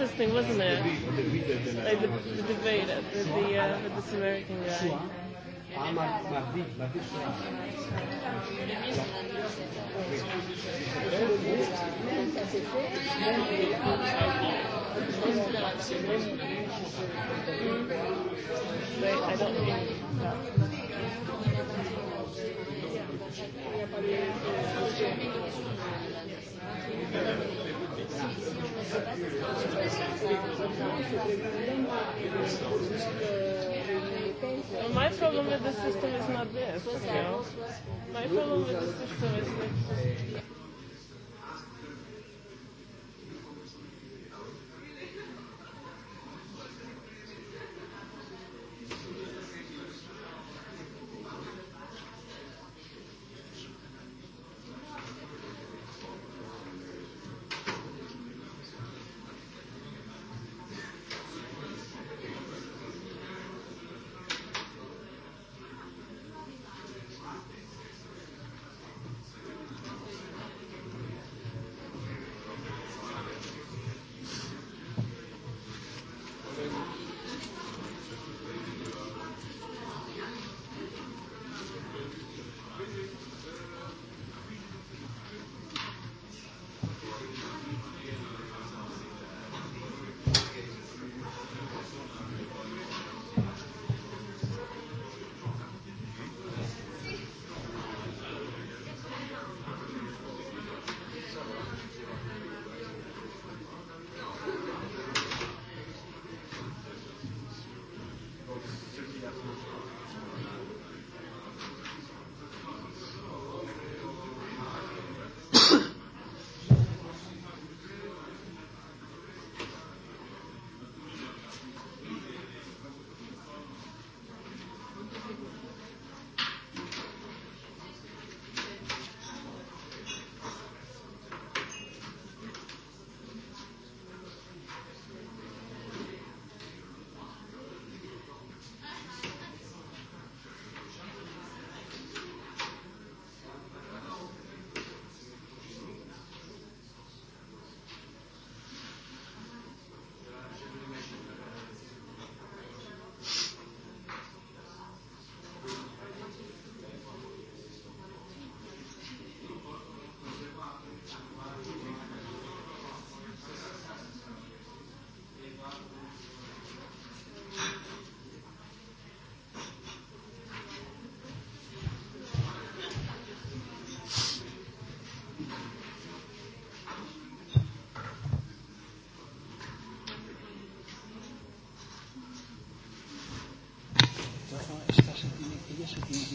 interesting, wasn't it? Like the, the debate with the, uh, with this American guy. Ah, ma, Well, my problem with the system is not this. You know? My problem with the system is that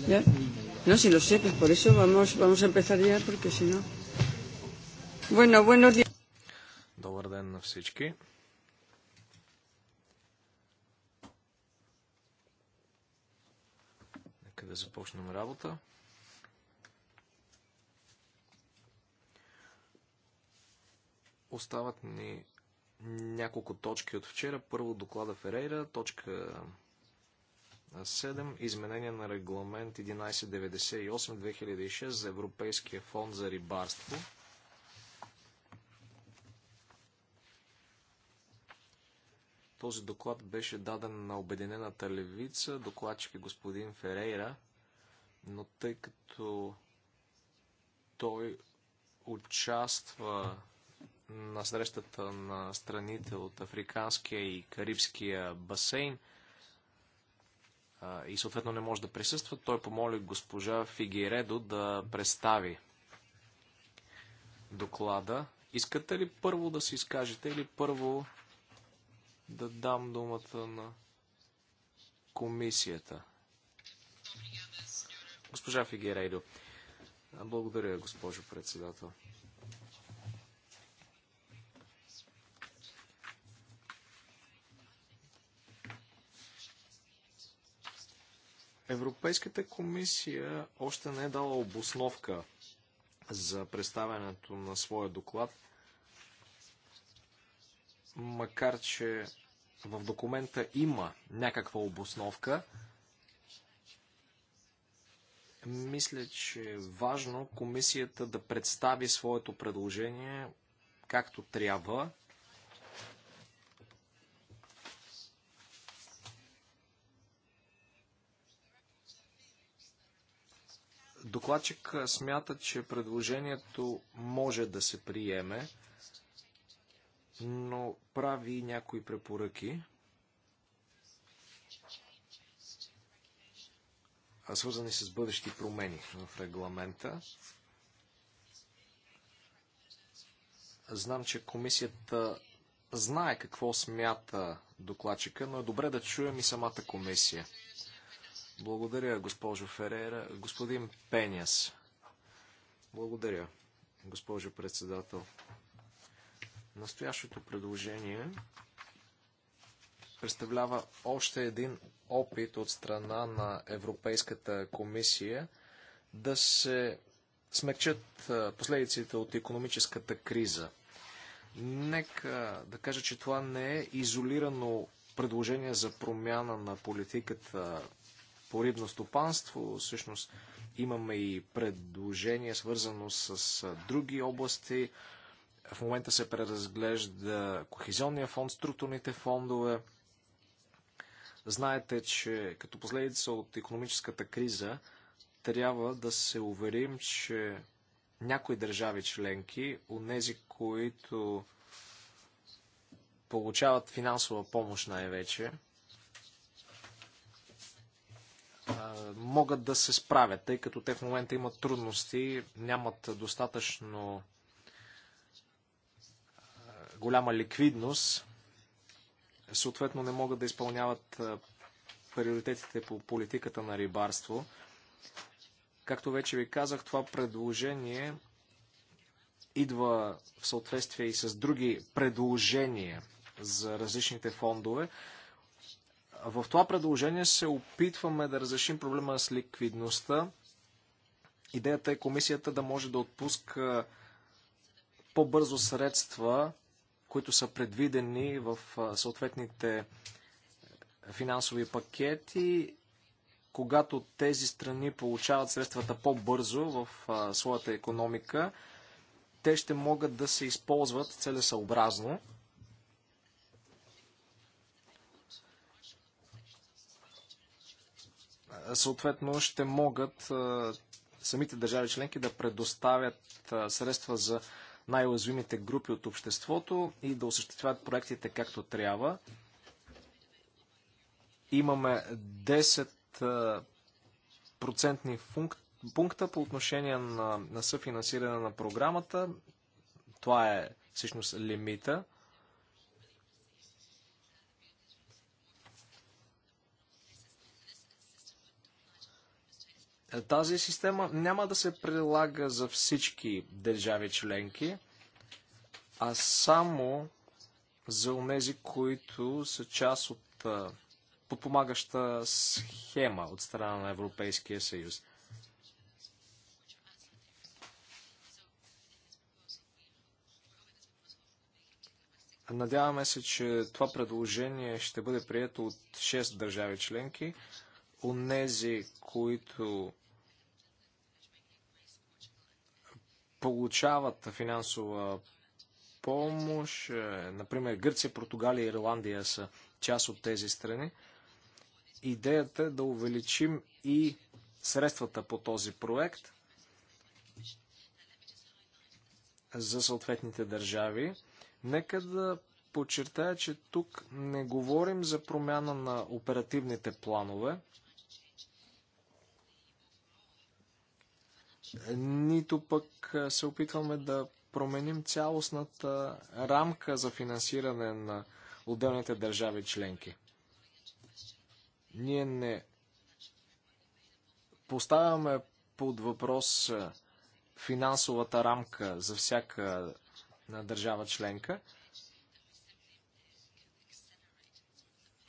Ya. No, si lo sé, pues por eso vamos, vamos a empezar ya, porque si no. Bueno, buenos días. Добър ден на всички. Нека да започнем работа. Остават ни няколко точки от вчера. Първо доклада Ферейра, точка 7. Изменение на регламент 1198-2006 за Европейския фонд за рибарство. Този доклад беше даден на Обединената левица, докладчик е господин Ферейра, но тъй като той участва на срещата на страните от Африканския и Карибския басейн, и съответно не може да присъства, той помоли госпожа Фигиредо да представи доклада. Искате ли първо да се изкажете или първо да дам думата на комисията? Госпожа Фигерейдо. Благодаря, госпожо председател. Европейската комисия още не е дала обосновка за представянето на своя доклад, макар че в документа има някаква обосновка. Мисля, че е важно комисията да представи своето предложение както трябва, Докладчик смята, че предложението може да се приеме, но прави някои препоръки, свързани с бъдещи промени в регламента. Знам, че комисията знае какво смята докладчика, но е добре да чуем и самата комисия. Благодаря, госпожо Ферера. Господин Пеняс. Благодаря, госпожо председател. Настоящото предложение представлява още един опит от страна на Европейската комисия да се смекчат последиците от економическата криза. Нека да кажа, че това не е изолирано предложение за промяна на политиката по рибно стопанство. Всъщност имаме и предложение свързано с други области. В момента се преразглежда Кохезионния фонд, структурните фондове. Знаете, че като последица от економическата криза трябва да се уверим, че някои държави членки, от тези, които получават финансова помощ най-вече, могат да се справят, тъй като те в момента имат трудности, нямат достатъчно голяма ликвидност, съответно не могат да изпълняват приоритетите по политиката на рибарство. Както вече ви казах, това предложение идва в съответствие и с други предложения за различните фондове. В това предложение се опитваме да разрешим проблема с ликвидността. Идеята е комисията да може да отпуска по-бързо средства, които са предвидени в съответните финансови пакети, когато тези страни получават средствата по-бързо в своята економика, те ще могат да се използват целесъобразно съответно ще могат самите държави членки да предоставят средства за най-уязвимите групи от обществото и да осъществяват проектите както трябва. Имаме 10-процентни пункта по отношение на, на съфинансиране на програмата. Това е всъщност лимита. Тази система няма да се прилага за всички държави членки, а само за онези, които са част от подпомагаща схема от страна на Европейския съюз. Надяваме се, че това предложение ще бъде прието от 6 държави членки. Онези, които получават финансова помощ. Е, например, Гърция, Португалия и Ирландия са част от тези страни. Идеята е да увеличим и средствата по този проект за съответните държави. Нека да подчертая, че тук не говорим за промяна на оперативните планове. нито пък се опитваме да променим цялостната рамка за финансиране на отделните държави членки. Ние не поставяме под въпрос финансовата рамка за всяка държава членка.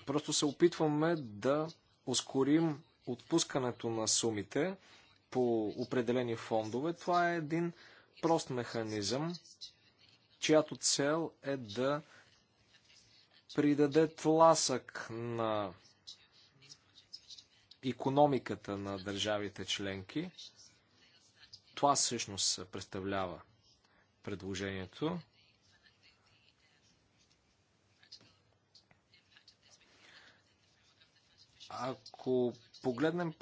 Просто се опитваме да ускорим отпускането на сумите по определени фондове. Това е един прост механизъм, чиято цел е да придаде тласък на економиката на държавите членки. Това всъщност представлява предложението. Ако погледнем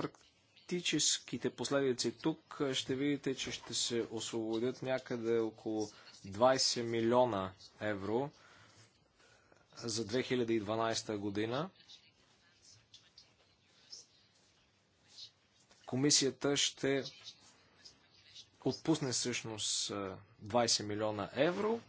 практическите последици тук ще видите, че ще се освободят някъде около 20 милиона евро за 2012 година. Комисията ще отпусне всъщност 20 милиона евро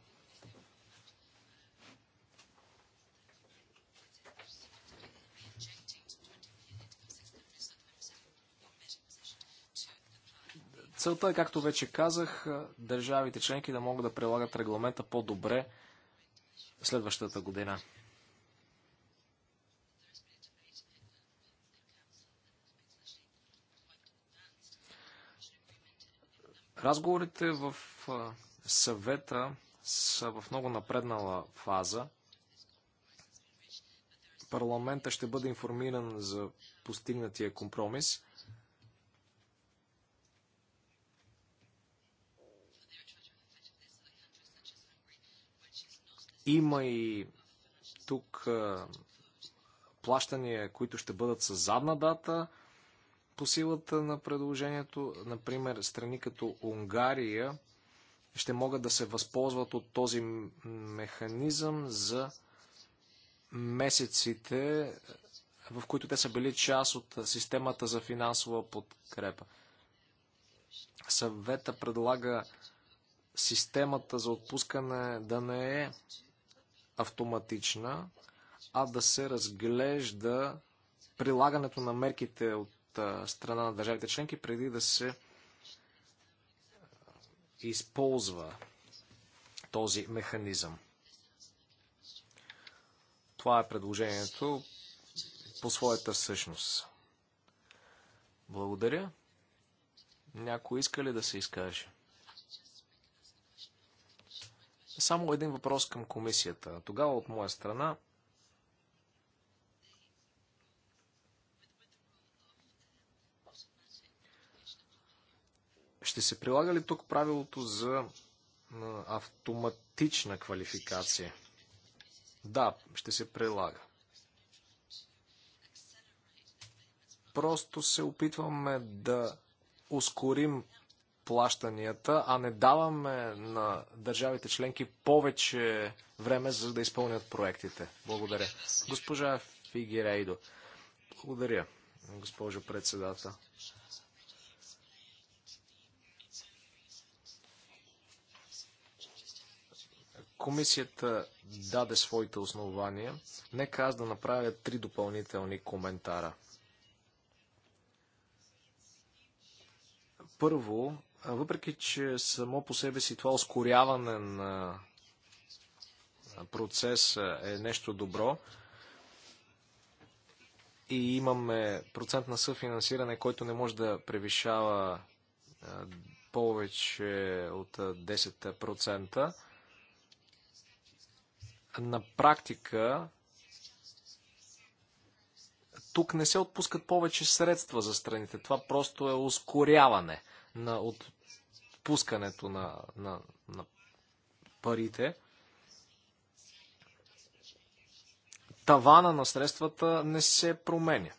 Целта е, както вече казах, е, държавите членки да могат да прилагат регламента по-добре следващата година. Разговорите в е, съвета са в много напреднала фаза. Парламента ще бъде информиран за постигнатия компромис – Има и тук плащания, които ще бъдат с задна дата по силата на предложението. Например, страни като Унгария ще могат да се възползват от този механизъм за месеците, в които те са били част от системата за финансова подкрепа. Съвета предлага системата за отпускане да не е автоматична, а да се разглежда прилагането на мерките от страна на държавите членки преди да се използва този механизъм. Това е предложението по своята същност. Благодаря. Някой иска ли да се изкаже? Само един въпрос към комисията. Тогава от моя страна ще се прилага ли тук правилото за автоматична квалификация? Да, ще се прилага. Просто се опитваме да ускорим плащанията, а не даваме на държавите членки повече време за да изпълнят проектите. Благодаря. Госпожа Фигирейдо. Благодаря, госпожо председател. Комисията даде своите основания. Нека аз да направя три допълнителни коментара. Първо, въпреки, че само по себе си това ускоряване на процес е нещо добро и имаме процент на съфинансиране, който не може да превишава повече от 10%, на практика тук не се отпускат повече средства за страните. Това просто е ускоряване на от отпускането на, на, на парите. Тавана на средствата не се променя.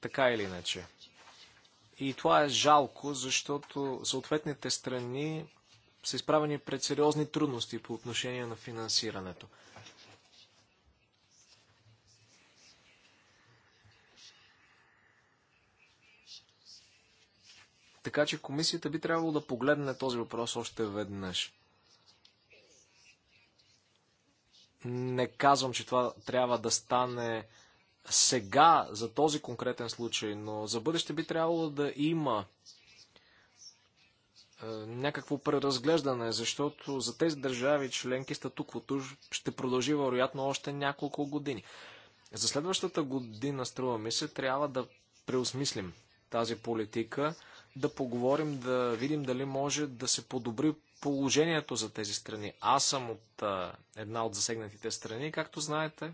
Така или иначе. И това е жалко, защото съответните страни са изправени пред сериозни трудности по отношение на финансирането. Така че комисията би трябвало да погледне този въпрос още веднъж. Не казвам, че това трябва да стане сега за този конкретен случай, но за бъдеще би трябвало да има е, някакво преразглеждане, защото за тези държави членки статуквото ще продължи вероятно още няколко години. За следващата година, струва ми се, трябва да преосмислим тази политика да поговорим, да видим дали може да се подобри положението за тези страни. Аз съм от а, една от засегнатите страни, както знаете,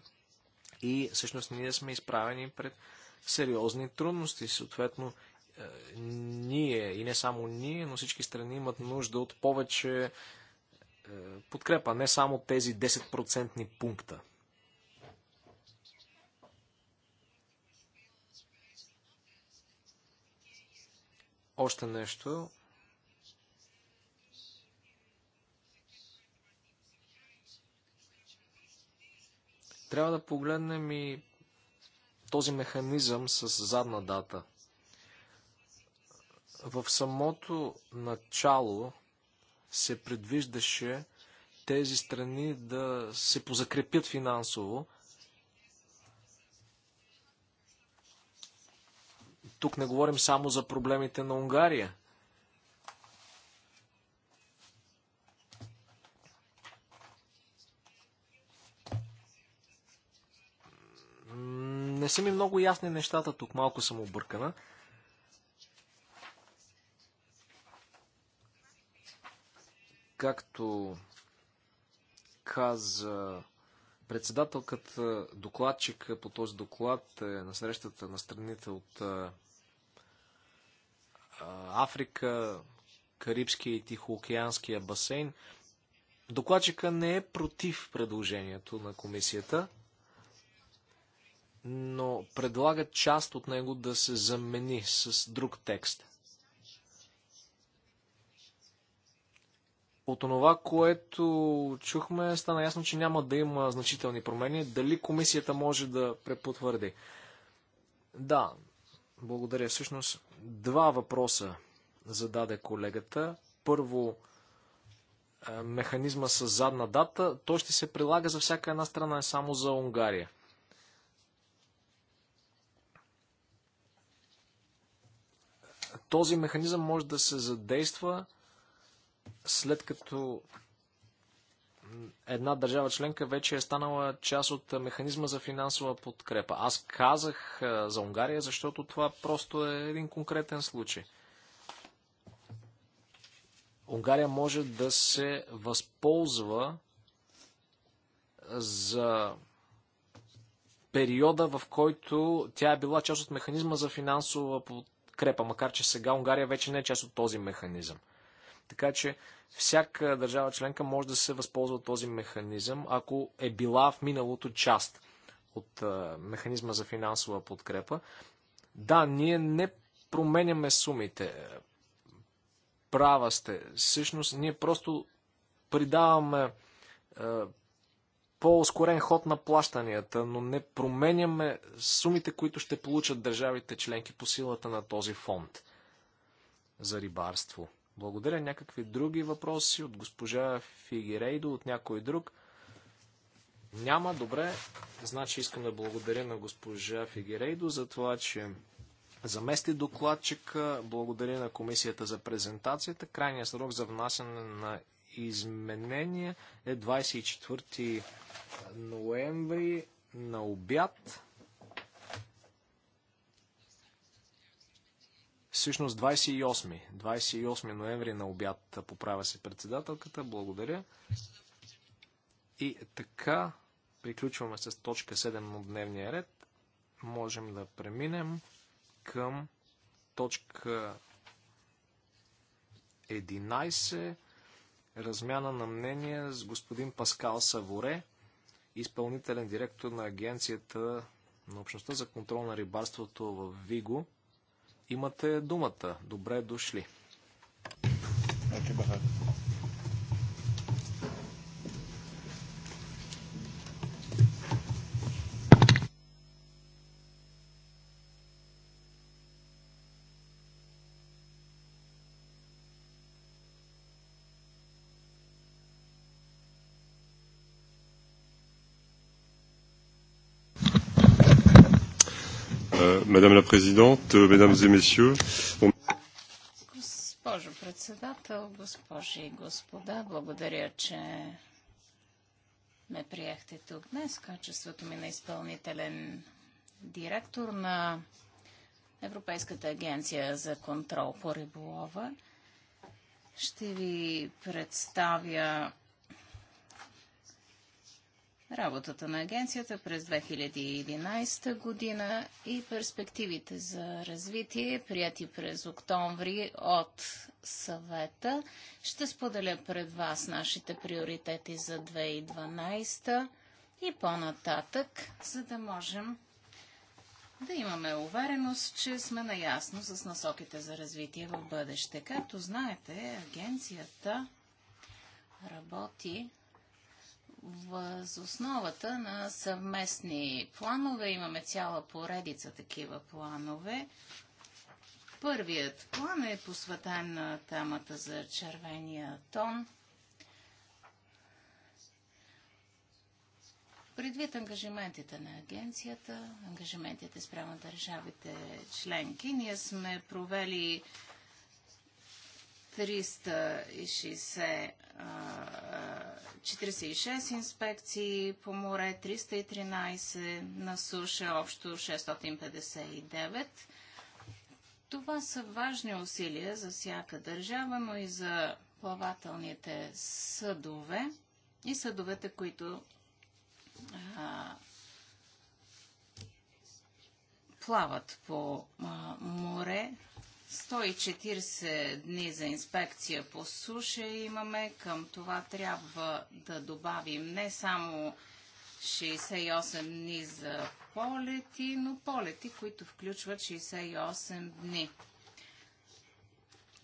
и всъщност ние сме изправени пред сериозни трудности. Съответно, е, ние и не само ние, но всички страни имат нужда от повече е, подкрепа, не само тези 10% пункта Още нещо. Трябва да погледнем и този механизъм с задна дата. В самото начало се предвиждаше тези страни да се позакрепят финансово, Тук не говорим само за проблемите на Унгария. Не са ми много ясни нещата тук, малко съм объркана. Както каза председателката, докладчик по този доклад е на срещата на страните от Африка, Карибския и Тихоокеанския басейн. Докладчика не е против предложението на комисията, но предлага част от него да се замени с друг текст. От това, което чухме, стана ясно, че няма да има значителни промени. Дали комисията може да препотвърди? Да, благодаря. Всъщност два въпроса зададе колегата. Първо, е, механизма с задна дата, той ще се прилага за всяка една страна, не само за Унгария. Този механизъм може да се задейства след като една държава членка вече е станала част от механизма за финансова подкрепа. Аз казах е, за Унгария, защото това просто е един конкретен случай. Унгария може да се възползва за периода, в който тя е била част от механизма за финансова подкрепа, макар че сега Унгария вече не е част от този механизъм. Така че всяка държава членка може да се възползва от този механизъм, ако е била в миналото част от механизма за финансова подкрепа. Да, ние не променяме сумите. Права сте. Всъщност, ние просто придаваме по-ускорен ход на плащанията, но не променяме сумите, които ще получат държавите членки по силата на този фонд за рибарство. Благодаря. Някакви други въпроси от госпожа Фигерейдо, от някой друг? Няма. Добре. Значи искам да благодаря на госпожа Фигерейдо за това, че замести докладчика. Благодаря на комисията за презентацията. Крайният срок за внасяне на изменения е 24 ноември на обяд. Всъщност 28, 28 ноември на обяд поправя се председателката. Благодаря. И така приключваме с точка 7 от дневния ред. Можем да преминем към точка 11. Размяна на мнение с господин Паскал Саворе, изпълнителен директор на Агенцията на общността за контрол на рибарството в Виго. Имате думата. Добре дошли. Madame la Présidente, euh, Mesdames et Messieurs. Госпожо председател, госпожи и господа, благодаря, че ме приехте тук днес в качеството ми на изпълнителен директор на Европейската агенция за контрол по риболова. Ще ви представя работата на агенцията през 2011 година и перспективите за развитие, прияти през октомври от съвета. Ще споделя пред вас нашите приоритети за 2012 и по-нататък, за да можем да имаме увереност, че сме наясно с насоките за развитие в бъдеще. Както знаете, агенцията работи Въз основата на съвместни планове имаме цяла поредица такива планове. Първият план е посветен на темата за червения тон. Предвид ангажиментите на агенцията, ангажиментите спрямо държавите членки, ние сме провели 46 инспекции по море, 313 на суша, общо 659. Това са важни усилия за всяка държава, но и за плавателните съдове и съдовете, които а, плават по а, море 140 дни за инспекция по суша имаме. Към това трябва да добавим не само 68 дни за полети, но полети, които включват 68 дни.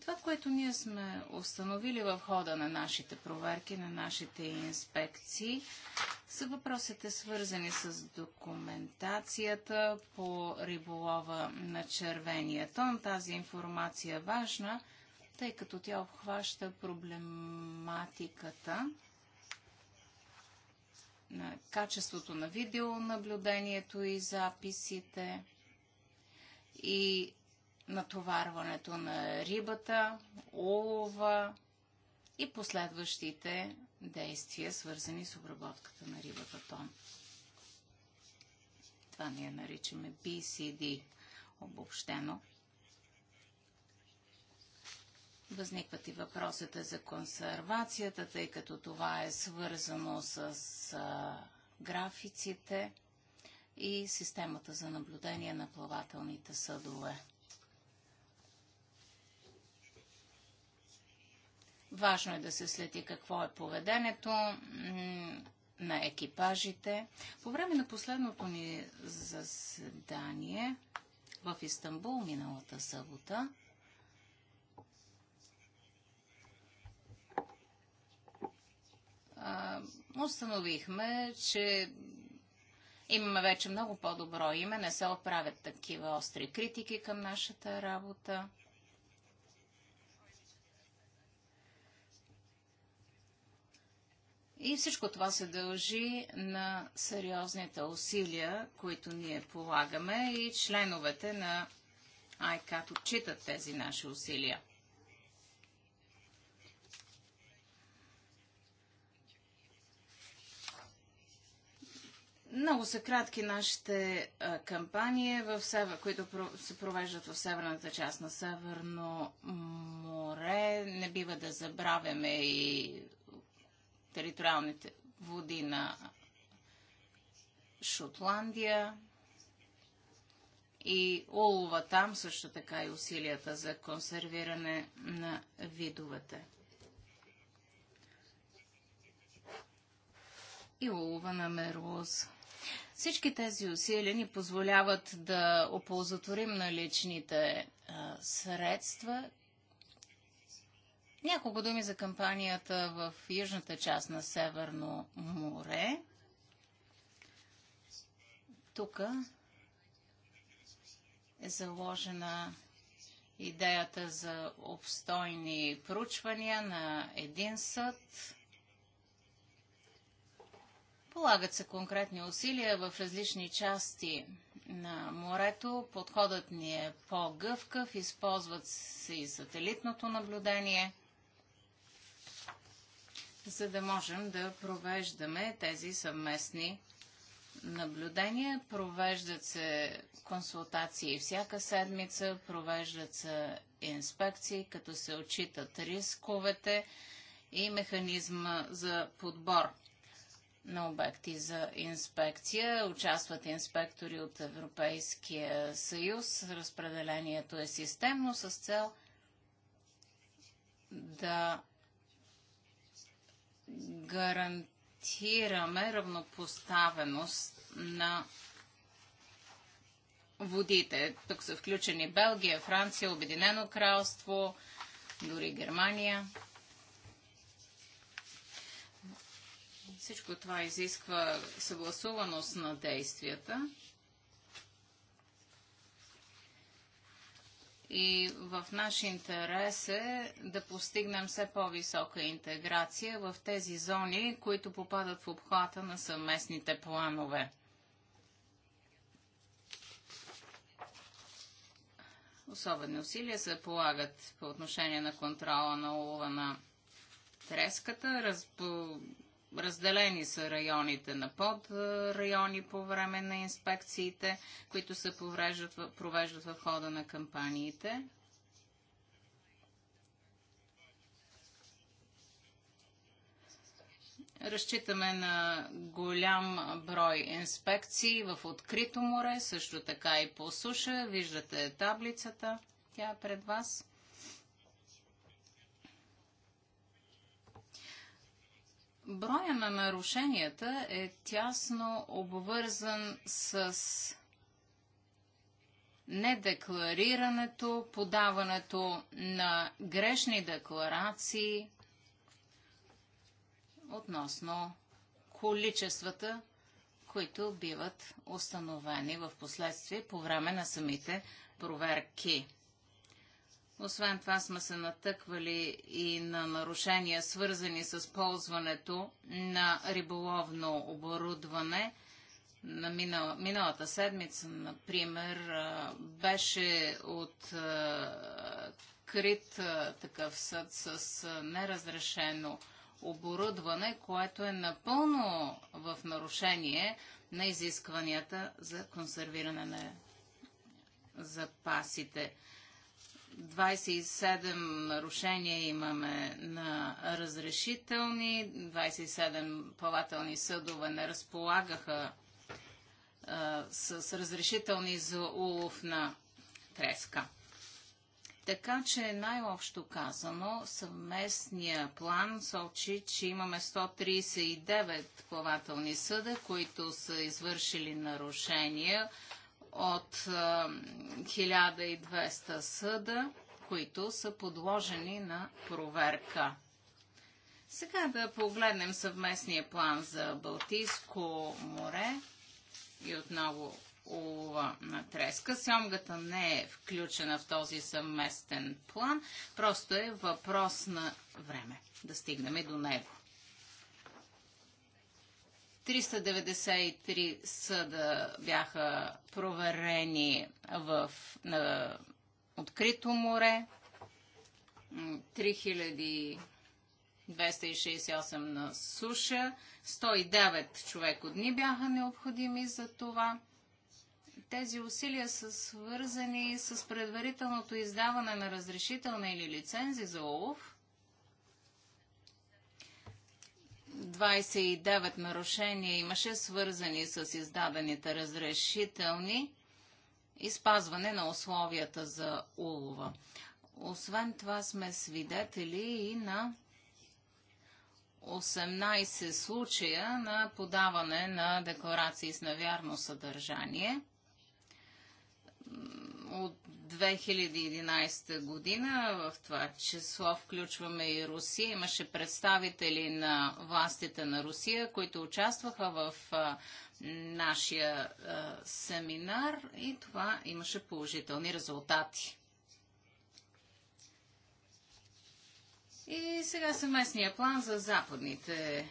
Това, което ние сме установили в хода на нашите проверки, на нашите инспекции, са въпросите свързани с документацията по риболова на червения тон. Тази информация е важна, тъй като тя обхваща проблематиката на качеството на видеонаблюдението и записите и натоварването на рибата, олова и последващите действия, свързани с обработката на рибата тон. Това ние наричаме BCD обобщено. Възникват и въпросите за консервацията, тъй като това е свързано с а, графиците и системата за наблюдение на плавателните съдове. Важно е да се следи какво е поведението на екипажите. По време на последното ни заседание в Истанбул миналата събота, установихме, че имаме вече много по-добро име, не се оправят такива остри критики към нашата работа. И всичко това се дължи на сериозните усилия, които ние полагаме и членовете на ICAT отчитат тези наши усилия. Много са кратки нашите а, кампании, в север, които про, се провеждат в северната част на Северно море. Не бива да забравяме и териториалните води на Шотландия и улова там, също така и усилията за консервиране на видовете. И улова на мерлоз. Всички тези усилия ни позволяват да оползотворим наличните а, средства, няколко думи за кампанията в южната част на Северно море. Тук е заложена идеята за обстойни проучвания на един съд. Полагат се конкретни усилия в различни части на морето. Подходът ни е по-гъвкав, използват се и сателитното наблюдение – за да можем да провеждаме тези съвместни наблюдения. Провеждат се консултации всяка седмица, провеждат се инспекции, като се отчитат рисковете и механизма за подбор на обекти за инспекция. Участват инспектори от Европейския съюз. Разпределението е системно с цел да гарантираме равнопоставеност на водите. Тук са включени Белгия, Франция, Обединено кралство, дори Германия. Всичко това изисква съгласуваност на действията. И в наш интерес е да постигнем все по-висока интеграция в тези зони, които попадат в обхвата на съвместните планове. Особени усилия се полагат по отношение на контрола на улова на треската. разпо... Разделени са районите на подрайони по време на инспекциите, които се провеждат, в хода на кампаниите. Разчитаме на голям брой инспекции в открито море, също така и по суша. Виждате таблицата, тя е пред вас. Броя на нарушенията е тясно обвързан с недекларирането, подаването на грешни декларации относно количествата, които биват установени в последствие по време на самите проверки. Освен това сме се натъквали и на нарушения, свързани с ползването на риболовно оборудване. На минала, миналата седмица, например, беше открит такъв съд с неразрешено оборудване, което е напълно в нарушение на изискванията за консервиране на запасите. 27 нарушения имаме на разрешителни, 27 плавателни съдове не разполагаха а, с разрешителни за улов на треска. Така че най-общо казано, съвместния план сочи, че имаме 139 плавателни съда, които са извършили нарушения от 1200 съда, които са подложени на проверка. Сега да погледнем съвместния план за Балтийско море и отново улова на треска. Сьомгата не е включена в този съвместен план, просто е въпрос на време да стигнем до него. 393 съда бяха проверени в, на открито море, 3268 на суша, 109 от дни бяха необходими за това. Тези усилия са свързани с предварителното издаване на разрешителна или лицензи за улов – 29 нарушения имаше, свързани с издадените разрешителни и спазване на условията за улова. Освен това сме свидетели и на 18 случая на подаване на декларации с навярно съдържание от 2011 година, в това число включваме и Русия, имаше представители на властите на Русия, които участваха в нашия семинар и това имаше положителни резултати. И сега съместния план за западните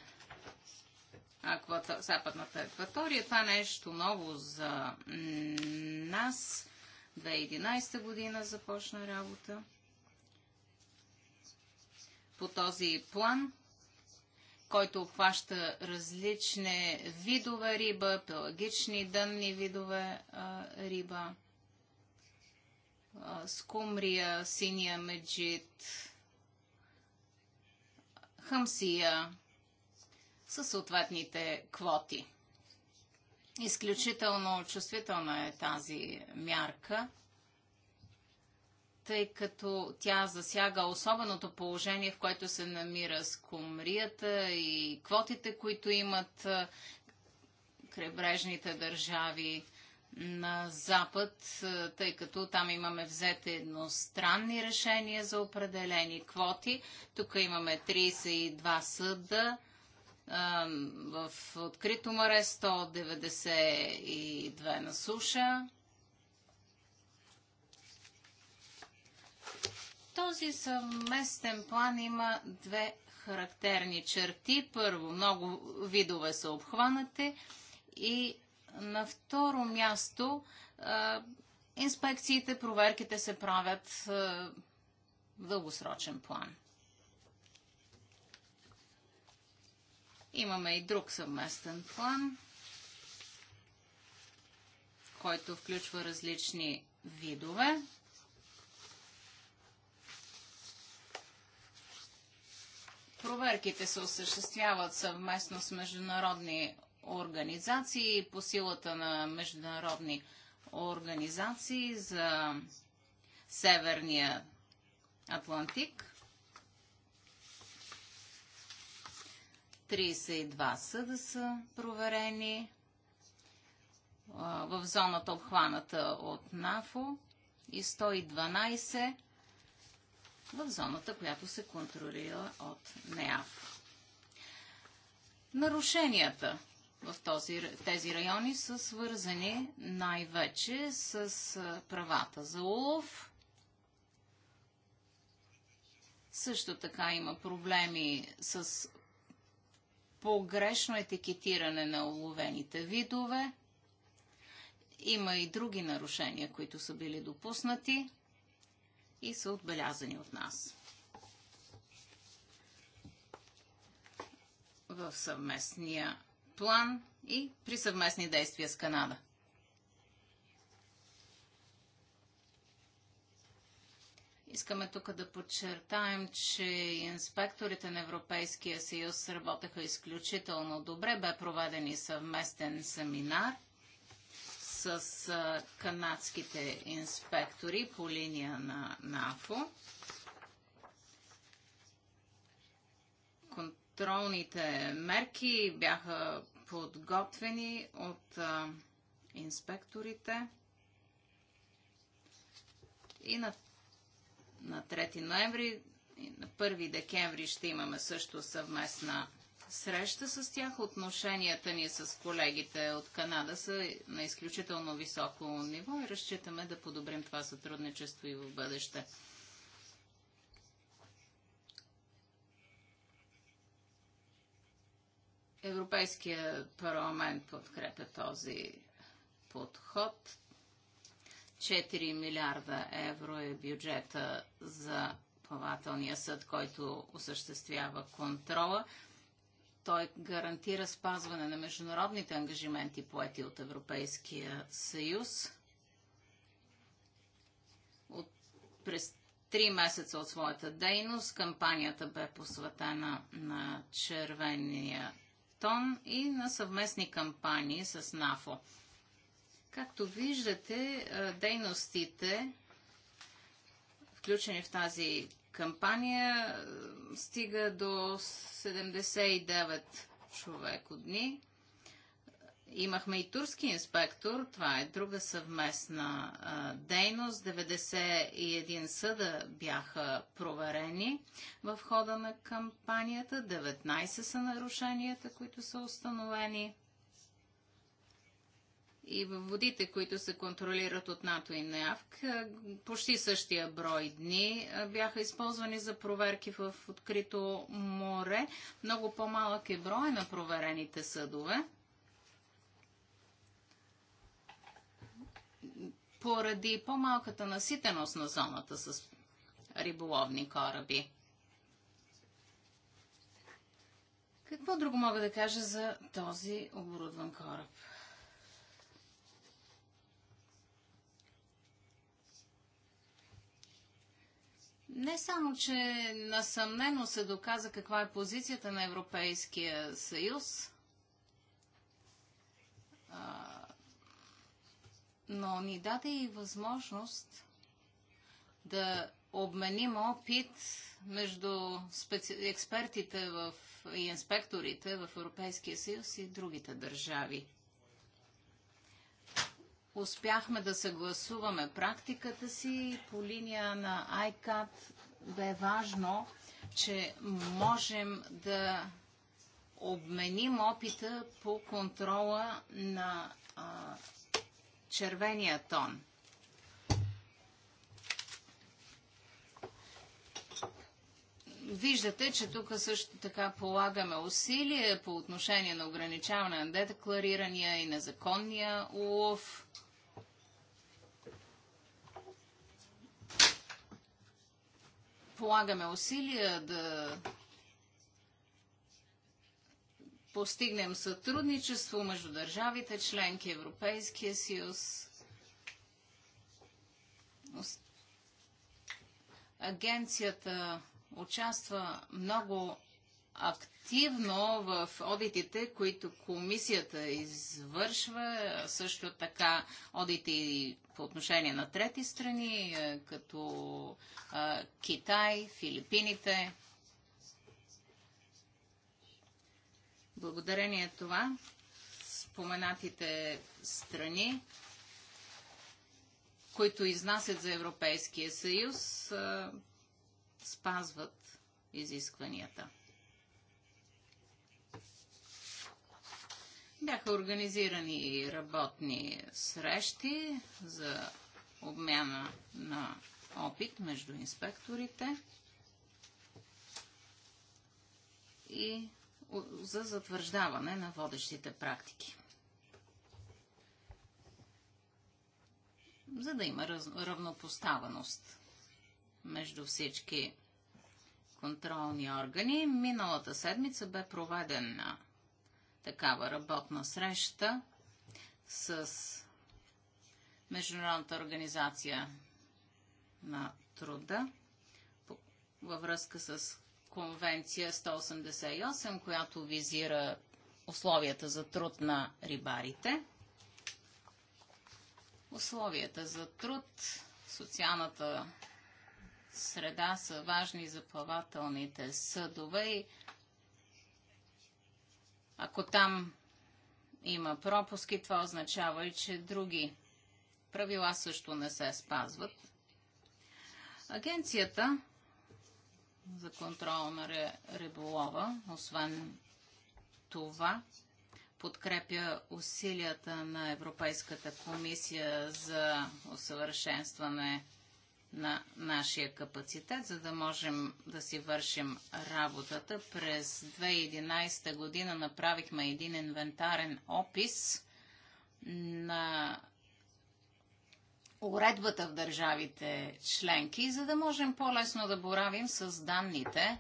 западната акватория. Това е нещо ново за нас 2011 година започна работа по този план, който обхваща различни видове риба, пелагични, дънни видове а, риба, а, скумрия, синия меджит, хамсия, със съответните квоти. Изключително чувствителна е тази мярка, тъй като тя засяга особеното положение, в което се намира скумрията и квотите, които имат крайбрежните държави на Запад, тъй като там имаме взете едностранни решения за определени квоти. Тук имаме 32 съда в открито море 192 на суша. Този съвместен план има две характерни черти. Първо, много видове са обхванати и на второ място инспекциите, проверките се правят в дългосрочен план. Имаме и друг съвместен план, който включва различни видове. Проверките се осъществяват съвместно с международни организации по силата на международни организации за Северния Атлантик. 32 съда са проверени в зоната обхваната от НАФО и 112 в зоната, която се контролира от НЕАФ. Нарушенията в този, тези райони са свързани най-вече с правата за улов. Също така има проблеми с погрешно етикетиране на уловените видове. Има и други нарушения, които са били допуснати и са отбелязани от нас. В съвместния план и при съвместни действия с Канада. Искаме тук да подчертаем, че инспекторите на Европейския съюз работеха изключително добре. Бе проведен и съвместен семинар с канадските инспектори по линия на НАФО. Контролните мерки бяха подготвени от инспекторите. И на на 3 ноември и на 1 декември ще имаме също съвместна среща с тях. Отношенията ни с колегите от Канада са на изключително високо ниво и разчитаме да подобрим това сътрудничество и в бъдеще. Европейския парламент подкрепя този подход. 4 милиарда евро е бюджета за плавателния съд, който осъществява контрола. Той гарантира спазване на международните ангажименти, поети от Европейския съюз. От, през три месеца от своята дейност кампанията бе посветена на червения тон и на съвместни кампании с НАФО. Както виждате, дейностите, включени в тази кампания, стига до 79 човеко дни. Имахме и турски инспектор, това е друга съвместна дейност. 91 съда бяха проверени в хода на кампанията, 19 са нарушенията, които са установени и във водите, които се контролират от НАТО и НЕАВК, е, почти същия брой дни е, бяха използвани за проверки в открито море. Много по-малък е брой на проверените съдове. Поради по-малката наситеност на зоната с риболовни кораби. Какво друго мога да кажа за този оборудван кораб? Не само, че насъмнено се доказа каква е позицията на Европейския съюз, но ни даде и възможност да обменим опит между експертите в... и инспекторите в Европейския съюз и другите държави успяхме да съгласуваме практиката си по линия на ICAT. Бе важно, че можем да обменим опита по контрола на а, червения тон. Виждате, че тук също така полагаме усилия по отношение на ограничаване на детекларирания и незаконния улов. полагаме усилия да постигнем сътрудничество между държавите, членки Европейския съюз, агенцията участва много активно в одитите, които комисията извършва, също така одити по отношение на трети страни, като Китай, Филипините. Благодарение това, споменатите страни, които изнасят за Европейския съюз, спазват изискванията. Бяха организирани и работни срещи за обмяна на опит между инспекторите и за затвърждаване на водещите практики. За да има равнопоставеност между всички контролни органи, миналата седмица бе проведен такава работна среща с Международната организация на труда във връзка с Конвенция 188, която визира условията за труд на рибарите. Условията за труд, социалната среда са важни за плавателните съдове и ако там има пропуски, това означава и, че други правила също не се спазват. Агенцията за контрол на риболова, освен това, подкрепя усилията на Европейската комисия за усъвършенстване на нашия капацитет, за да можем да си вършим работата. През 2011 година направихме един инвентарен опис на уредбата в държавите членки, за да можем по-лесно да боравим с данните,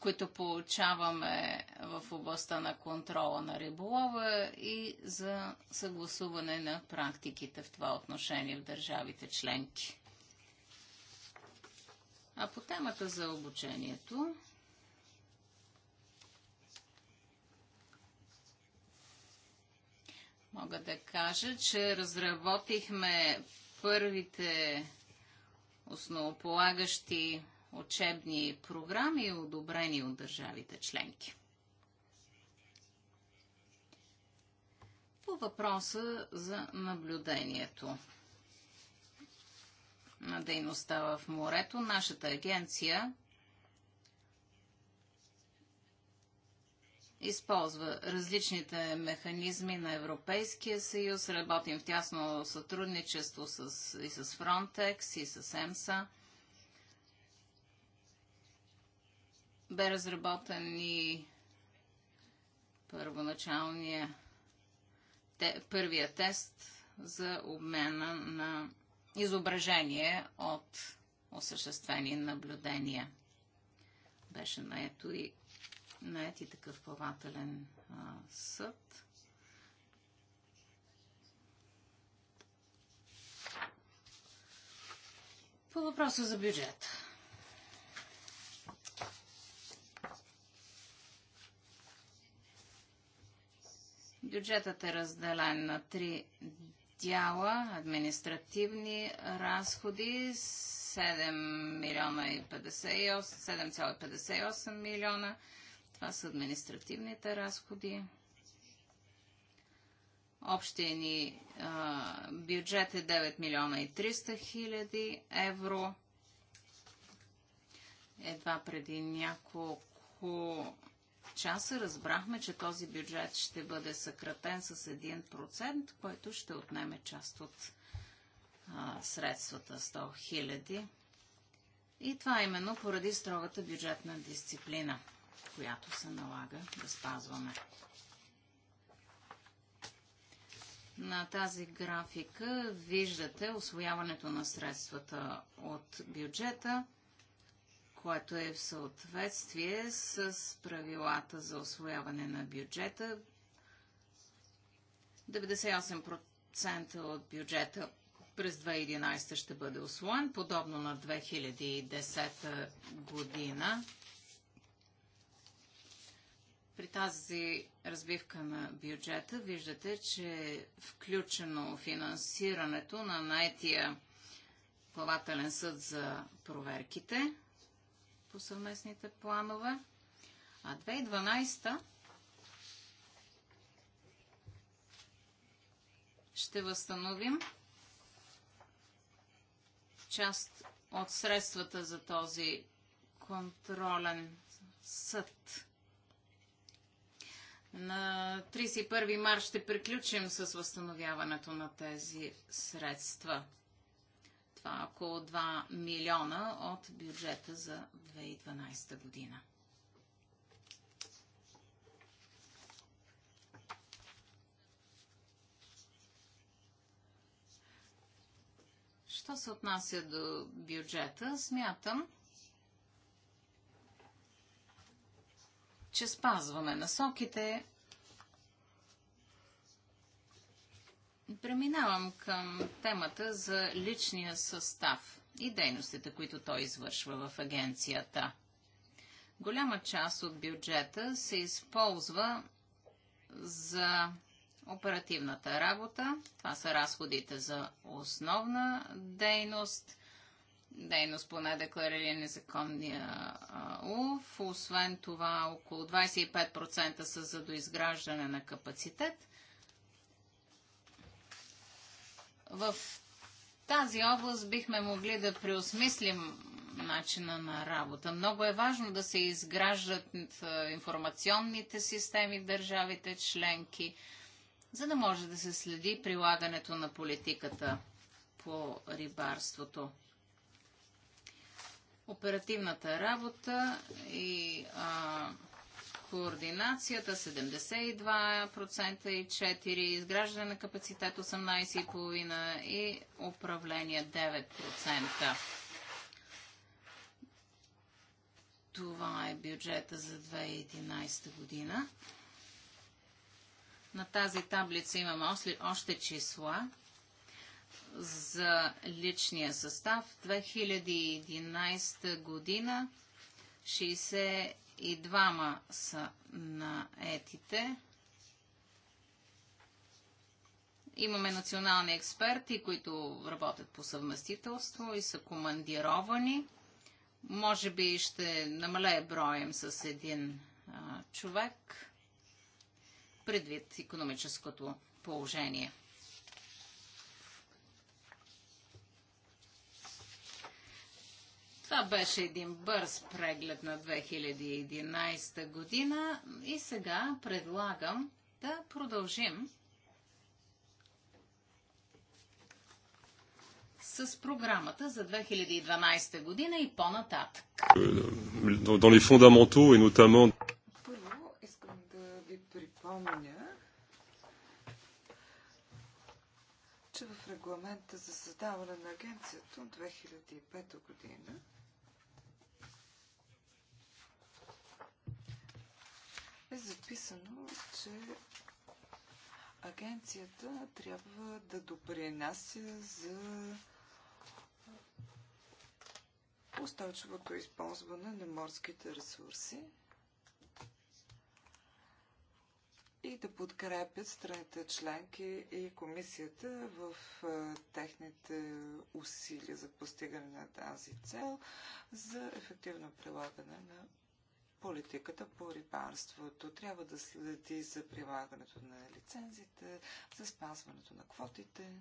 които получаваме в областта на контрола на риболова и за съгласуване на практиките в това отношение в държавите членки. А по темата за обучението, мога да кажа, че разработихме първите основополагащи учебни програми, одобрени от държавите членки. По въпроса за наблюдението на дейността в морето, нашата агенция използва различните механизми на Европейския съюз. Работим в тясно сътрудничество с, и с Frontex, и с EMSA. Бе разработен и първоначалния те, първия тест за обмена на изображение от осъществени наблюдения. Беше наето и нает и такъв плавателен а, съд. По въпроса за бюджет. Бюджетът е разделен на три дяла, административни разходи 7 милиона и 58, 7,58 милиона. Това са административните разходи. Общия ни а, бюджет е 9 милиона и 300 хиляди евро. Едва преди няколко часа разбрахме, че този бюджет ще бъде съкратен с 1%, който ще отнеме част от а, средствата 100 хиляди. И това е именно поради строгата бюджетна дисциплина, която се налага да спазваме. На тази графика виждате освояването на средствата от бюджета – което е в съответствие с правилата за освояване на бюджета. 98% от бюджета през 2011 ще бъде освоен, подобно на 2010 година. При тази разбивка на бюджета виждате, че е включено финансирането на наетия плавателен съд за проверките по съвместните планове. А 2012 ще възстановим част от средствата за този контролен съд. На 31 марта ще приключим с възстановяването на тези средства. Това около 2 милиона от бюджета за 2012 година. Що се отнася до бюджета, смятам, че спазваме насоките, Преминавам към темата за личния състав и дейностите, които той извършва в агенцията. Голяма част от бюджета се използва за оперативната работа. Това са разходите за основна дейност, дейност по недекларирани незаконния УФ. Освен това, около 25% са за доизграждане на капацитет – В тази област бихме могли да преосмислим начина на работа. Много е важно да се изграждат информационните системи в държавите членки, за да може да се следи прилагането на политиката по рибарството. Оперативната работа и а, координацията 72% и 4%, изграждане на капацитет 18,5% и управление 9%. Това е бюджета за 2011 година. На тази таблица имаме още числа за личния състав. 2011 година 60 и двама са на етите. Имаме национални експерти, които работят по съвместителство и са командировани. Може би ще намалее броем с един а, човек предвид економическото положение. Това беше един бърз преглед на 2011 година и сега предлагам да продължим с програмата за 2012 година и по-нататък. Dans les fondamentaux et notamment... Първо искам да ви припомня, че в регламента за създаване на агенцията от 2005 година е записано, че агенцията трябва да допринася за устойчивото използване на морските ресурси и да подкрепят страните членки и комисията в техните усилия за постигане на тази цел за ефективно прилагане на политиката по рибарството. Трябва да следи за прилагането на лицензите, за спазването на квотите.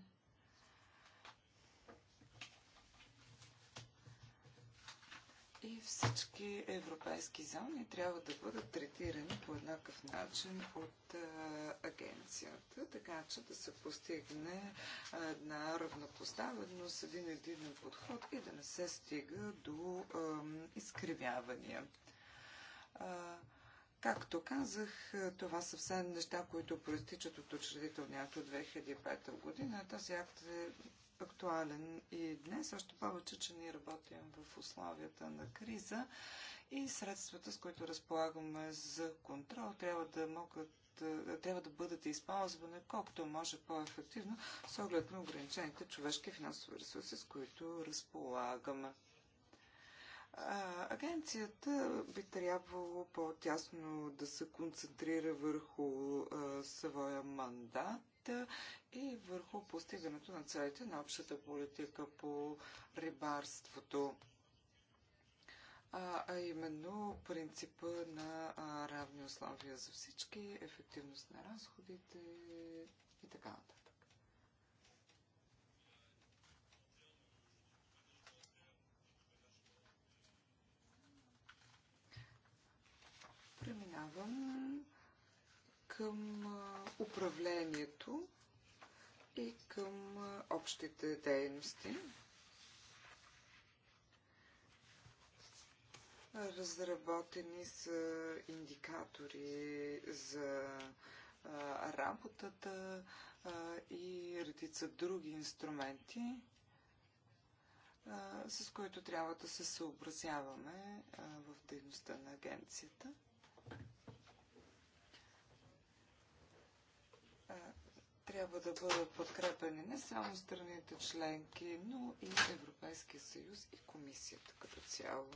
И всички европейски зони трябва да бъдат третирани по еднакъв начин от агенцията, така че да се постигне една равнопоставеност, един единен подход и да не се стига до изкривявания. Както казах, това са все неща, които проистичат от учредителния акт от 2005 година. Този акт е актуален и днес, още повече, че ние работим в условията на криза и средствата, с които разполагаме за контрол, трябва да могат трябва да бъдат използвани колкото може по-ефективно с оглед на ограничените човешки финансови ресурси, с които разполагаме. Агенцията би трябвало по-тясно да се концентрира върху своя мандат и върху постигането на целите на общата политика по рибарството а, а именно принципа на а, равни условия за всички, ефективност на разходите и така нататък. преминавам към управлението и към общите дейности. Разработени са индикатори за работата и редица други инструменти, с които трябва да се съобразяваме в дейността на агенцията. трябва да бъдат подкрепени не само страните членки, но и Европейския съюз и комисията като цяло.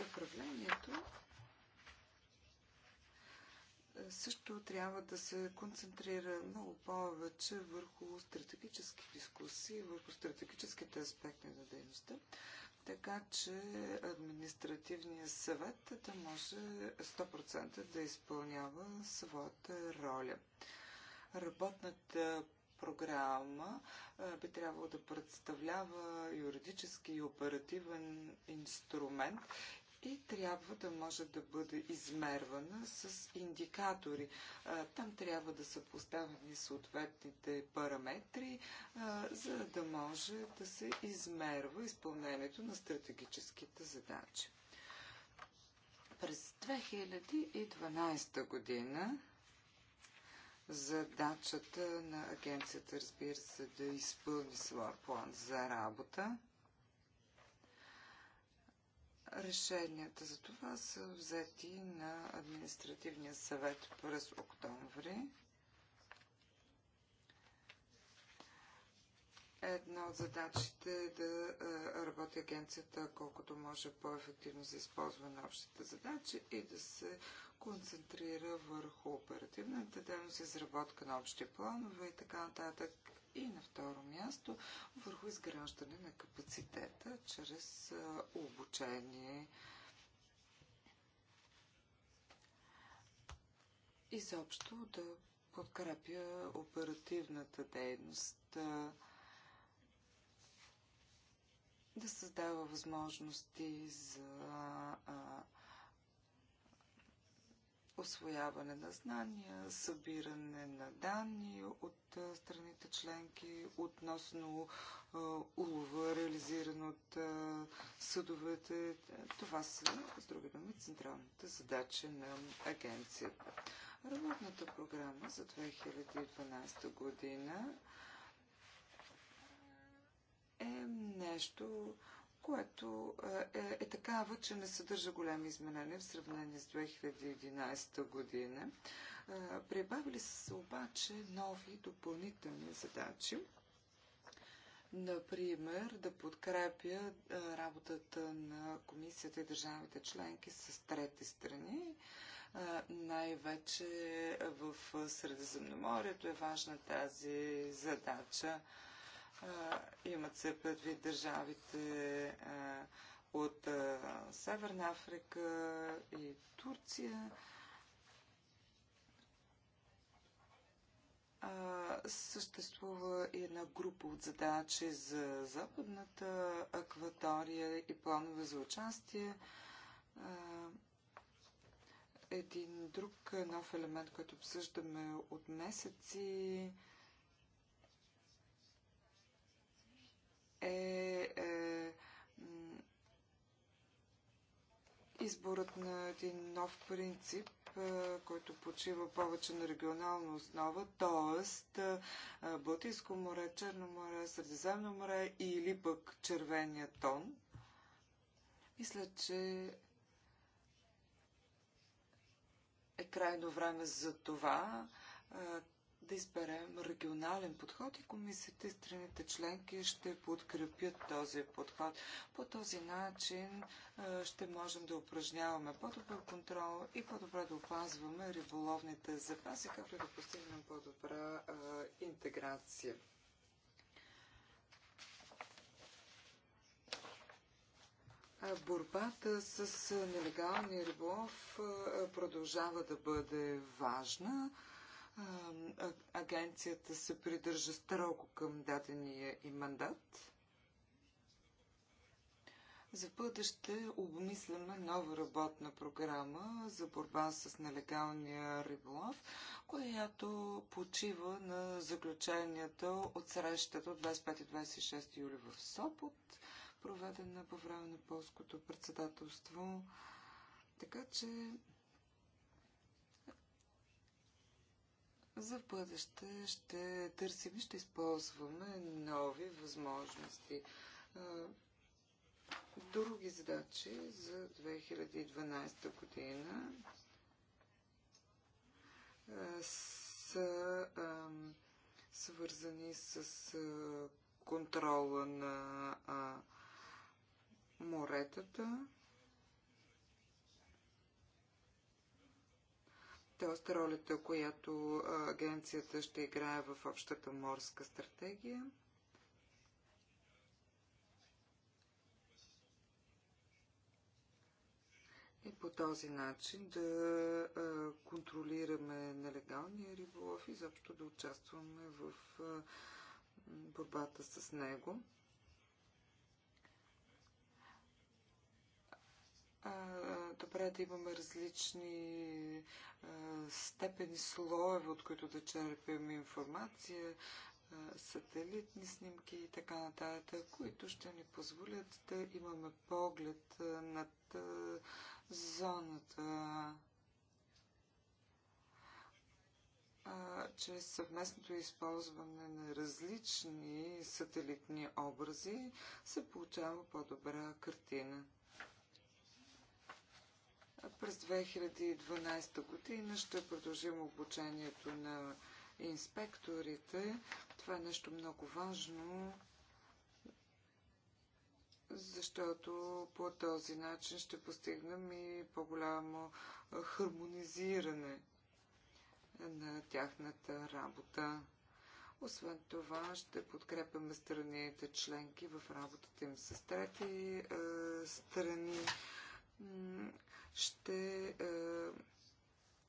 Управлението е, също трябва да се концентрира много повече върху стратегически дискусии, върху стратегическите аспекти на дейността така че административният съвет да може 100% да изпълнява своята роля. Работната програма би трябвало да представлява юридически и оперативен инструмент и трябва да може да бъде измервана с индикатори. Там трябва да са поставени съответните параметри, за да може да се измерва изпълнението на стратегическите задачи. През 2012 година задачата на агенцията, разбира се, да изпълни своя план за работа Решенията за това са взети на административния съвет през октомври. Една от задачите е да работи агенцията колкото може по-ефективно за използване на общите задачи и да се концентрира върху оперативната дейност, изработка на общи планове и така нататък. И на второ място върху изграждане на капацитета чрез обучение. Изобщо да подкрепя оперативната дейност да създава възможности за а, освояване на знания, събиране на данни от страните членки относно улова, реализиран от съдовете. Това са, с други думи, централните задачи на агенцията. Работната програма за 2012 година е нещо, което е, е, е такава, че не съдържа големи изменения в сравнение с 2011 година. Е, прибавили са се обаче нови допълнителни задачи. Например, да подкрепя е, работата на комисията и държавите членки с трети страни. Най-вече в Средиземноморието е важна тази задача. Имат се предвид държавите от Северна Африка и Турция. съществува и една група от задачи за западната акватория и планове за участие. един друг нов елемент, който обсъждаме от месеци, е, е изборът на един нов принцип, е, който почива повече на регионална основа, т.е. Е, Балтийско море, Черно море, Средиземно море или пък червения тон. Мисля, че е крайно време за това е, да изберем регионален подход и комисията и страните членки ще подкрепят този подход. По този начин ще можем да упражняваме по-добър контрол и по-добре да опазваме риболовните запаси, както и да постигнем по-добра интеграция. Борбата с нелегалния риболов продължава да бъде важна агенцията се придържа строго към дадения и мандат. За бъдеще обмисляме нова работна програма за борба с нелегалния риболов, която почива на заключенията от срещата от 25 и 26 юли в Сопот, проведена по време на полското председателство. Така че За в бъдеще ще търсим и ще използваме нови възможности. Други задачи за 2012 година са свързани с контрола на моретата, т.е. ролята, която агенцията ще играе в общата морска стратегия. И по този начин да контролираме нелегалния риболов и заобщо да участваме в борбата с него. добре е да имаме различни степени слоеве, от които да черпим информация, сателитни снимки и така нататък, които ще ни позволят да имаме поглед над зоната. чрез съвместното използване на различни сателитни образи се получава по-добра картина. През 2012 година ще продължим обучението на инспекторите. Това е нещо много важно, защото по този начин ще постигнем и по-голямо хармонизиране на тяхната работа. Освен това, ще подкрепяме страните членки в работата им с трети е, страни ще е,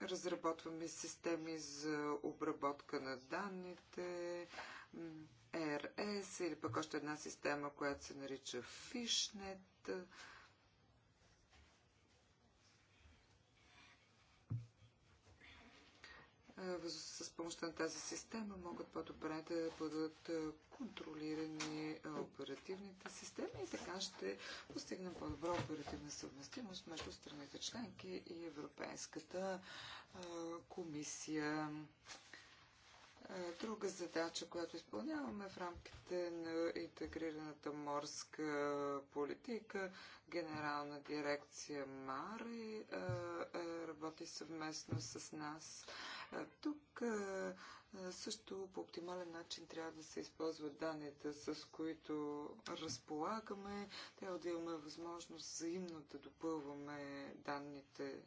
разработваме системи за обработка на данните, RS, или пък още една система, която се нарича Fishnet. с помощта на тази система могат по-добре да бъдат контролирани оперативните системи и така ще постигнем по-добра оперативна съвместимост между страните членки и Европейската комисия. Друга задача, която изпълняваме в рамките на интегрираната морска политика, генерална дирекция МАРИ работи съвместно с нас тук също по оптимален начин трябва да се използват данните, с които разполагаме. Трябва да имаме възможност взаимно да допълваме данните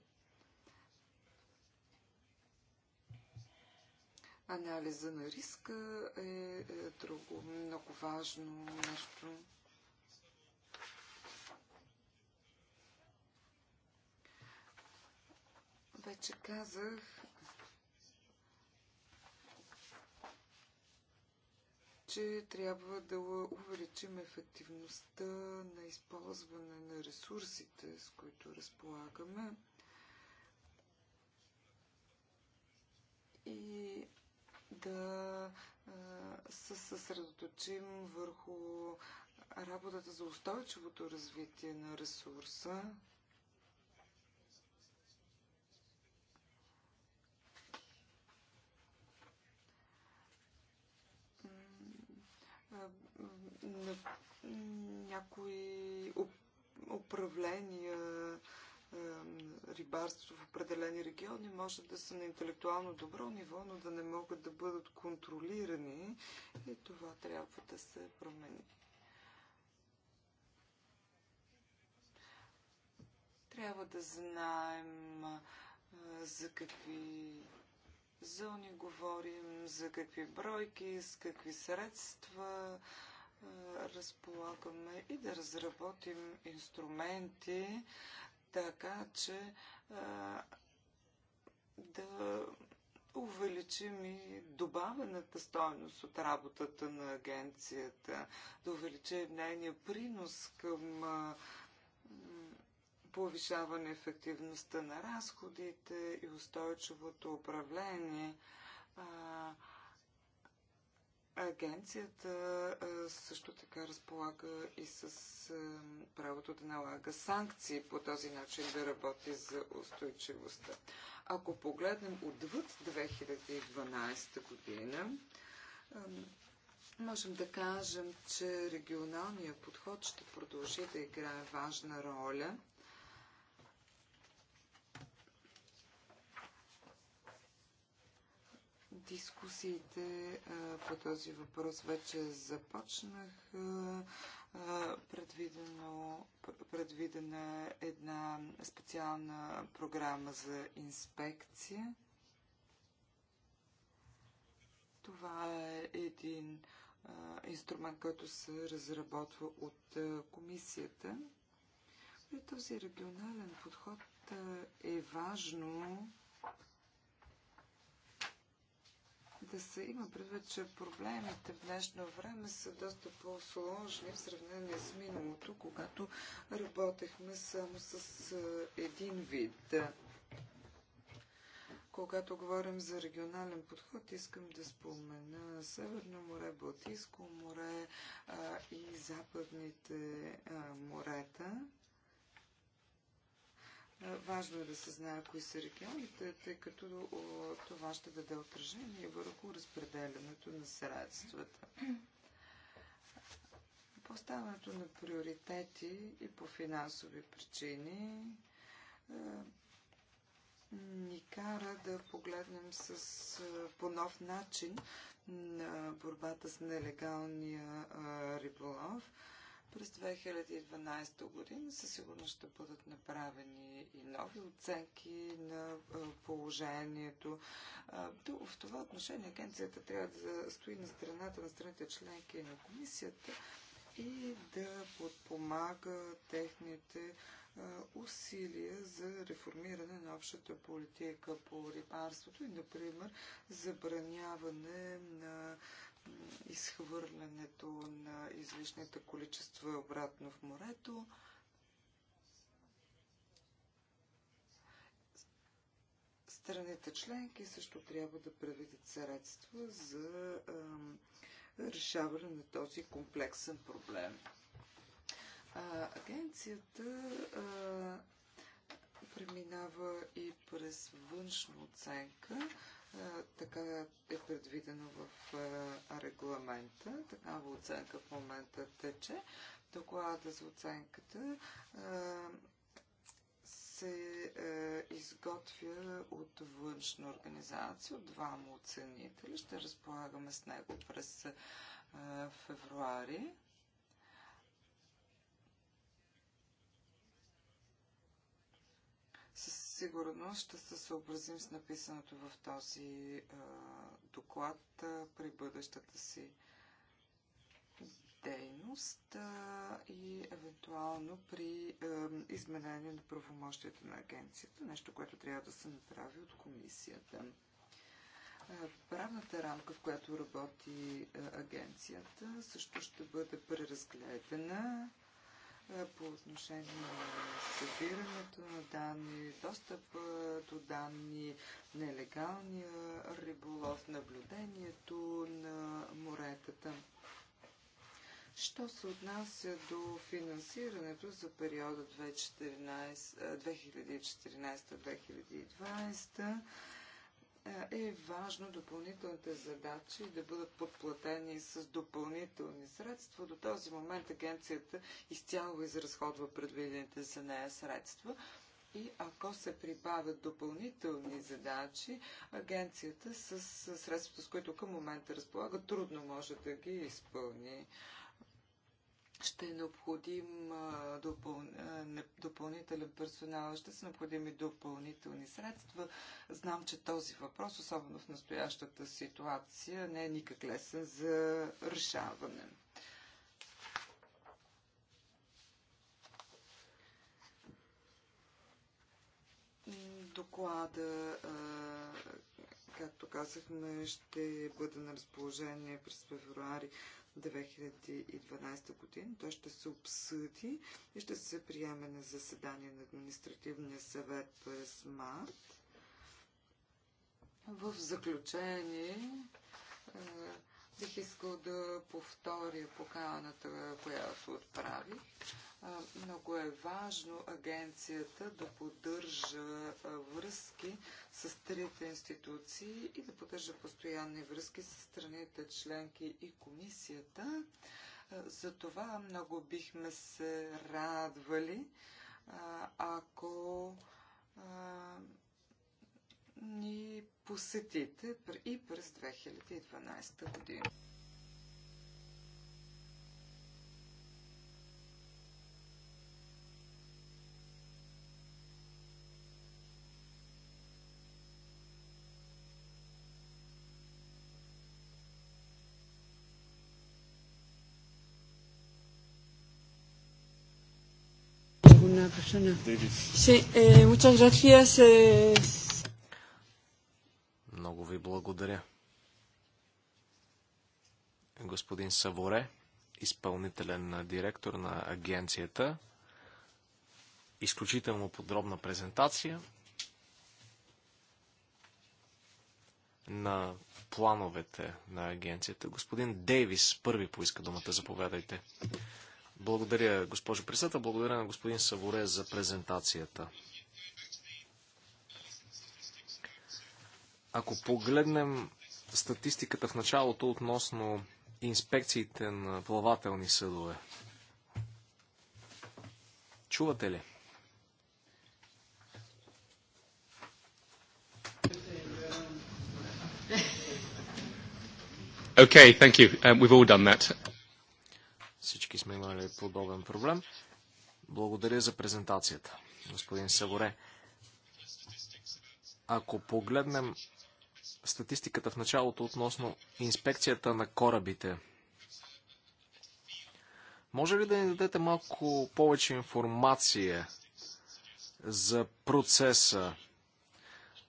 Анализа на риска е, е друго много важно нещо. Вече казах, че трябва да увеличим ефективността на използване на ресурсите, с които разполагаме. И да се съсредоточим върху работата за устойчивото развитие на ресурса, на някои управления рибарство в определени региони може да са на интелектуално добро ниво, но да не могат да бъдат контролирани и това трябва да се промени. Трябва да знаем за какви зони говорим, за какви бройки, с какви средства, разполагаме и да разработим инструменти, така че да увеличим и добавената стойност от работата на агенцията, да увеличим нейния принос към повишаване ефективността на разходите и устойчивото управление. Агенцията също така разполага и с правото да налага санкции по този начин да работи за устойчивостта. Ако погледнем отвъд 2012 година, можем да кажем, че регионалният подход ще продължи да играе важна роля Дискусиите по този въпрос вече започнах. Предвидено, предвидена е една специална програма за инспекция. Това е един инструмент, който се разработва от комисията. При този регионален подход е важно да се има предвид, че проблемите в днешно време са доста по-сложни в сравнение с миналото, когато работехме само с един вид. Когато говорим за регионален подход, искам да спомена Северно море, Балтийско море а, и Западните а, морета. Е, важно е да се знае кои са регионите, тъй като това ще даде отражение върху разпределянето на средствата. Поставянето на приоритети и по финансови причини е, ни кара да погледнем с е, по нов начин на борбата с нелегалния риболов през 2012 година със сигурност ще бъдат направени и нови оценки на положението. В това отношение агенцията трябва да стои на страната на страните членки и на комисията и да подпомага техните усилия за реформиране на общата политика по рибарството и, например, забраняване на изхвърлянето на излишните количества обратно в морето. Страните членки също трябва да преведат средства за а, решаване на този комплексен проблем. А, агенцията а, преминава и през външна оценка така е предвидено в регламента. Такава оценка в момента тече. Доклада за оценката се изготвя от външна организация, от двама оценители. Ще разполагаме с него през февруари. сигурно ще се съобразим с написаното в този а, доклад а, при бъдещата си дейност а, и евентуално при а, изменение на правомощията на агенцията, нещо, което трябва да се направи от комисията. Правната рамка, в която работи агенцията, също ще бъде преразгледана е, по отношение на събирането на данни, достъп до данни, нелегалния риболов, наблюдението на моретата. Що се отнася до финансирането за периода 2014-2020, е, е важно допълнителните задачи да бъдат подплатени с допълнителни средства. До този момент агенцията изцяло изразходва предвидените за нея средства. И ако се прибавят допълнителни задачи, агенцията с средствата, с които към момента разполага, трудно може да ги изпълни ще е необходим допъл... допълнителен персонал, ще са необходими допълнителни средства. Знам, че този въпрос, особено в настоящата ситуация, не е никак лесен за решаване. Доклада както казахме, ще бъде на разположение през февруари 2012 година. Той ще се обсъди и ще се приеме на заседание на административния съвет през март. В заключение е, бих искал да повторя поканата, която отправих много е важно агенцията да поддържа връзки с трите институции и да поддържа постоянни връзки с страните членки и комисията. За това много бихме се радвали, ако ни посетите и през 2012 година. persona. Sí, eh, muchas gracias. Eh... Много ви благодаря. Господин Саворе, изпълнителен директор на агенцията. Изключително подробна презентация на плановете на агенцията. Господин Дейвис първи поиска думата. Заповядайте. Благодаря, госпожо председател. Благодаря на господин Саворе за презентацията. Ако погледнем статистиката в началото относно инспекциите на плавателни съдове, чувате ли? Okay, thank you. Um, we've all done that. Всички сме имали подобен проблем. Благодаря за презентацията, господин Саворе. Ако погледнем статистиката в началото относно инспекцията на корабите, може ли да ни дадете малко повече информация за процеса?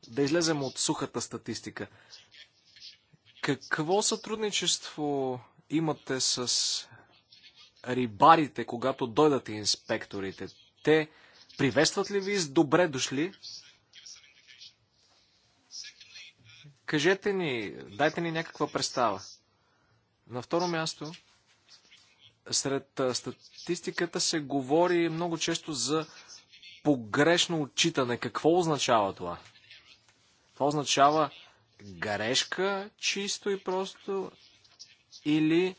Да излезем от сухата статистика. Какво сътрудничество имате с рибарите, когато дойдат инспекторите? Те приветстват ли ви с добре дошли? Кажете ни, дайте ни някаква представа. На второ място, сред статистиката се говори много често за погрешно отчитане. Какво означава това? Това означава грешка чисто и просто или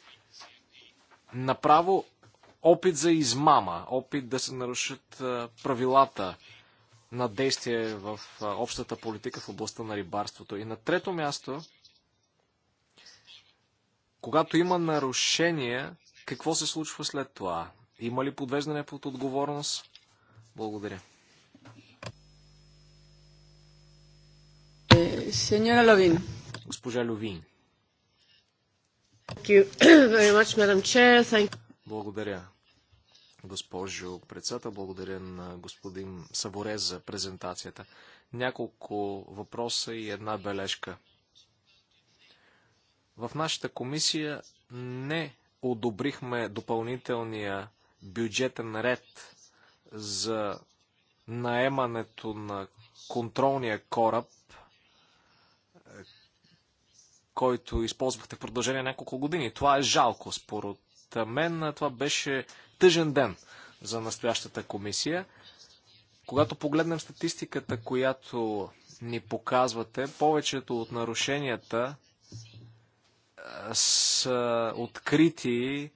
направо опит за измама, опит да се нарушат правилата на действие в общата политика в областта на рибарството. И на трето място, когато има нарушения, какво се случва след това? Има ли подвеждане под отговорност? Благодаря. Е, Госпожа Лювин. Much, Благодаря, госпожо председател. Благодаря на господин Саворе за презентацията. Няколко въпроса и една бележка. В нашата комисия не одобрихме допълнителния бюджетен ред за наемането на контролния кораб който използвахте в продължение на няколко години. Това е жалко. Според мен това беше тъжен ден за настоящата комисия. Когато погледнем статистиката, която ни показвате, повечето от нарушенията са открити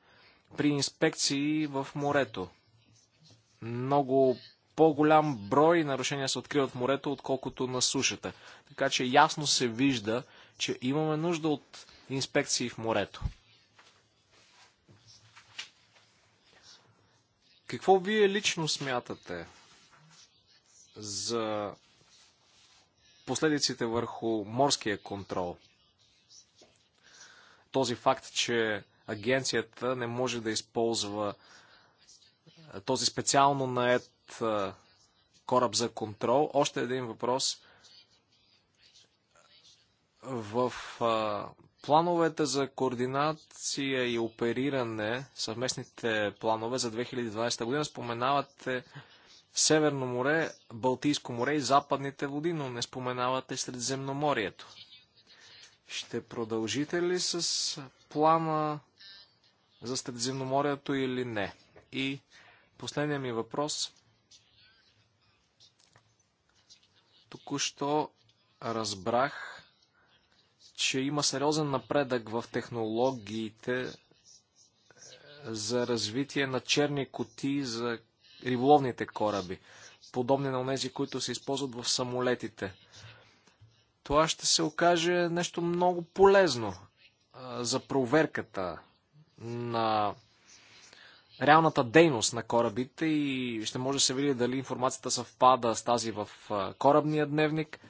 при инспекции в морето. Много по-голям брой нарушения се откриват в морето, отколкото на сушата. Така че ясно се вижда, че имаме нужда от инспекции в морето. Какво вие лично смятате за последиците върху морския контрол? Този факт, че агенцията не може да използва този специално наед кораб за контрол. Още един въпрос. В а, плановете за координация и опериране, съвместните планове за 2012 година, споменавате Северно море, Балтийско море и Западните води, но не споменавате Средземноморието. Ще продължите ли с плана за Средземноморието или не? И последният ми въпрос. Току-що разбрах, че има сериозен напредък в технологиите е, за развитие на черни коти за риболовните кораби, подобни на тези, които се използват в самолетите. Това ще се окаже нещо много полезно е, за проверката на реалната дейност на корабите и ще може да се види дали информацията съвпада с тази в е, корабния дневник –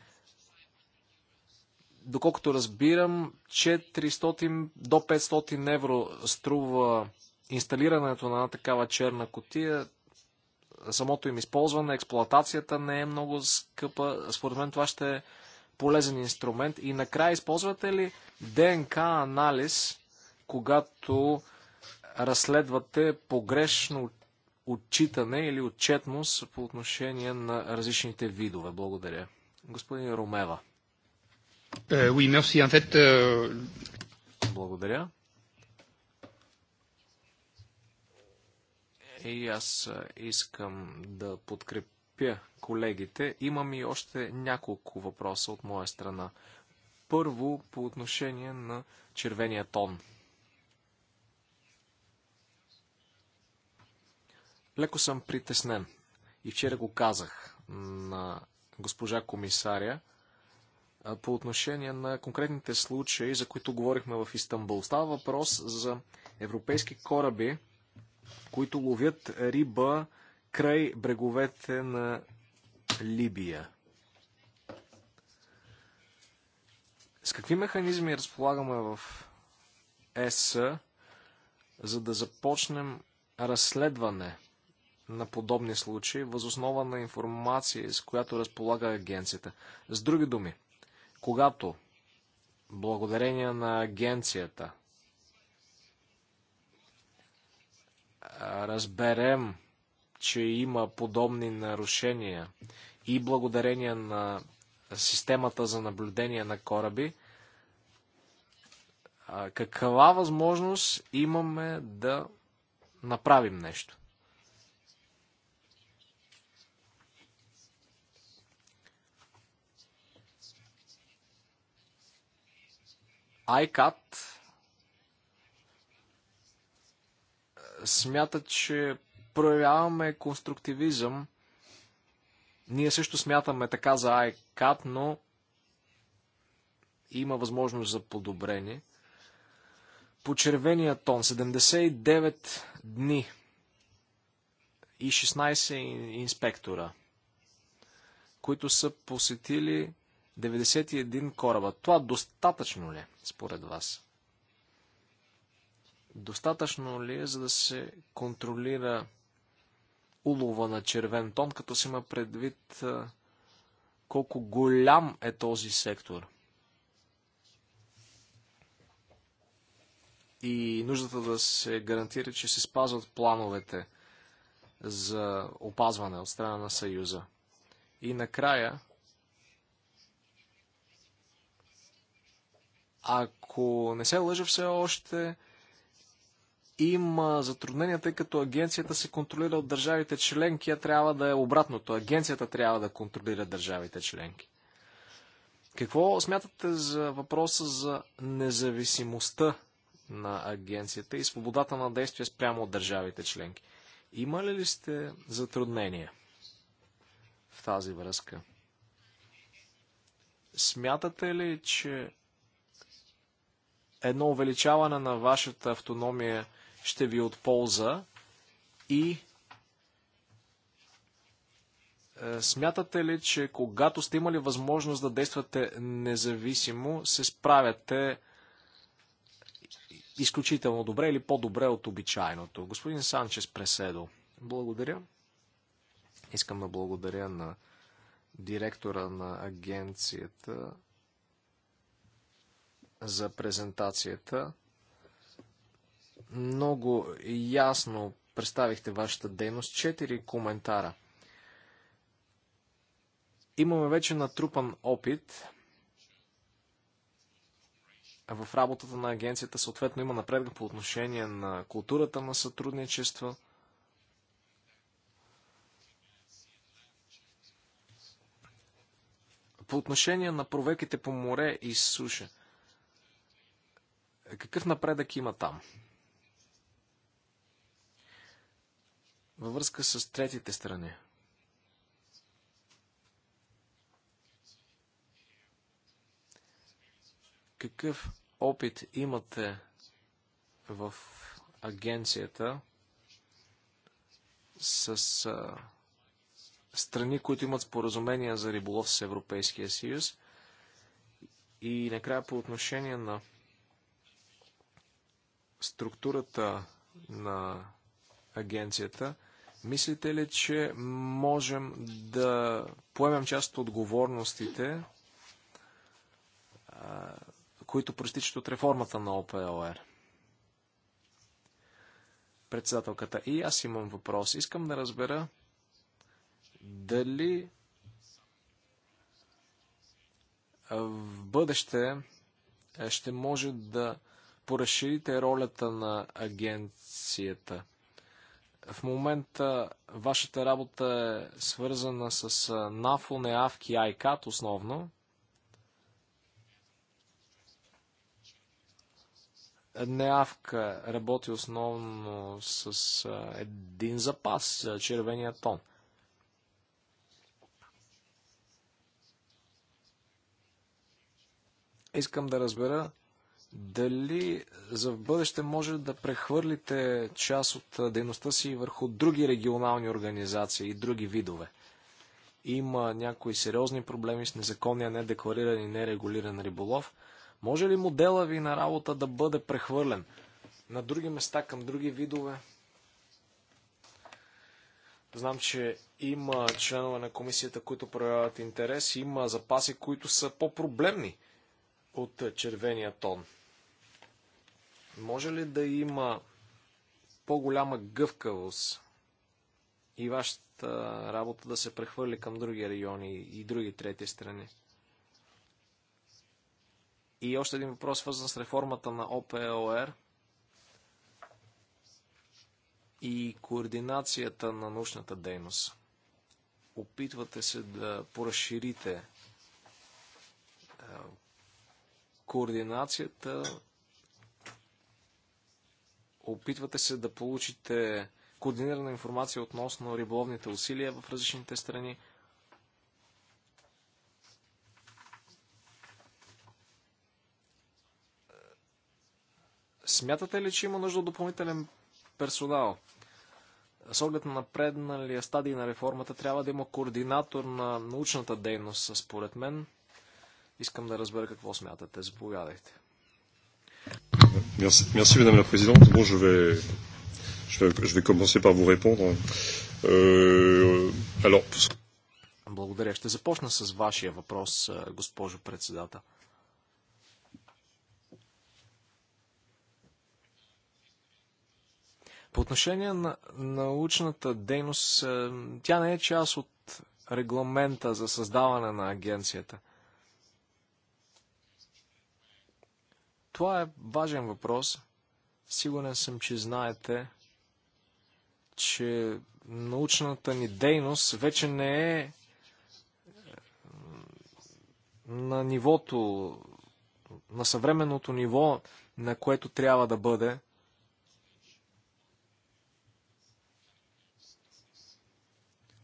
Доколкото разбирам, 400 до 500 евро струва инсталирането на една такава черна котия. Самото им използване, експлоатацията не е много скъпа. Според мен това ще е полезен инструмент. И накрая използвате ли ДНК анализ, когато разследвате погрешно отчитане или отчетност по отношение на различните видове? Благодаря. Господин Ромева. Euh, oui, merci. En fait, euh, Благодаря. И аз искам да подкрепя колегите. Имам и още няколко въпроса от моя страна. Първо, по отношение на червения тон. Леко съм притеснен. И вчера го казах на госпожа комисаря – по отношение на конкретните случаи, за които говорихме в Истанбул. Става въпрос за европейски кораби, които ловят риба край бреговете на Либия. С какви механизми разполагаме в ЕС, за да започнем разследване на подобни случаи, възоснова на информация, с която разполага агенцията? С други думи, когато благодарение на агенцията разберем, че има подобни нарушения и благодарение на системата за наблюдение на кораби, каква възможност имаме да направим нещо? ICAT смята, че проявяваме конструктивизъм. Ние също смятаме така за ICAT, но има възможност за подобрение. По червения тон 79 дни и 16 инспектора, които са посетили 91 кораба. Това достатъчно ли е според вас? Достатъчно ли е, за да се контролира улова на червен тон, като се има предвид колко голям е този сектор? И нуждата да се гарантира, че се спазват плановете за опазване от страна на Съюза. И накрая, Ако не се лъжа все още, има затруднения, тъй като агенцията се контролира от държавите членки, а трябва да е обратното. Агенцията трябва да контролира държавите членки. Какво смятате за въпроса за независимостта на агенцията и свободата на действие спрямо от държавите членки? Има ли сте затруднения в тази връзка? Смятате ли, че едно увеличаване на вашата автономия ще ви е от полза и е, Смятате ли, че когато сте имали възможност да действате независимо, се справяте изключително добре или по-добре от обичайното? Господин Санчес Преседо, благодаря. Искам да благодаря на директора на агенцията за презентацията. Много ясно представихте вашата дейност. Четири коментара. Имаме вече натрупан опит в работата на агенцията. Съответно има напредък по отношение на културата на сътрудничество. По отношение на проверките по море и суша. Какъв напредък има там? Във връзка с третите страни. Какъв опит имате в агенцията с а, страни, които имат споразумения за риболов с Европейския съюз? И накрая по отношение на структурата на агенцията, мислите ли, че можем да поемем част от отговорностите, които проистичат от реформата на ОПЛР? Председателката, и аз имам въпрос. Искам да разбера дали в бъдеще ще може да поразширите ролята на агенцията? В момента вашата работа е свързана с НАФО, НЕАВКИ, АЙКАТ основно. Неавка работи основно с един запас, червения тон. Искам да разбера дали за в бъдеще може да прехвърлите част от дейността си върху други регионални организации и други видове? Има някои сериозни проблеми с незаконния, недеклариран и нерегулиран риболов. Може ли модела ви на работа да бъде прехвърлен на други места, към други видове? Знам, че има членове на комисията, които проявяват интерес, има запаси, които са по-проблемни от червения тон. Може ли да има по-голяма гъвкавост и вашата работа да се прехвърли към други райони и други трети страни? И още един въпрос, свързан с реформата на ОПЛР и координацията на научната дейност. Опитвате се да поразширите координацията Опитвате се да получите координирана информация относно риболовните усилия в различните страни. Смятате ли, че има нужда от допълнителен персонал? С оглед на напредналия стадий на реформата, трябва да има координатор на научната дейност, според мен. Искам да разбера какво смятате. Заповядайте. Merci, merci Madame la Présidente. Bon, je vais, je vais, je vais commencer par vous répondre. Euh, alors... Благодаря. Ще започна с вашия въпрос, госпожо председател. По отношение на научната дейност, тя не е част от регламента за създаване на агенцията – Това е важен въпрос. Сигурен съм, че знаете, че научната ни дейност вече не е, е на нивото, на съвременното ниво, на което трябва да бъде.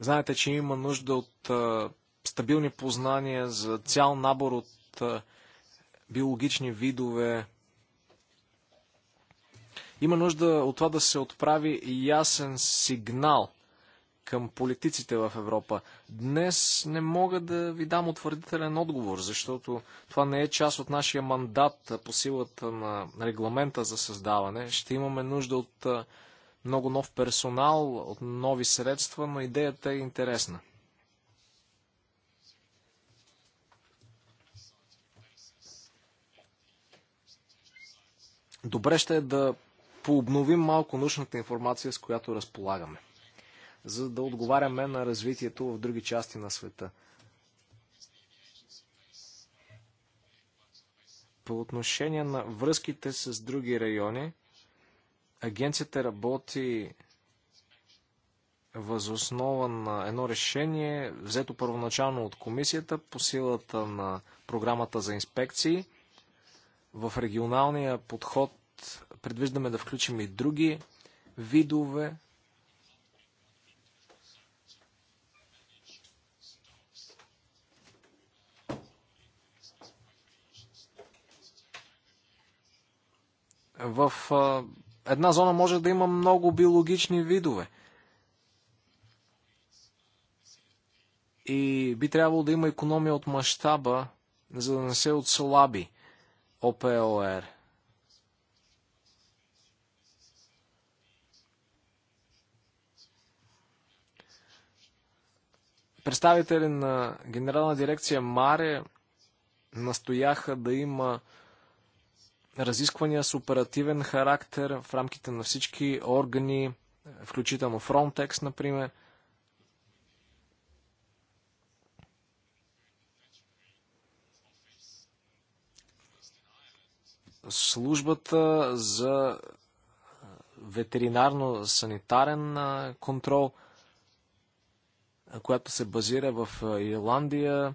Знаете, че има нужда от а, е, стабилни познания за цял набор от а, е, биологични видове. Има нужда от това да се отправи ясен сигнал към политиците в Европа. Днес не мога да ви дам утвърдителен отговор, защото това не е част от нашия мандат по силата на регламента за създаване. Ще имаме нужда от много нов персонал, от нови средства, но идеята е интересна. добре ще е да пообновим малко научната информация, с която разполагаме, за да отговаряме на развитието в други части на света. По отношение на връзките с други райони, агенцията работи възоснова на едно решение, взето първоначално от комисията по силата на програмата за инспекции – в регионалния подход предвиждаме да включим и други видове. В една зона може да има много биологични видове. И би трябвало да има економия от мащаба, за да не се отслаби OPOR. Представители на Генерална дирекция Маре настояха да има разисквания с оперативен характер в рамките на всички органи, включително Frontex, например – службата за ветеринарно-санитарен контрол, която се базира в Ирландия,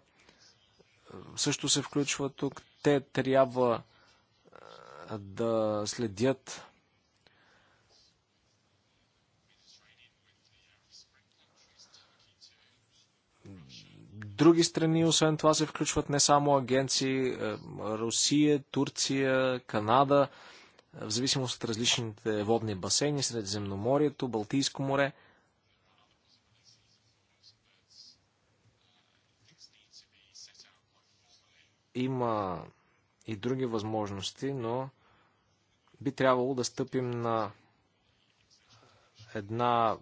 също се включва тук. Те трябва да следят Други страни, освен това, се включват не само агенции, е, Русия, Турция, Канада, е, в зависимост от различните водни басейни, Средиземноморието, Балтийско море. Има и други възможности, но би трябвало да стъпим на една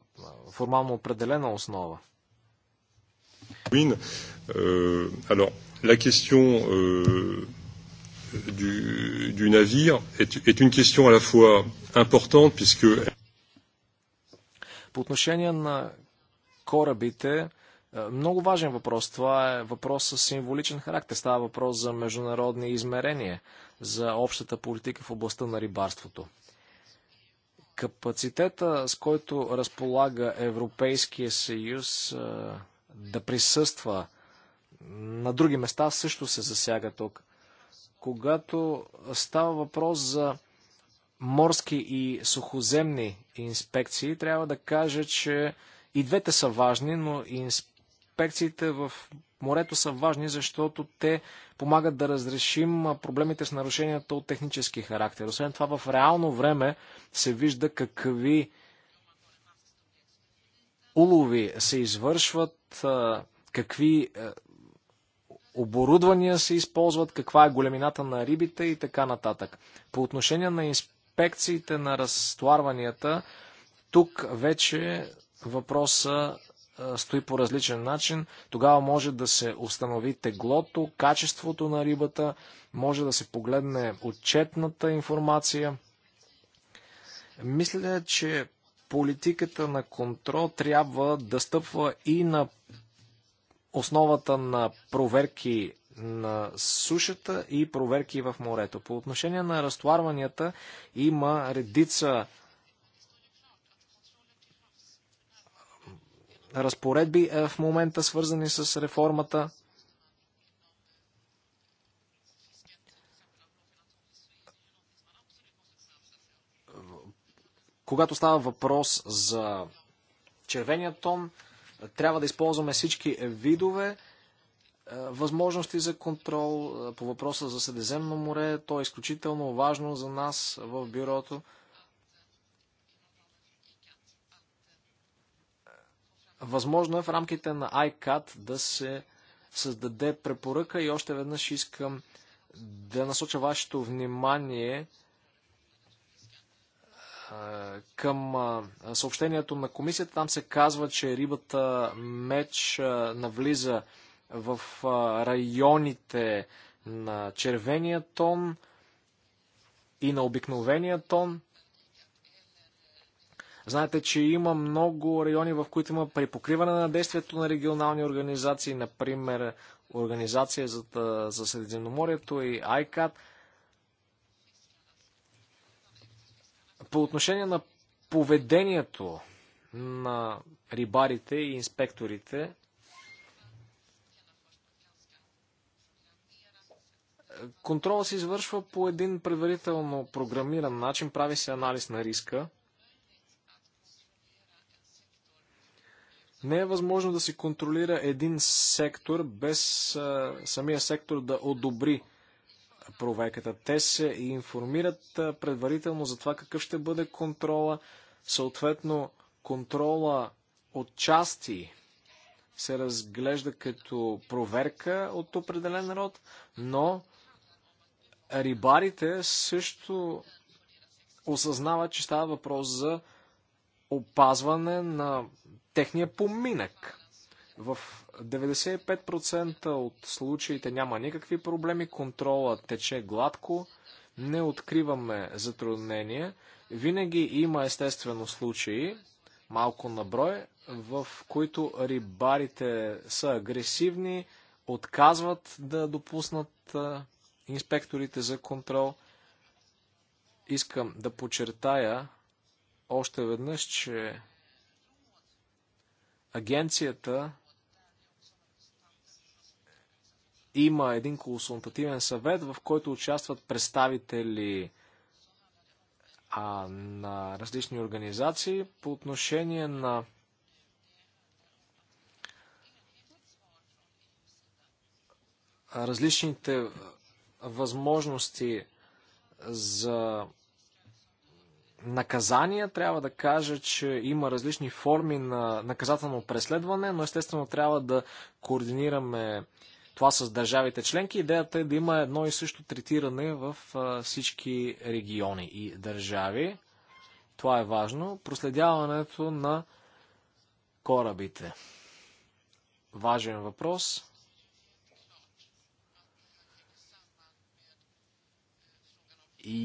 формално определена основа. Win. Euh, alors, la question euh, du, du navire est, est une question à la fois importante puisque. По отношение на корабите, е, много важен въпрос. Това е въпрос с символичен характер. Става въпрос за международни измерения, за общата политика в областта на рибарството. Капацитета, с който разполага Европейския съюз, е, да присъства на други места, също се засяга тук. Когато става въпрос за морски и сухоземни инспекции, трябва да кажа, че и двете са важни, но инспекциите в морето са важни, защото те помагат да разрешим проблемите с нарушенията от технически характер. Освен това, в реално време се вижда какви улови се извършват, какви оборудвания се използват, каква е големината на рибите и така нататък. По отношение на инспекциите на разтоварванията, тук вече въпроса стои по различен начин. Тогава може да се установи теглото, качеството на рибата, може да се погледне отчетната информация. Мисля, че политиката на контрол трябва да стъпва и на основата на проверки на сушата и проверки в морето. По отношение на разтоварванията има редица разпоредби е, в момента свързани с реформата. Когато става въпрос за червения тон, трябва да използваме всички видове е, възможности за контрол е, по въпроса за Средиземно море. То е изключително важно за нас в бюрото. Възможно е в рамките на ICAT да се създаде препоръка и още веднъж искам да насоча вашето внимание към съобщението на комисията. Там се казва, че рибата меч навлиза в районите на червения тон и на обикновения тон. Знаете, че има много райони, в които има припокриване на действието на регионални организации, например Организация за, за Средиземноморието и ICAT – По отношение на поведението на рибарите и инспекторите, контрола се извършва по един предварително програмиран начин, прави се анализ на риска. Не е възможно да се контролира един сектор без а, самия сектор да одобри проверката. Те се информират предварително за това какъв ще бъде контрола. Съответно, контрола от части се разглежда като проверка от определен род, но рибарите също осъзнават, че става въпрос за опазване на техния поминък. В 95% от случаите няма никакви проблеми, контрола тече гладко, не откриваме затруднения. Винаги има естествено случаи, малко на брой, в които рибарите са агресивни, отказват да допуснат инспекторите за контрол. Искам да подчертая още веднъж, че агенцията има един консултативен съвет, в който участват представители а, на различни организации по отношение на различните възможности за наказания. Трябва да кажа, че има различни форми на наказателно преследване, но естествено трябва да координираме това с държавите членки. Идеята е да има едно и също третиране в всички региони и държави. Това е важно. Проследяването на корабите. Важен въпрос.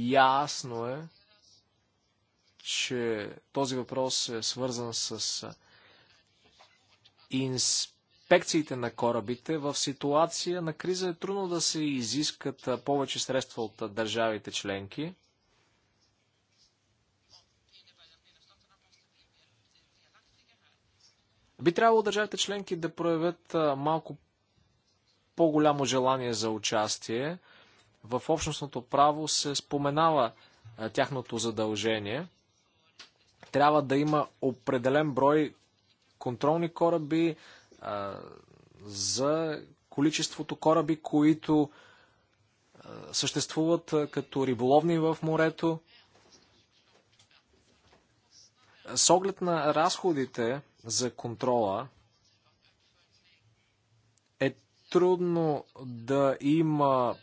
Ясно е, че този въпрос е свързан с инспекция инспекциите на корабите, в ситуация на криза е трудно да се изискат повече средства от държавите членки. Би трябвало държавите членки да проявят малко по-голямо желание за участие. В общностното право се споменава тяхното задължение. Трябва да има определен брой контролни кораби, за количеството кораби, които съществуват като риболовни в морето. С оглед на разходите за контрола е трудно да има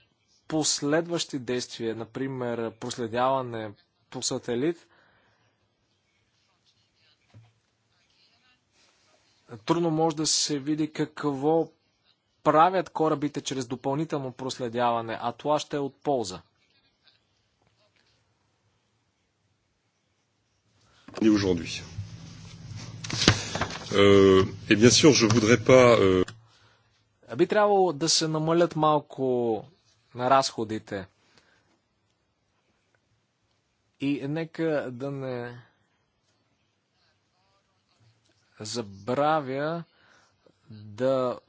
последващи действия, например проследяване по сателит, трудно може да се види какво правят корабите чрез допълнително проследяване, а това ще е от полза. aujourd'hui. Euh, et bien sûr, je voudrais pas. Euh... Би трябвало да се намалят малко на разходите. И нека да не забравя да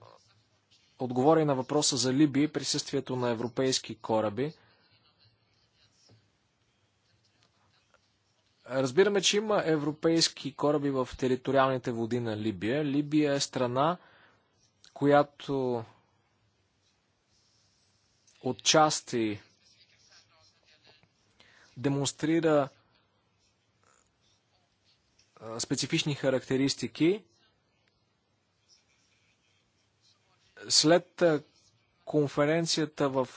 отговори на въпроса за Либия и присъствието на европейски кораби. Разбираме, че има европейски кораби в териториалните води на Либия. Либия е страна, която отчасти демонстрира специфични характеристики. След конференцията в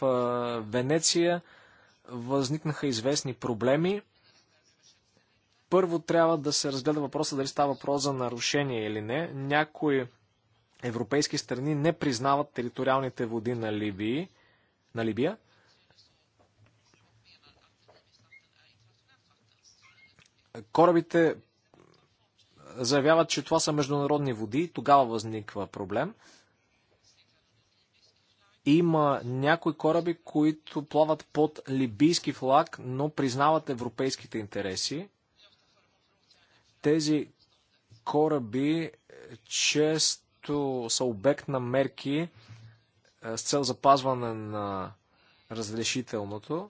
Венеция възникнаха известни проблеми. Първо трябва да се разгледа въпроса дали става въпрос за нарушение или не. Някои европейски страни не признават териториалните води на, Либии, на Либия. Корабите заявяват, че това са международни води, тогава възниква проблем. Има някои кораби, които плават под либийски флаг, но признават европейските интереси. Тези кораби е, често са обект на мерки е, с цел запазване на разрешителното.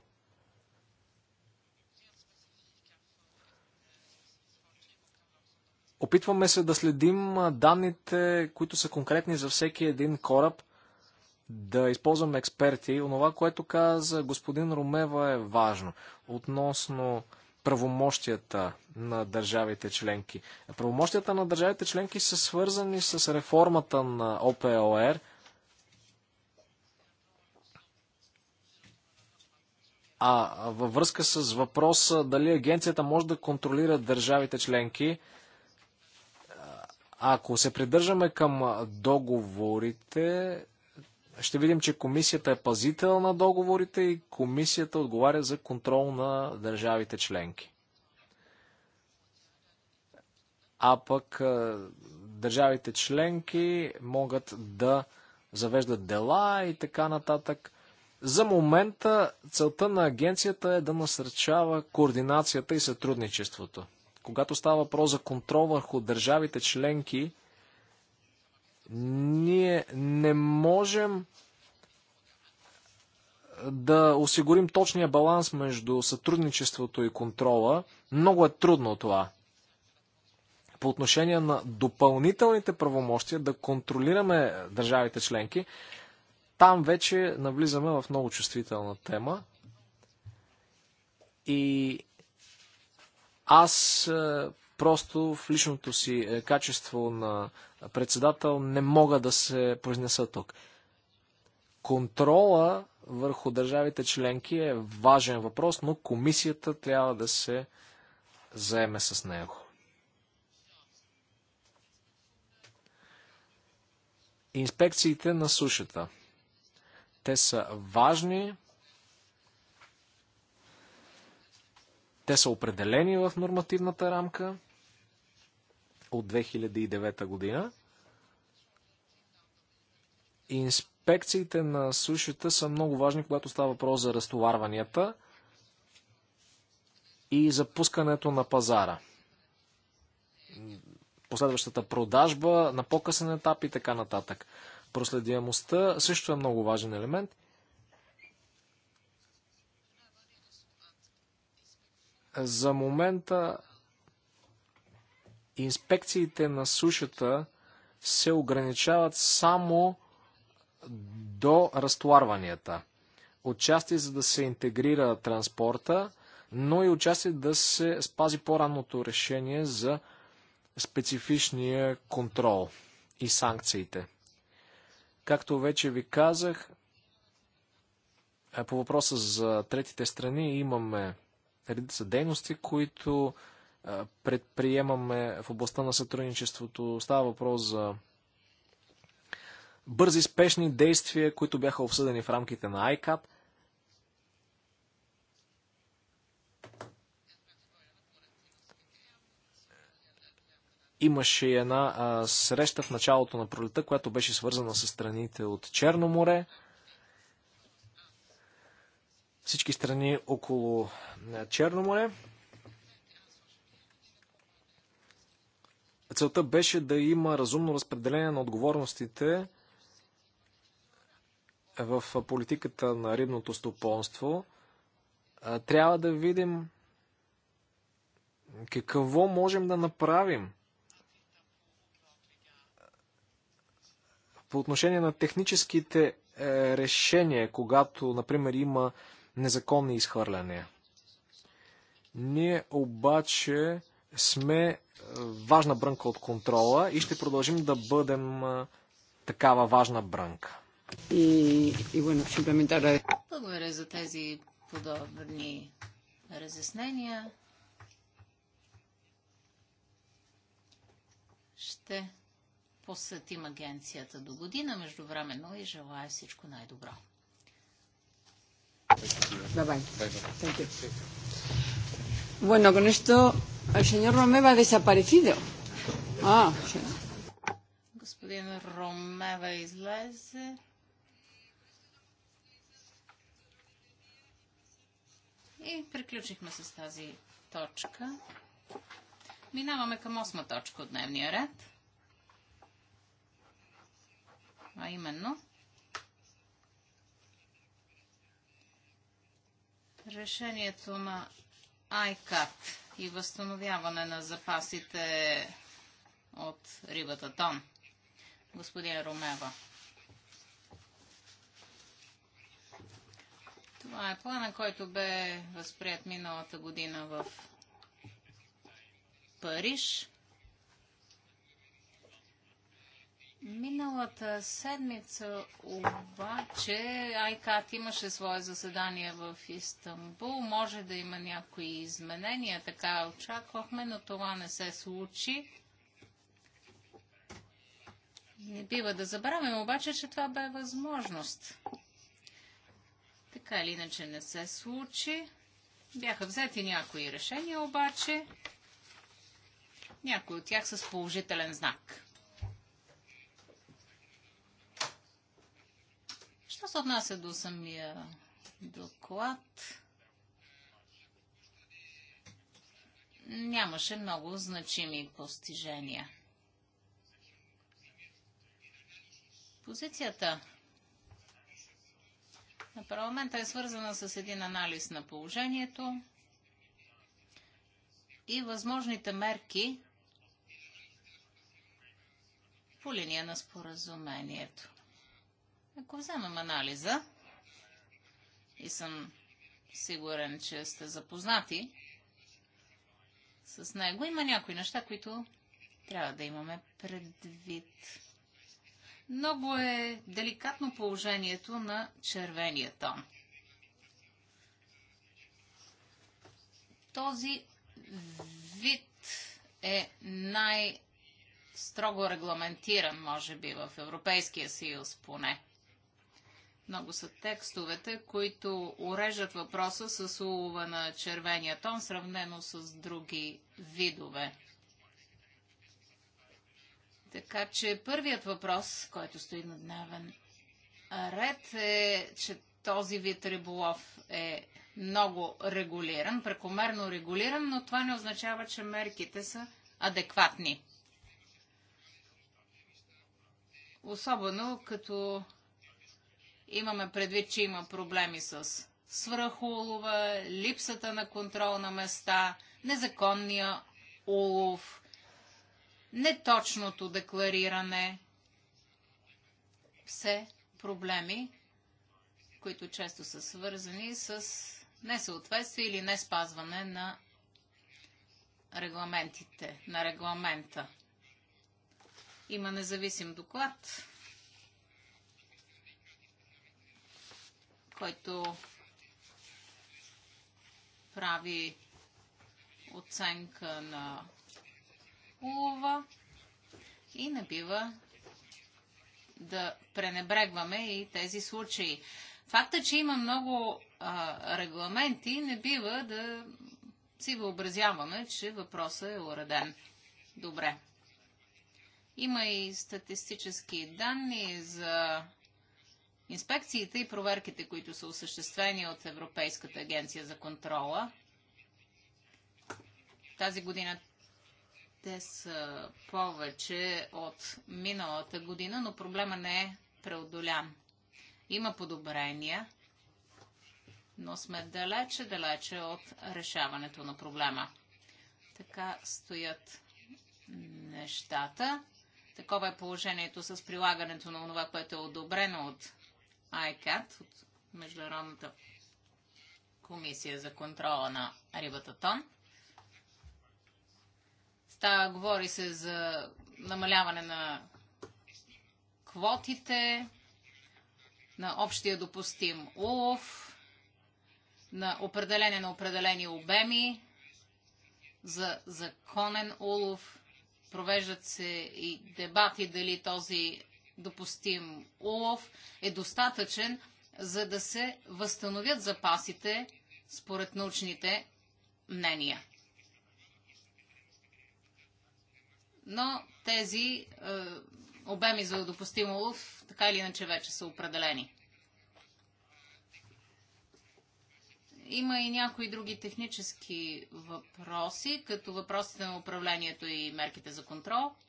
Опитваме се да следим данните, които са конкретни за всеки един кораб, да използваме експерти. Онова, което каза господин Румева е важно относно правомощията на държавите членки. Правомощията на държавите членки са свързани с реформата на ОПОР. А във връзка с въпроса дали агенцията може да контролира държавите членки, ако се придържаме към договорите, ще видим, че комисията е пазител на договорите и комисията отговаря за контрол на държавите членки. А пък държавите членки могат да завеждат дела и така нататък. За момента целта на агенцията е да насърчава координацията и сътрудничеството. Когато става въпрос за контрол върху държавите членки, ние не можем да осигурим точния баланс между сътрудничеството и контрола. Много е трудно това. По отношение на допълнителните правомощия да контролираме държавите членки, там вече навлизаме в много чувствителна тема. И аз е, просто в личното си е, качество на председател не мога да се произнеса тук. Контрола върху държавите членки е важен въпрос, но комисията трябва да се заеме с него. Инспекциите на сушата. Те са важни, Те са определени в нормативната рамка от 2009 година. Инспекциите на Сушата са много важни, когато става въпрос за разтоварванията и запускането на пазара. Последващата продажба на по-късен етап и така нататък. Проследяемостта също е много важен елемент – За момента инспекциите на сушата се ограничават само до разтоварванията. Отчасти за да се интегрира транспорта, но и отчасти да се спази по-ранното решение за специфичния контрол и санкциите. Както вече ви казах, е, по въпроса за третите страни имаме редица дейности, които предприемаме в областта на сътрудничеството. Става въпрос за бързи, спешни действия, които бяха обсъдени в рамките на ICAT. Имаше една а, среща в началото на пролета, която беше свързана с страните от Черно море всички страни около е, Черно море. Целта беше да има разумно разпределение на отговорностите е, в политиката на рибното стопонство. Е, трябва да видим какво можем да направим по отношение на техническите решения, когато, например, има незаконни изхвърляния. Ние обаче сме е, важна брънка от контрола и ще продължим да бъдем е, такава важна брънка. И, и bueno, simplemente Благодаря за тези подобни разяснения. Ще посетим агенцията до година. Междувременно и желая всичко най-добро. Bye bye. Thank you. Bueno, con esto el señor Romeva ha desaparecido. Ah, sí. Господин Ромева излезе. И приключихме с тази точка. Минаваме към осма точка от дневния ред. А именно Решението на ICAT и възстановяване на запасите от рибата Тон. Господин Ромева. Това е плана, който бе възприят миналата година в Париж. Миналата седмица обаче ICAT имаше свое заседание в Истанбул. Може да има някои изменения, така очаквахме, но това не се случи. Не бива да забравим обаче, че това бе възможност. Така или иначе не се случи. Бяха взети някои решения обаче. Някои от тях с положителен знак. Що се отнася до самия доклад? Нямаше много значими постижения. Позицията на парламента е свързана с един анализ на положението и възможните мерки по линия на споразумението. Ако вземем анализа, и съм сигурен, че сте запознати с него, има някои неща, които трябва да имаме предвид. Много е деликатно положението на червения тон. Този вид е най- строго регламентиран, може би, в Европейския съюз поне. Много са текстовете, които орежат въпроса с улова на червения тон, сравнено с други видове. Така че първият въпрос, който стои на дневен ред е, че този вид риболов е много регулиран, прекомерно регулиран, но това не означава, че мерките са адекватни. Особено като Имаме предвид, че има проблеми с свръхулова, липсата на контрол на места, незаконния улов, неточното деклариране. Все проблеми, които често са свързани с несъответствие или не спазване на регламентите, на регламента. Има независим доклад който прави оценка на улова и не бива да пренебрегваме и тези случаи. Факта, че има много а, регламенти, не бива да си въобразяваме, че въпросът е уреден. Добре. Има и статистически данни за Инспекциите и проверките, които са осъществени от Европейската агенция за контрола, тази година те са повече от миналата година, но проблема не е преодолян. Има подобрения, но сме далече-далече от решаването на проблема. Така стоят нещата. Такова е положението с прилагането на това, което е одобрено от ICAT, от Международната комисия за контрола на рибата тон. Става, говори се за намаляване на квотите, на общия допустим улов, на определение на определени обеми, за законен улов. Провеждат се и дебати дали този допустим улов е достатъчен, за да се възстановят запасите според научните мнения. Но тези е, обеми за допустим улов така или иначе вече са определени. Има и някои други технически въпроси, като въпросите на управлението и мерките за контрол –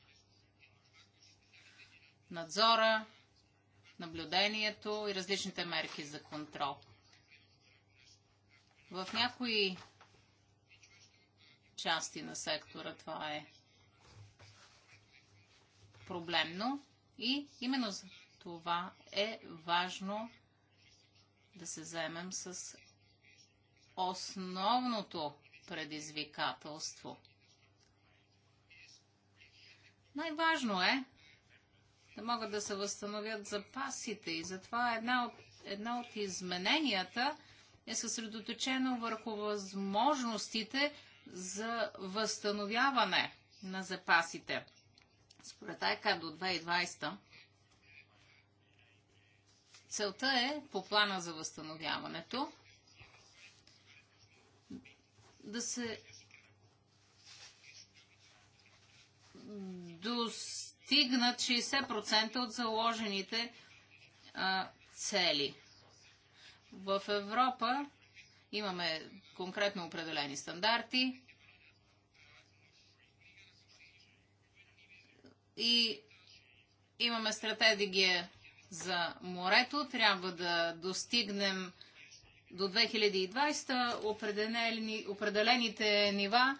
надзора, наблюдението и различните мерки за контрол. В някои части на сектора това е проблемно и именно за това е важно да се заемем с основното предизвикателство. Най-важно е да могат да се възстановят запасите. И затова една от, една от измененията е съсредоточено върху възможностите за възстановяване на запасите. Според АЕКА до 2020 целта е по плана за възстановяването да се достигне постигнат 60% от заложените а, цели. В Европа имаме конкретно определени стандарти и имаме стратегия за морето. Трябва да достигнем до 2020 определени, определените нива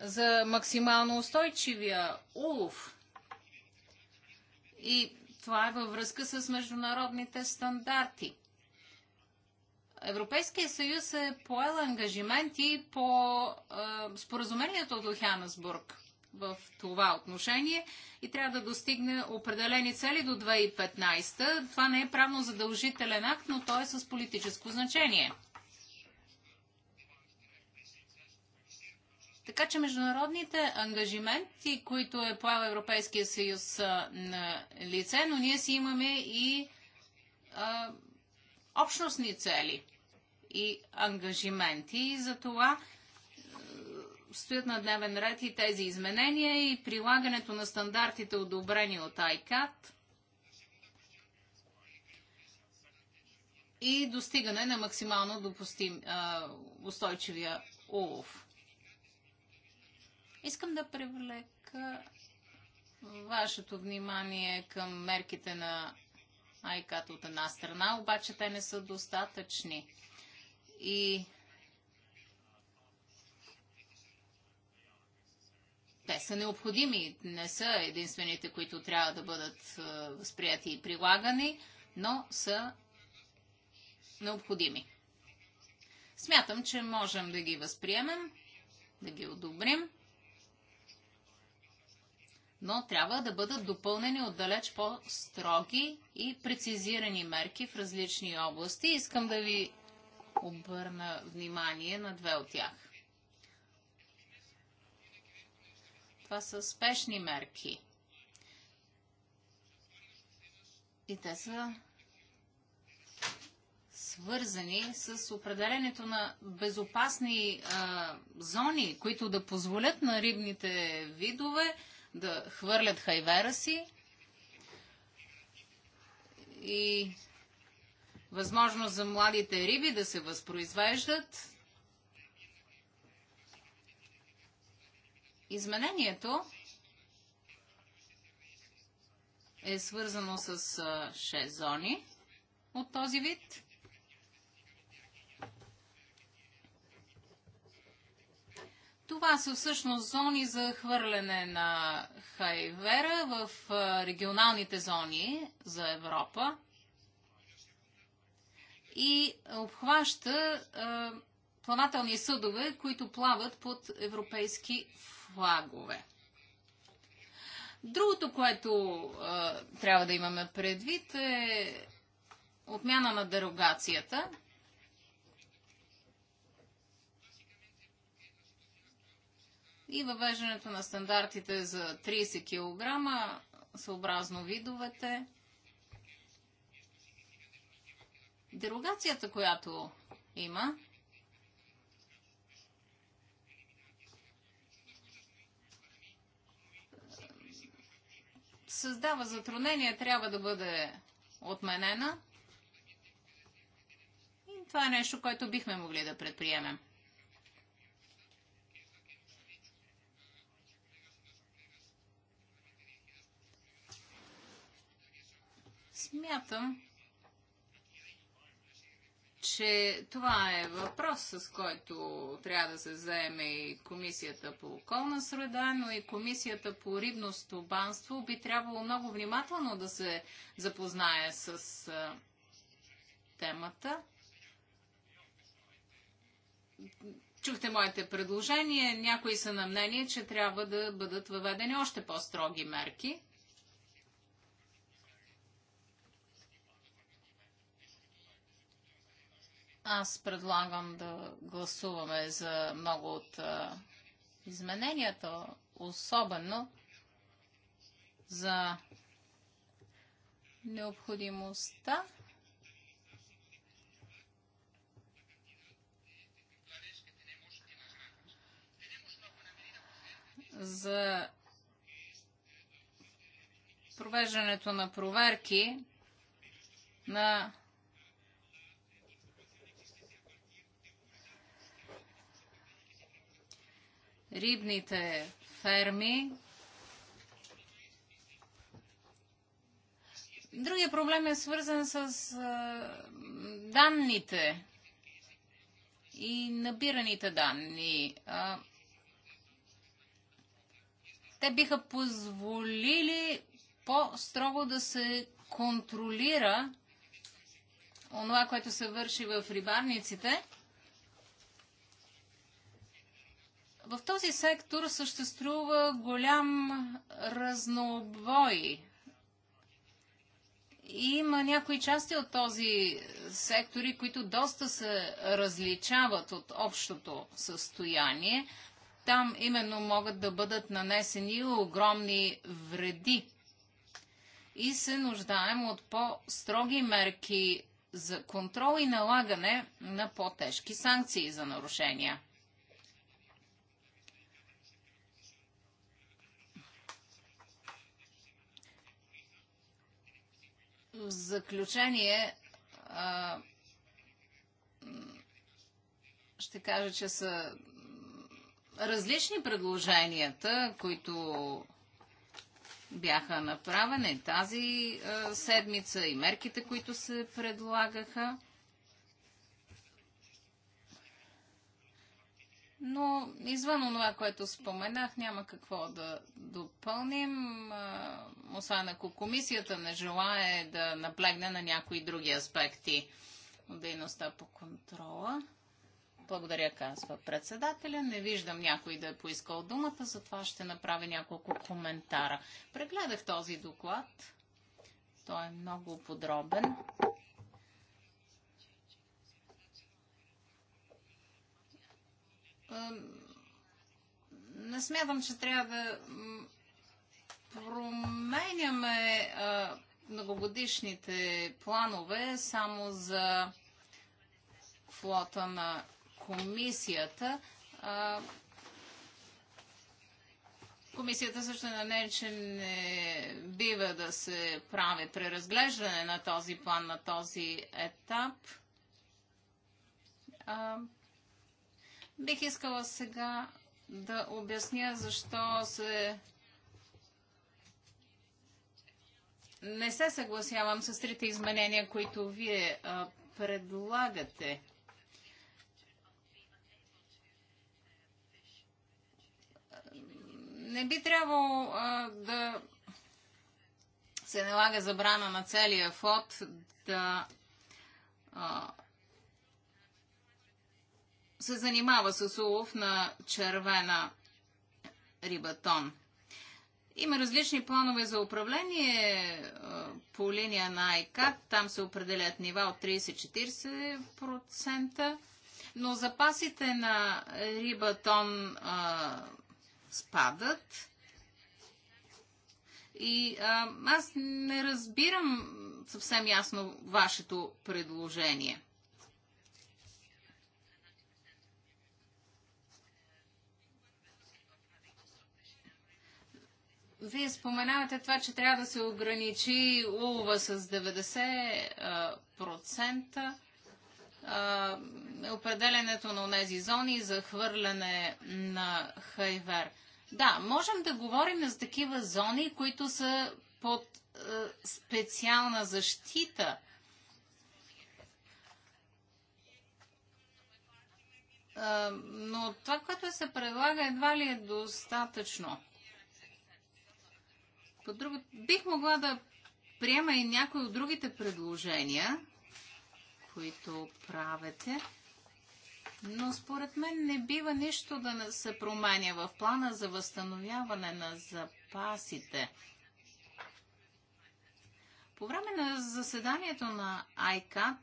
за максимално устойчивия улов. И това е във връзка с международните стандарти. Европейския съюз е поел ангажименти по е, споразумението от Лохянасбург в това отношение и трябва да достигне определени цели до 2015. Това не е правно задължителен акт, но той е с политическо значение. Така че международните ангажименти, които е поел Европейския съюз на лице, но ние си имаме и а, общностни цели и ангажименти. И за това стоят на дневен ред и тези изменения и прилагането на стандартите, одобрени от ICAT и достигане на максимално допустим а, устойчивия улов. Искам да привлека вашето внимание към мерките на Айкат от една страна, обаче те не са достатъчни. И те са необходими, не са единствените, които трябва да бъдат е, възприяти и прилагани, но са необходими. Смятам, че можем да ги възприемем, да ги одобрим но трябва да бъдат допълнени от далеч по-строги и прецизирани мерки в различни области. Искам да ви обърна внимание на две от тях. Това са спешни мерки. И те са свързани с определенето на безопасни а, зони, които да позволят на рибните видове да хвърлят хайвера си и възможност за младите риби да се възпроизвеждат. Изменението е свързано с 6 зони от този вид. Това са всъщност зони за хвърляне на хайвера в регионалните зони за Европа и обхваща плавателни съдове, които плават под европейски флагове. Другото, което трябва да имаме предвид е отмяна на дерогацията – и въвеждането на стандартите за 30 кг съобразно видовете. Дерогацията, която има, създава затруднение, трябва да бъде отменена. И това е нещо, което бихме могли да предприемем. Смятам, че това е въпрос, с който трябва да се заеме и Комисията по околна среда, но и Комисията по рибно стопанство би трябвало много внимателно да се запознае с темата. Чухте моите предложения. Някои са на мнение, че трябва да бъдат въведени още по-строги мерки. Аз предлагам да гласуваме за много от измененията, особено за необходимостта за провеждането на проверки на рибните ферми. Другия проблем е свързан с данните и набираните данни. Те биха позволили по-строго да се контролира онова, което се върши в рибарниците В този сектор съществува голям разнобой. Има някои части от този сектори, които доста се различават от общото състояние. Там именно могат да бъдат нанесени огромни вреди. И се нуждаем от по-строги мерки за контрол и налагане на по-тежки санкции за нарушения. В заключение а, ще кажа, че са различни предложенията, които бяха направени тази а, седмица и мерките, които се предлагаха. Но извън това, което споменах, няма какво да допълним, освен ако комисията не желае да наплегне на някои други аспекти от дейността по контрола. Благодаря, казва председателя. Не виждам някой да е поискал думата, затова ще направя няколко коментара. Прегледах този доклад. Той е много подробен. не смятам, че трябва да променяме многогодишните планове само за флота на комисията. Комисията също на не, е, че не бива да се прави преразглеждане на този план на този етап. Бих искала сега да обясня защо се не се съгласявам с трите изменения, които вие предлагате. Не би трябвало да се налага забрана на целия флот да а, се занимава с улов на червена рибатон. Има различни планове за управление е, по линия на ICAT. Там се определят нива от 30-40%, но запасите на рибатон а, спадат. И а, аз не разбирам съвсем ясно вашето предложение – Вие споменавате това, че трябва да се ограничи улова с 90%. А, определенето на тези зони за хвърляне на хайвер. Да, можем да говорим за такива зони, които са под а, специална защита. но това, което се предлага, едва ли е достатъчно. По друга. бих могла да приема и някои от другите предложения, които правите, но според мен не бива нищо да се променя в плана за възстановяване на запасите. По време на заседанието на ICAT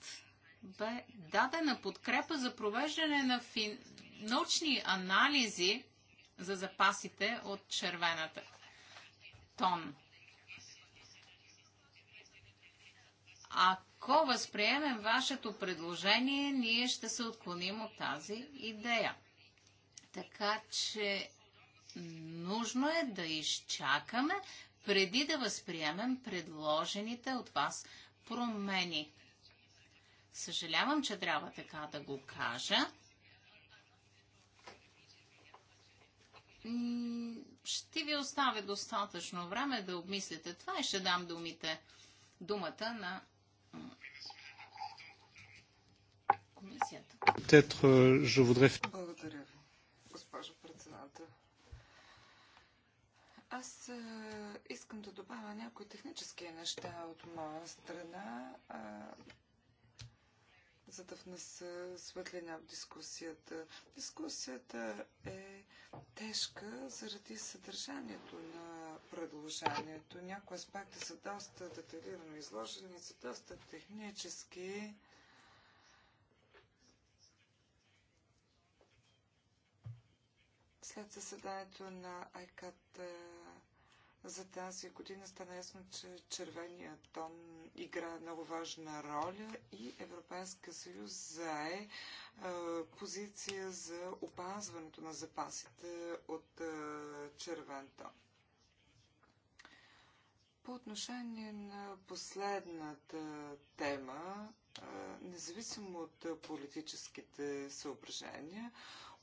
бе дадена подкрепа за провеждане на фин... научни анализи за запасите от червената тон. Ако възприемем вашето предложение, ние ще се отклоним от тази идея. Така че нужно е да изчакаме преди да възприемем предложените от вас промени. Съжалявам, че трябва така да го кажа. Ще ви оставя достатъчно време да обмислите това и ще дам думите, думата на комисията. Euh, Благодаря ви, госпожо председател. Аз е, искам да добавя някои технически неща от моя страна за да внеса светлина в дискусията. Дискусията е тежка заради съдържанието на предложението. Някои аспекти са доста детайлирано изложени, са доста технически. След заседанието на ICAT за тази година стана ясно, че червения тон играе много важна роля и Европейския съюз зае е, позиция за опазването на запасите от е, червен тон. По отношение на последната тема, е, независимо от политическите съображения,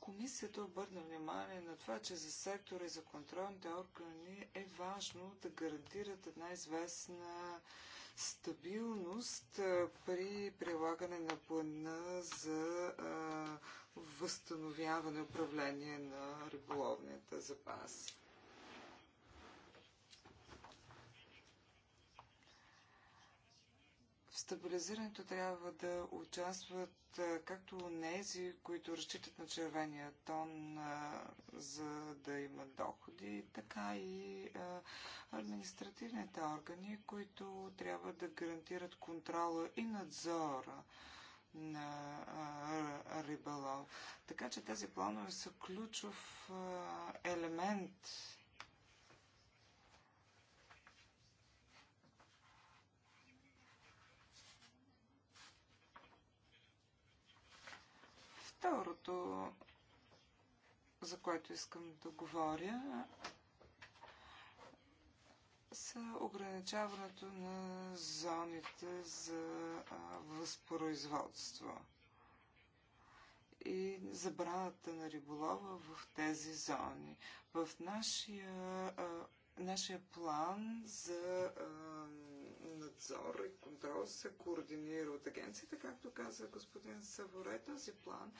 Комисията обърна внимание на това, че за сектора и за контролните органи е важно да гарантират една известна стабилност при прилагане на плана за възстановяване управление на риболовните запаси. стабилизирането трябва да участват както нези, които разчитат на червения тон, за да имат доходи, така и административните органи, които трябва да гарантират контрола и надзора на рибалов. Така че тези планове са ключов елемент Второто, за което искам да говоря, са ограничаването на зоните за възпроизводство и забраната на риболова в тези зони. В нашия, нашия план за а, надзор и контрол се координира от агенцията. Както каза господин Саворе, този план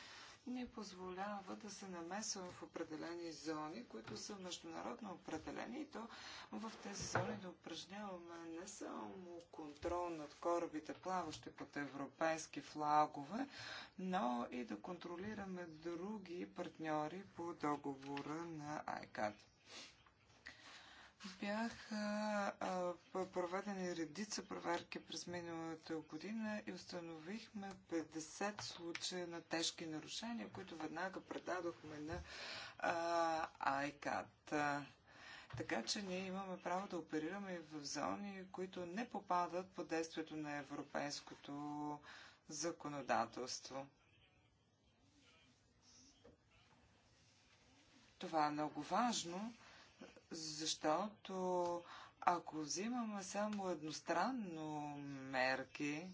ни позволява да се намесва в определени зони, които са международно определени и то в тези зони да упражняваме не само контрол над корабите, плаващи под европейски флагове, но и да контролираме други партньори по договора на ICAT. Бяха проведени редица проверки през миналата година и установихме 50 случая на тежки нарушения, които веднага предадохме на ICAT. Така че ние имаме право да оперираме в зони, които не попадат под действието на европейското законодателство. Това е много важно, защото ако взимаме само едностранно мерки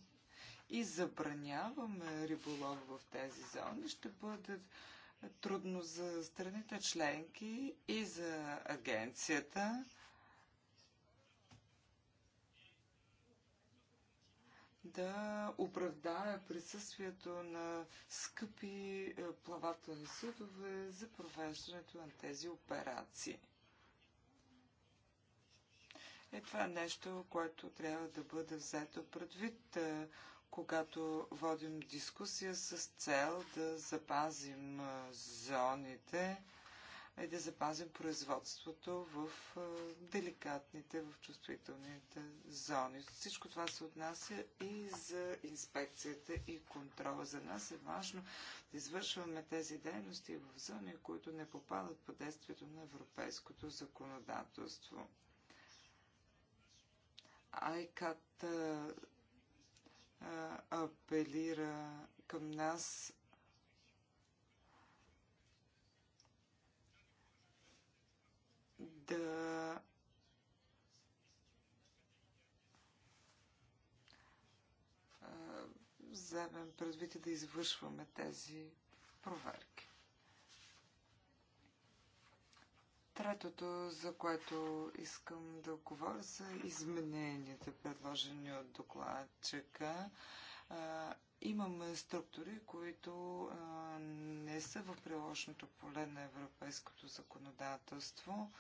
и забраняваме риболов в тези зони, ще бъде трудно за страните членки и за агенцията. да оправдае присъствието на скъпи е, плавателни съдове за провеждането на тези операции. И е, това е нещо, което трябва да бъде взето предвид, е, когато водим дискусия с цел да запазим е, зоните и да запазим производството в деликатните, в чувствителните зони. Всичко това се отнася и за инспекцията и контрола. За нас е важно да извършваме тези дейности в зони, които не попадат по действието на европейското законодателство. ICAT апелира към нас да вземем предвид и да извършваме тези проверки. Третото, за което искам да говоря, са измененията, предложени от докладчика. Имаме структури, които не са в приложното поле на европейското законодателство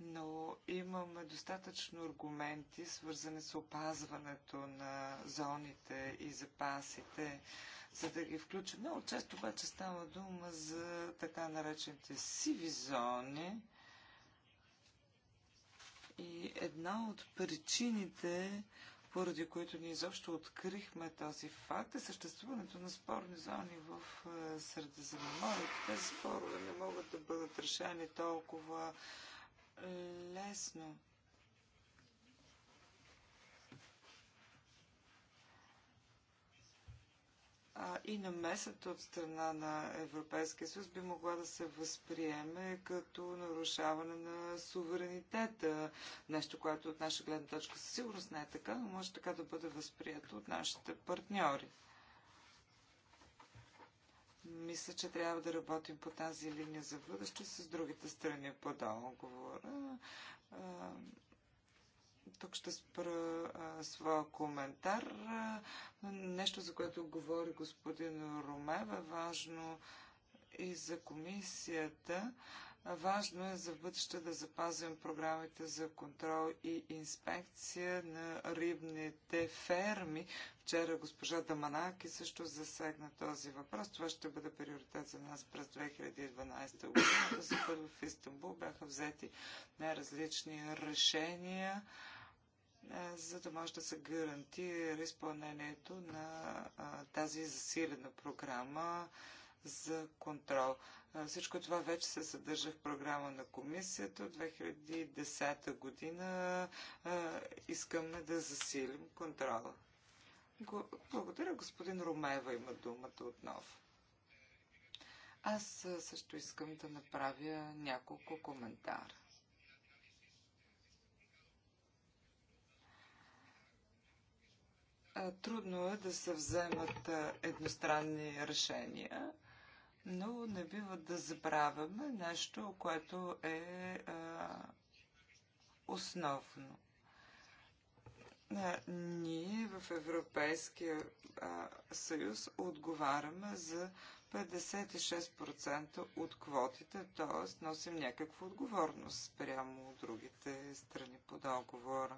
но имаме достатъчно аргументи, свързани с опазването на зоните и запасите, за да ги включим. Много често обаче става дума за така наречените сиви зони. И една от причините, поради които ние изобщо открихме този факт, е съществуването на спорни зони в е, Средиземноморието. Тези спорове не могат да бъдат решени толкова лесно. а, и намесата от страна на Европейския съюз би могла да се възприеме като нарушаване на суверенитета. Нещо, което от наша гледна точка със сигурност не е така, но може така да бъде възприето от нашите партньори. Мисля, че трябва да работим по тази линия за бъдеще с другите страни по договора. Тук ще спра а, своя коментар. Нещо, за което говори господин Ромев, е важно и за комисията. Важно е за бъдеще да запазим програмите за контрол и инспекция на рибните ферми, Вчера госпожа Даманаки също засегна този въпрос. Това ще бъде приоритет за нас през 2012 година. За първо в Истанбул бяха взети най-различни решения, е, за да може да се гарантира изпълнението на е, тази засилена програма за контрол. Е, всичко това вече се съдържа в програма на комисията. От 2010 година искаме да засилим контрола. Благодаря, господин Ромеева има думата отново. Аз също искам да направя няколко коментара. Трудно е да се вземат едностранни решения, но не бива да забравяме нещо, което е основно ние в Европейския съюз отговаряме за 56% от квотите, т.е. носим някаква отговорност прямо от другите страни по договора.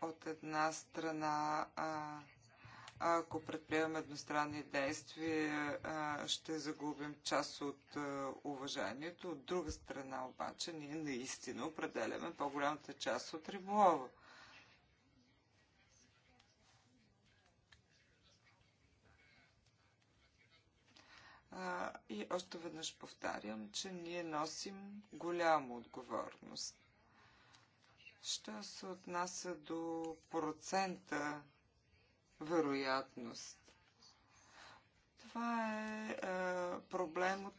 От една страна а, ако предприемем едностранни действия, ще загубим част от уважението, От друга страна обаче, ние наистина определяме по-голямата част от риболова. И още веднъж повтарям, че ние носим голяма отговорност. Що се отнася до процента вероятност. Това е, е проблем от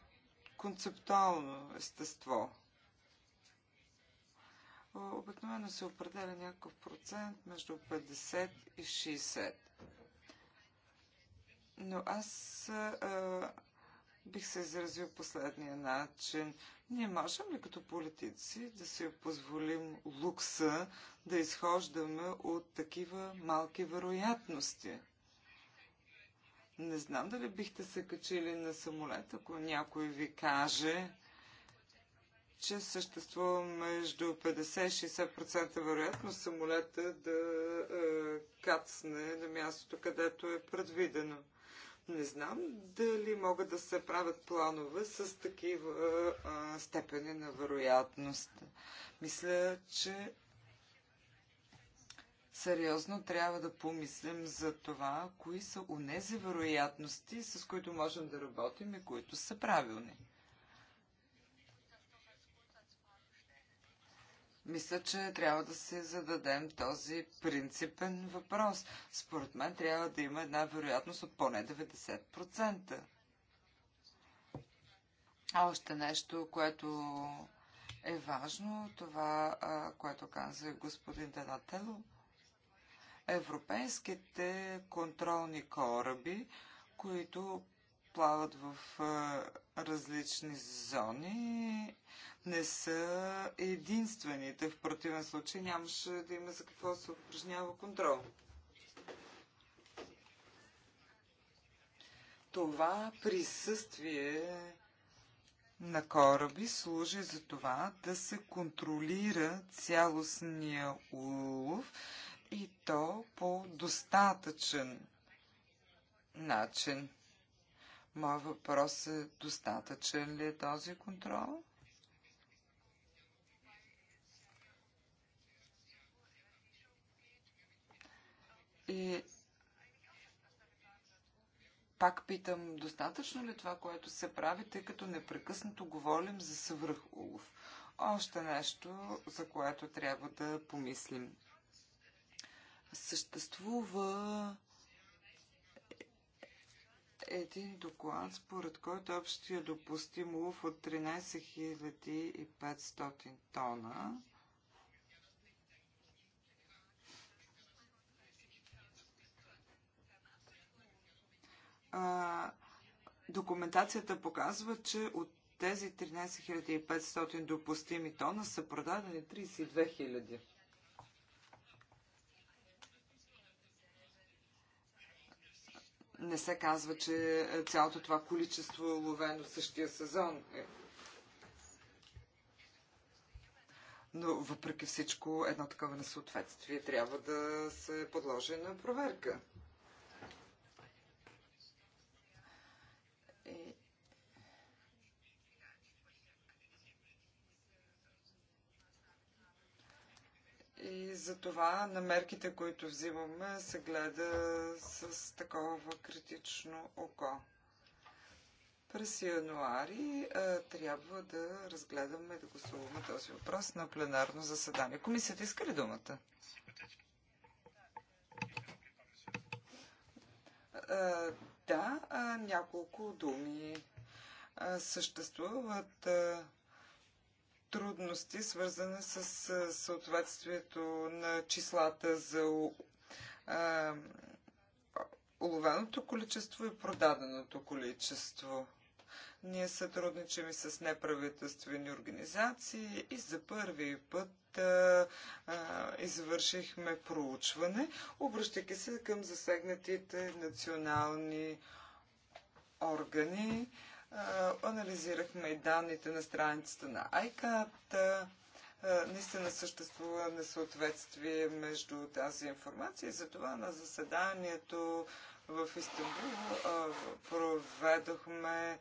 концептуално естество. Обикновено се определя някакъв процент между 50 и 60. Но аз е, бих се изразил последния начин. Ние можем ли като политици да си позволим лукса да изхождаме от такива малки вероятности? Не знам дали бихте се качили на самолет, ако някой ви каже, че съществува между 50-60% вероятност самолета да е, кацне на мястото, където е предвидено. Не знам дали могат да се правят планове с такива а, степени на вероятност. Мисля, че сериозно трябва да помислим за това, кои са унези вероятности, с които можем да работим и които са правилни. Мисля, че трябва да си зададем този принципен въпрос. Според мен трябва да има една вероятност от поне 90%. А още нещо, което е важно, това, което каза господин Данатело. Европейските контролни кораби, които плават в различни зони, не са единствените. В противен случай нямаше да има за какво се упражнява контрол. Това присъствие на кораби служи за това да се контролира цялостния улов и то по достатъчен начин. Моя въпрос е, достатъчен ли е този контрол? И пак питам, достатъчно ли е това, което се прави, тъй като непрекъснато говорим за свръхулов? Още нещо, за което трябва да помислим. Съществува един доклад, според който общия допустим улов от 13 500 тона а, документацията показва, че от тези 13 500 допустими тона са продадени 32 000. Не се казва, че цялото това количество е ловено същия сезон. Е. Но въпреки всичко, едно такова несъответствие трябва да се подложи на проверка. И това на мерките, които взимаме, се гледа с такова критично око. През януари а, трябва да разгледаме, да гласуваме този въпрос на пленарно заседание. Комисията иска ли думата? А, да, а, няколко думи. А, съществуват а, трудности, свързани с съответствието на числата за уловеното количество и продаденото количество. Ние сътрудничим и с неправителствени организации и за първи път а, а, извършихме проучване, обръщайки се към засегнатите национални органи. А, анализирахме и данните на страницата на ICAT. Наистина съществува несъответствие между тази информация и затова на заседанието в Истанбул проведохме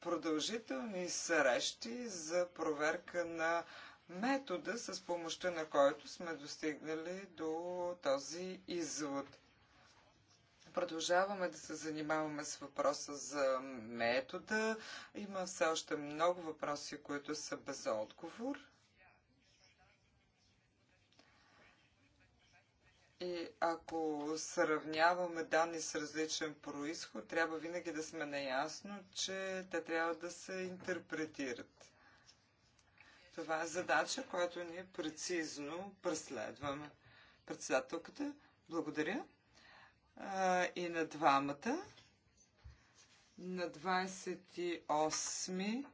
продължителни срещи за проверка на метода, с помощта на който сме достигнали до този извод. Продължаваме да се занимаваме с въпроса за метода. Има все още много въпроси, които са без отговор. И ако сравняваме данни с различен происход, трябва винаги да сме наясно, че те трябва да се интерпретират. Това е задача, която ние прецизно преследваме. Председателката, благодаря а, и на двамата. На 28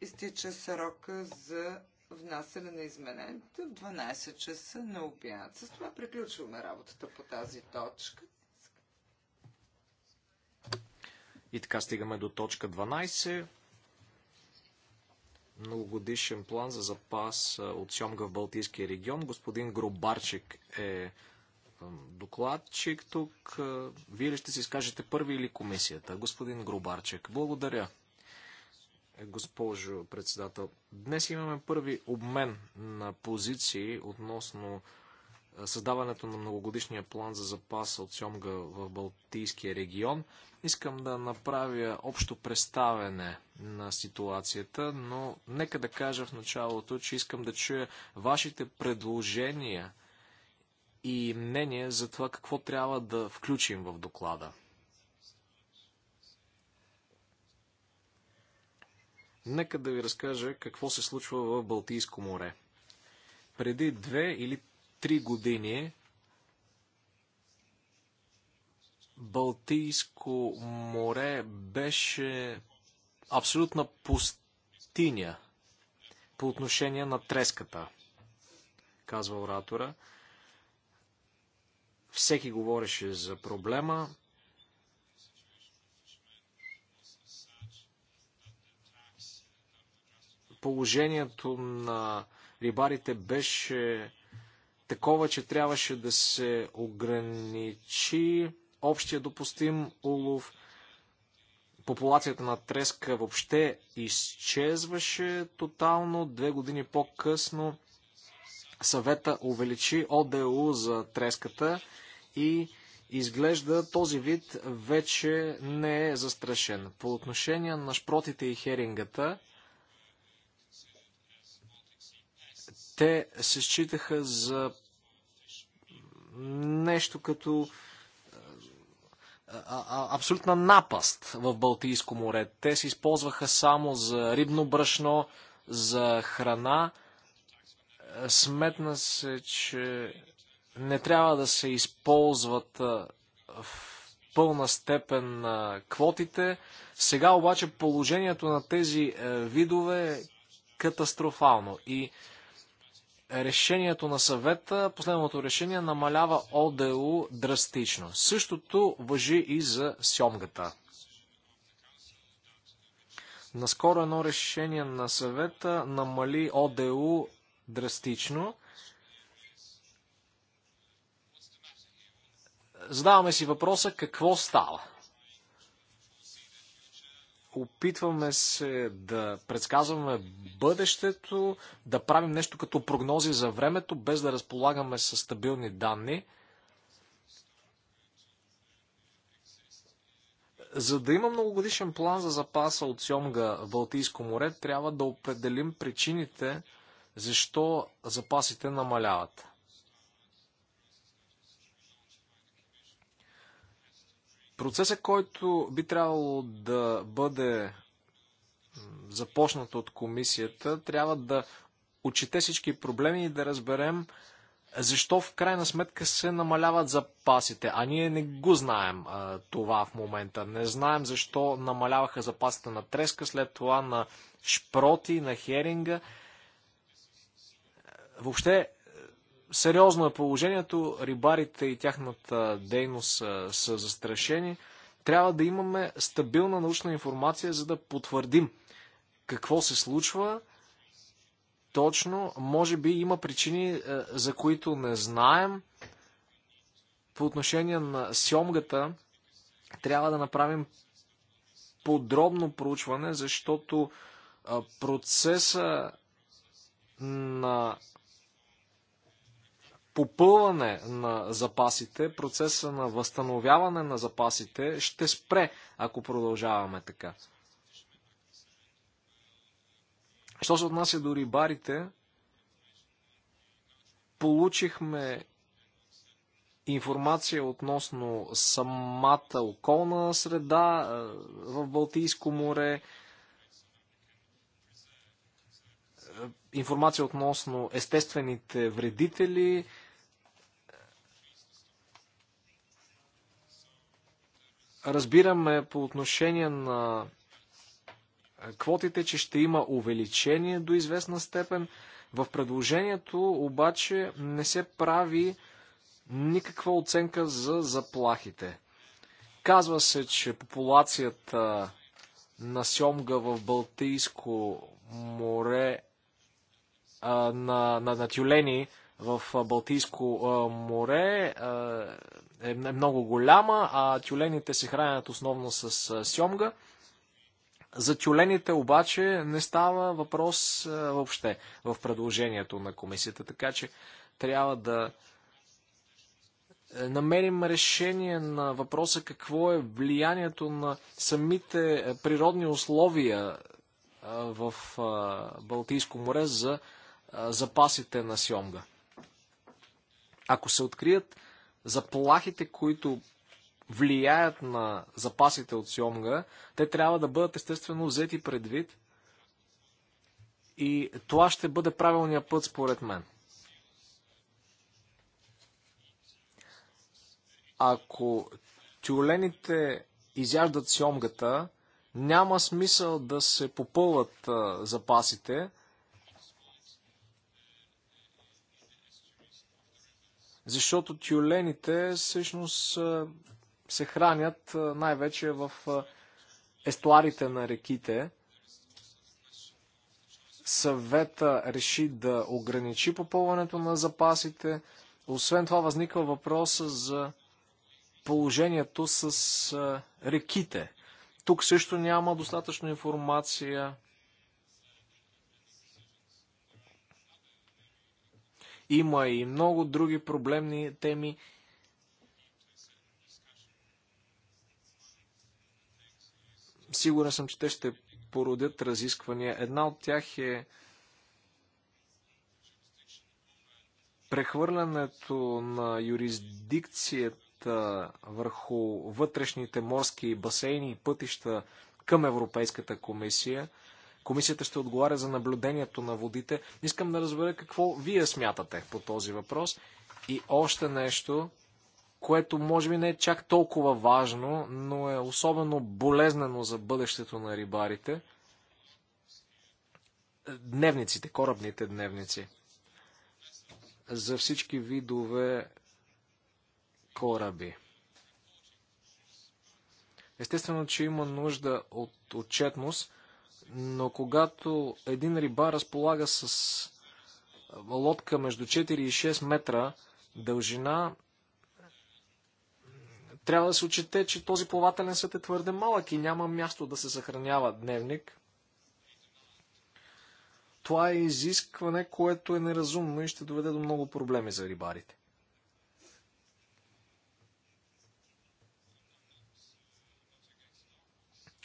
изтича срока за внасяне на измененията в 12 часа на обяд. С това приключваме работата по тази точка. И така стигаме до точка 12. Многогодишен план за запас от сьомга в Балтийския регион. Господин Гробарчик е докладчик тук. Вие ли ще се изкажете първи или комисията? Господин Грубарчек, благодаря. Е, госпожо председател, днес имаме първи обмен на позиции относно създаването на многогодишния план за запаса от Сьомга в Балтийския регион. Искам да направя общо представене на ситуацията, но нека да кажа в началото, че искам да чуя вашите предложения и мнение за това какво трябва да включим в доклада. Нека да ви разкажа какво се случва в Балтийско море. Преди две или три години Балтийско море беше абсолютна пустиня по отношение на треската, казва оратора. Всеки говореше за проблема. Положението на рибарите беше такова, че трябваше да се ограничи общия допустим улов. Популацията на треска въобще изчезваше тотално. Две години по-късно съвета увеличи ОДУ е за треската и изглежда този вид вече не е застрашен. По отношение на шпротите и херингата, те се считаха за нещо като абсолютна напаст в Балтийско море. Те се използваха само за рибно брашно, за храна. Сметна се, че не трябва да се използват в пълна степен квотите. Сега обаче положението на тези е, видове е катастрофално и решението на съвета, последното решение намалява ОДУ драстично. Същото въжи и за сьомгата. Наскоро едно решение на съвета намали ОДУ драстично. Задаваме си въпроса какво става. Опитваме се да предсказваме бъдещето, да правим нещо като прогнози за времето, без да разполагаме с стабилни данни. за да има многогодишен план за запаса от Сьомга в Балтийско море, трябва да определим причините защо запасите намаляват. Процесът, който би трябвало да бъде започнат от комисията, трябва да отчете всички проблеми и да разберем защо в крайна сметка се намаляват запасите. А ние не го знаем а, това в момента. Не знаем защо намаляваха запасите на треска, след това на шпроти, на херинга. Въобще, е, сериозно е положението. Рибарите и тяхната дейност са, е, са застрашени. Трябва да имаме стабилна научна информация, за да потвърдим какво се случва точно. Може би има причини, е, за които не знаем. По отношение на сьомгата, трябва да направим подробно проучване, защото процеса на попълване на запасите, процеса на възстановяване на запасите ще спре, ако продължаваме така. Що се отнася до рибарите, получихме информация относно самата околна среда е, в Балтийско море, е, информация относно естествените вредители, Разбираме по отношение на квотите, че ще има увеличение до известна степен. В предложението обаче не се прави никаква оценка за заплахите. Казва се, че популацията на сьомга в Балтийско море, на, на, на тюлени в Балтийско море е, е много голяма, а тюлените се хранят основно с сьомга. За тюлените обаче не става въпрос въобще в предложението на комисията, така че трябва да е, намерим решение на въпроса какво е влиянието на самите е, природни условия в Балтийско море за запасите на сьомга. Ако се открият заплахите, които влияят на запасите от Сьомга, те трябва да бъдат естествено взети предвид. И това ще бъде правилният път, според мен. Ако тюлените изяждат сьомгата, няма смисъл да се попълват запасите, Защото тюлените всъщност се хранят най-вече в естуарите на реките. Съвета реши да ограничи попълването на запасите. Освен това възниква въпроса за положението с реките. Тук също няма достатъчно информация. Има и много други проблемни теми. Сигурен съм, че те ще породят разисквания. Една от тях е прехвърлянето на юрисдикцията върху вътрешните морски басейни и пътища към Европейската комисия – Комисията ще отговаря за наблюдението на водите. Искам да разбера какво вие смятате по този въпрос. И още нещо, което може би не е чак толкова важно, но е особено болезнено за бъдещето на рибарите. Дневниците, корабните дневници. За всички видове кораби. Естествено, че има нужда от отчетност, но когато един рибар разполага с лодка между 4 и 6 метра дължина, трябва да се отчете, че този плавателен съд е твърде малък и няма място да се съхранява дневник. Това е изискване, което е неразумно и ще доведе до много проблеми за рибарите.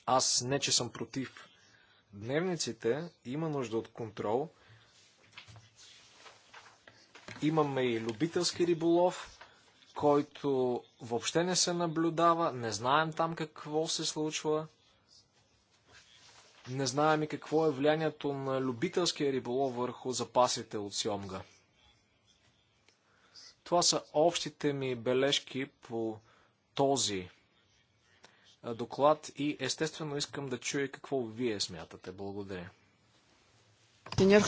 Аз не, че съм против дневниците има нужда от контрол. Имаме и любителски риболов, който въобще не се наблюдава, не знаем там какво се случва, не знаем и какво е влиянието на любителския риболов върху запасите от Сьомга. Това са общите ми бележки по този доклад и естествено искам да чуя какво вие смятате. Благодаря. Сеньор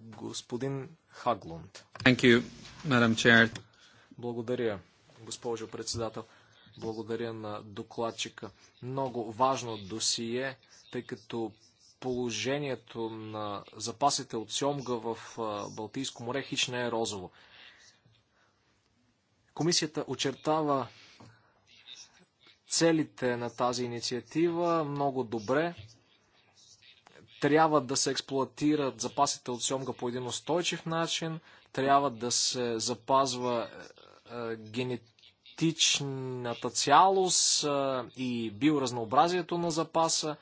Господин Хаглунд. Thank you, Благодаря, госпожо председател. Благодаря на докладчика. Много важно досие, тъй като положението на запасите от Сьомга в Балтийско море хич не е розово. Комисията очертава целите на тази инициатива много добре. Трябва да се експлуатират запасите от сьомга по един устойчив начин, трябва да се запазва е, е, генетичната цялост е, и биоразнообразието на запаса.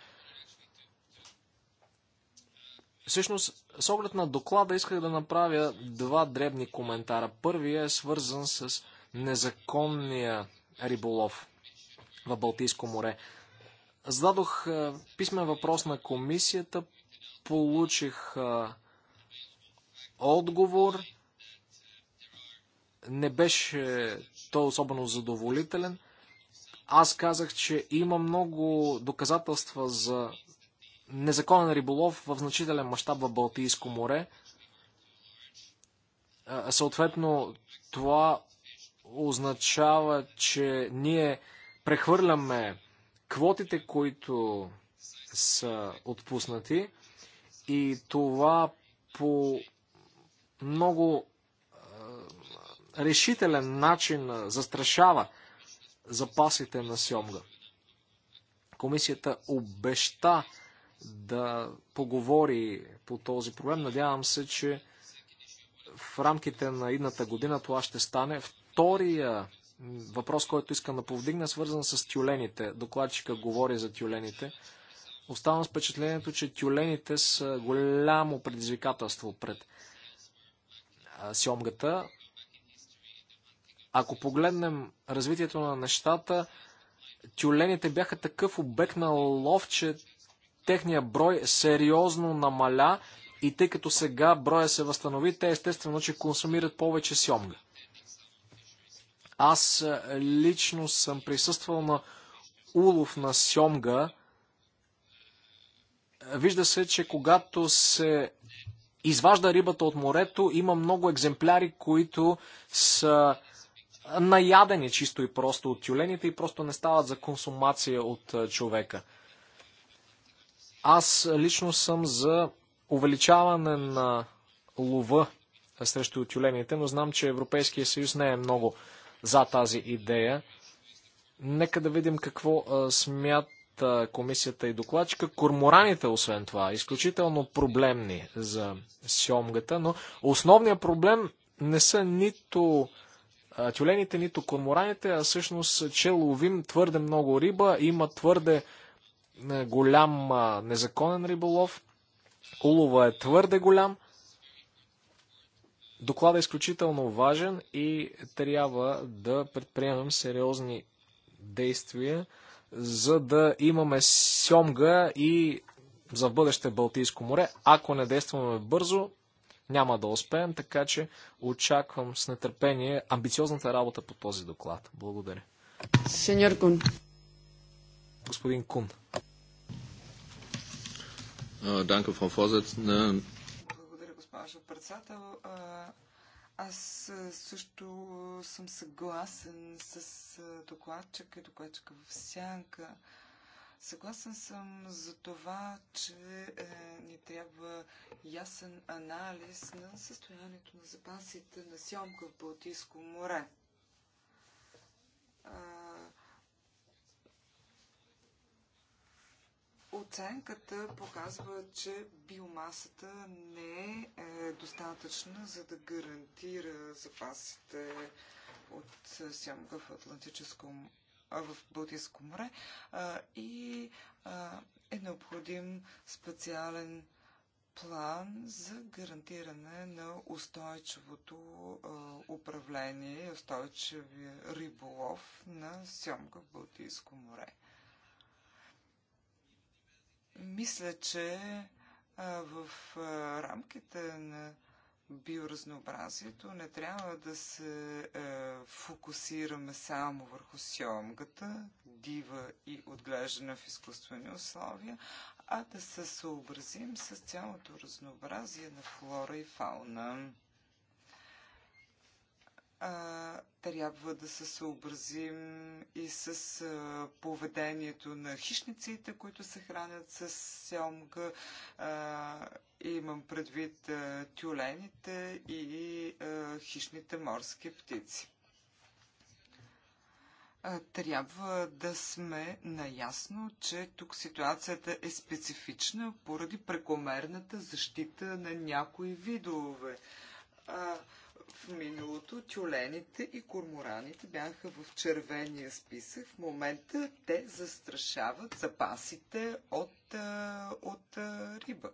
Всъщност, с оглед на доклада исках да направя два дребни коментара. Първият е свързан с незаконния риболов в Балтийско море. Зададох е, писмен въпрос на комисията, получих е, отговор. Не беше той особено задоволителен. Аз казах, че има много доказателства за незаконен риболов в значителен мащаб в Балтийско море. Е, съответно, това означава, че ние прехвърляме квотите, които са отпуснати и това по много решителен начин застрашава запасите на сьомга. Комисията обеща да поговори по този проблем. Надявам се, че в рамките на едната година това ще стане. Втория въпрос, който искам да повдигна, е свързан с тюлените. Докладчика говори за тюлените. Оставам с впечатлението, че тюлените са голямо предизвикателство пред сьомгата. Ако погледнем развитието на нещата, тюлените бяха такъв обект на лов, че техният брой сериозно намаля и тъй като сега броя се възстанови, те естествено, че консумират повече сьомга. Аз е, лично съм присъствал на улов на сьомга. Вижда се, че когато се изважда рибата от морето, има много екземпляри, които са наядени чисто и просто от тюлените и просто не стават за консумация от е, човека. Аз е, лично съм за увеличаване на лова срещу тюлените, но знам, че Европейския съюз не е много за тази идея. Нека да видим какво смята комисията и докладчика. Кормораните, освен това, изключително проблемни за сьомгата, но основният проблем не са нито тюлените, нито кормораните, а всъщност, че ловим твърде много риба, има твърде голям незаконен риболов, улова е твърде голям Докладът е изключително важен и трябва да предприемем сериозни действия, за да имаме сьомга и за бъдеще Балтийско море. Ако не действаме бързо, няма да успеем, така че очаквам с нетърпение амбициозната работа по този доклад. Благодаря. Сеньор Кун. Господин Кун. Äh, danke, Frau Vorsitzende госпожо председател. Аз също съм съгласен с докладчика и докладчика в сянка. Съгласен съм за това, че е, ни трябва ясен анализ на състоянието на запасите на сьомка в Балтийско море. А, Оценката показва, че биомасата не е, е достатъчна, за да гарантира запасите от е, сямга в Атлантическо в Балтийско море и е необходим специален план за гарантиране на устойчивото управление и устойчивия риболов на сьомка в Балтийско море. Мисля, че в рамките на биоразнообразието не трябва да се фокусираме само върху сьомгата, дива и отглеждана в изкуствени условия, а да се съобразим с цялото разнообразие на флора и фауна а, трябва да се съобразим и с а, поведението на хищниците, които се хранят с сьомга. А, имам предвид а, тюлените и а, хищните морски птици. А, трябва да сме наясно, че тук ситуацията е специфична поради прекомерната защита на някои видове. А, в миналото тюлените и кормораните бяха в червения списък. В момента те застрашават запасите от, от риба,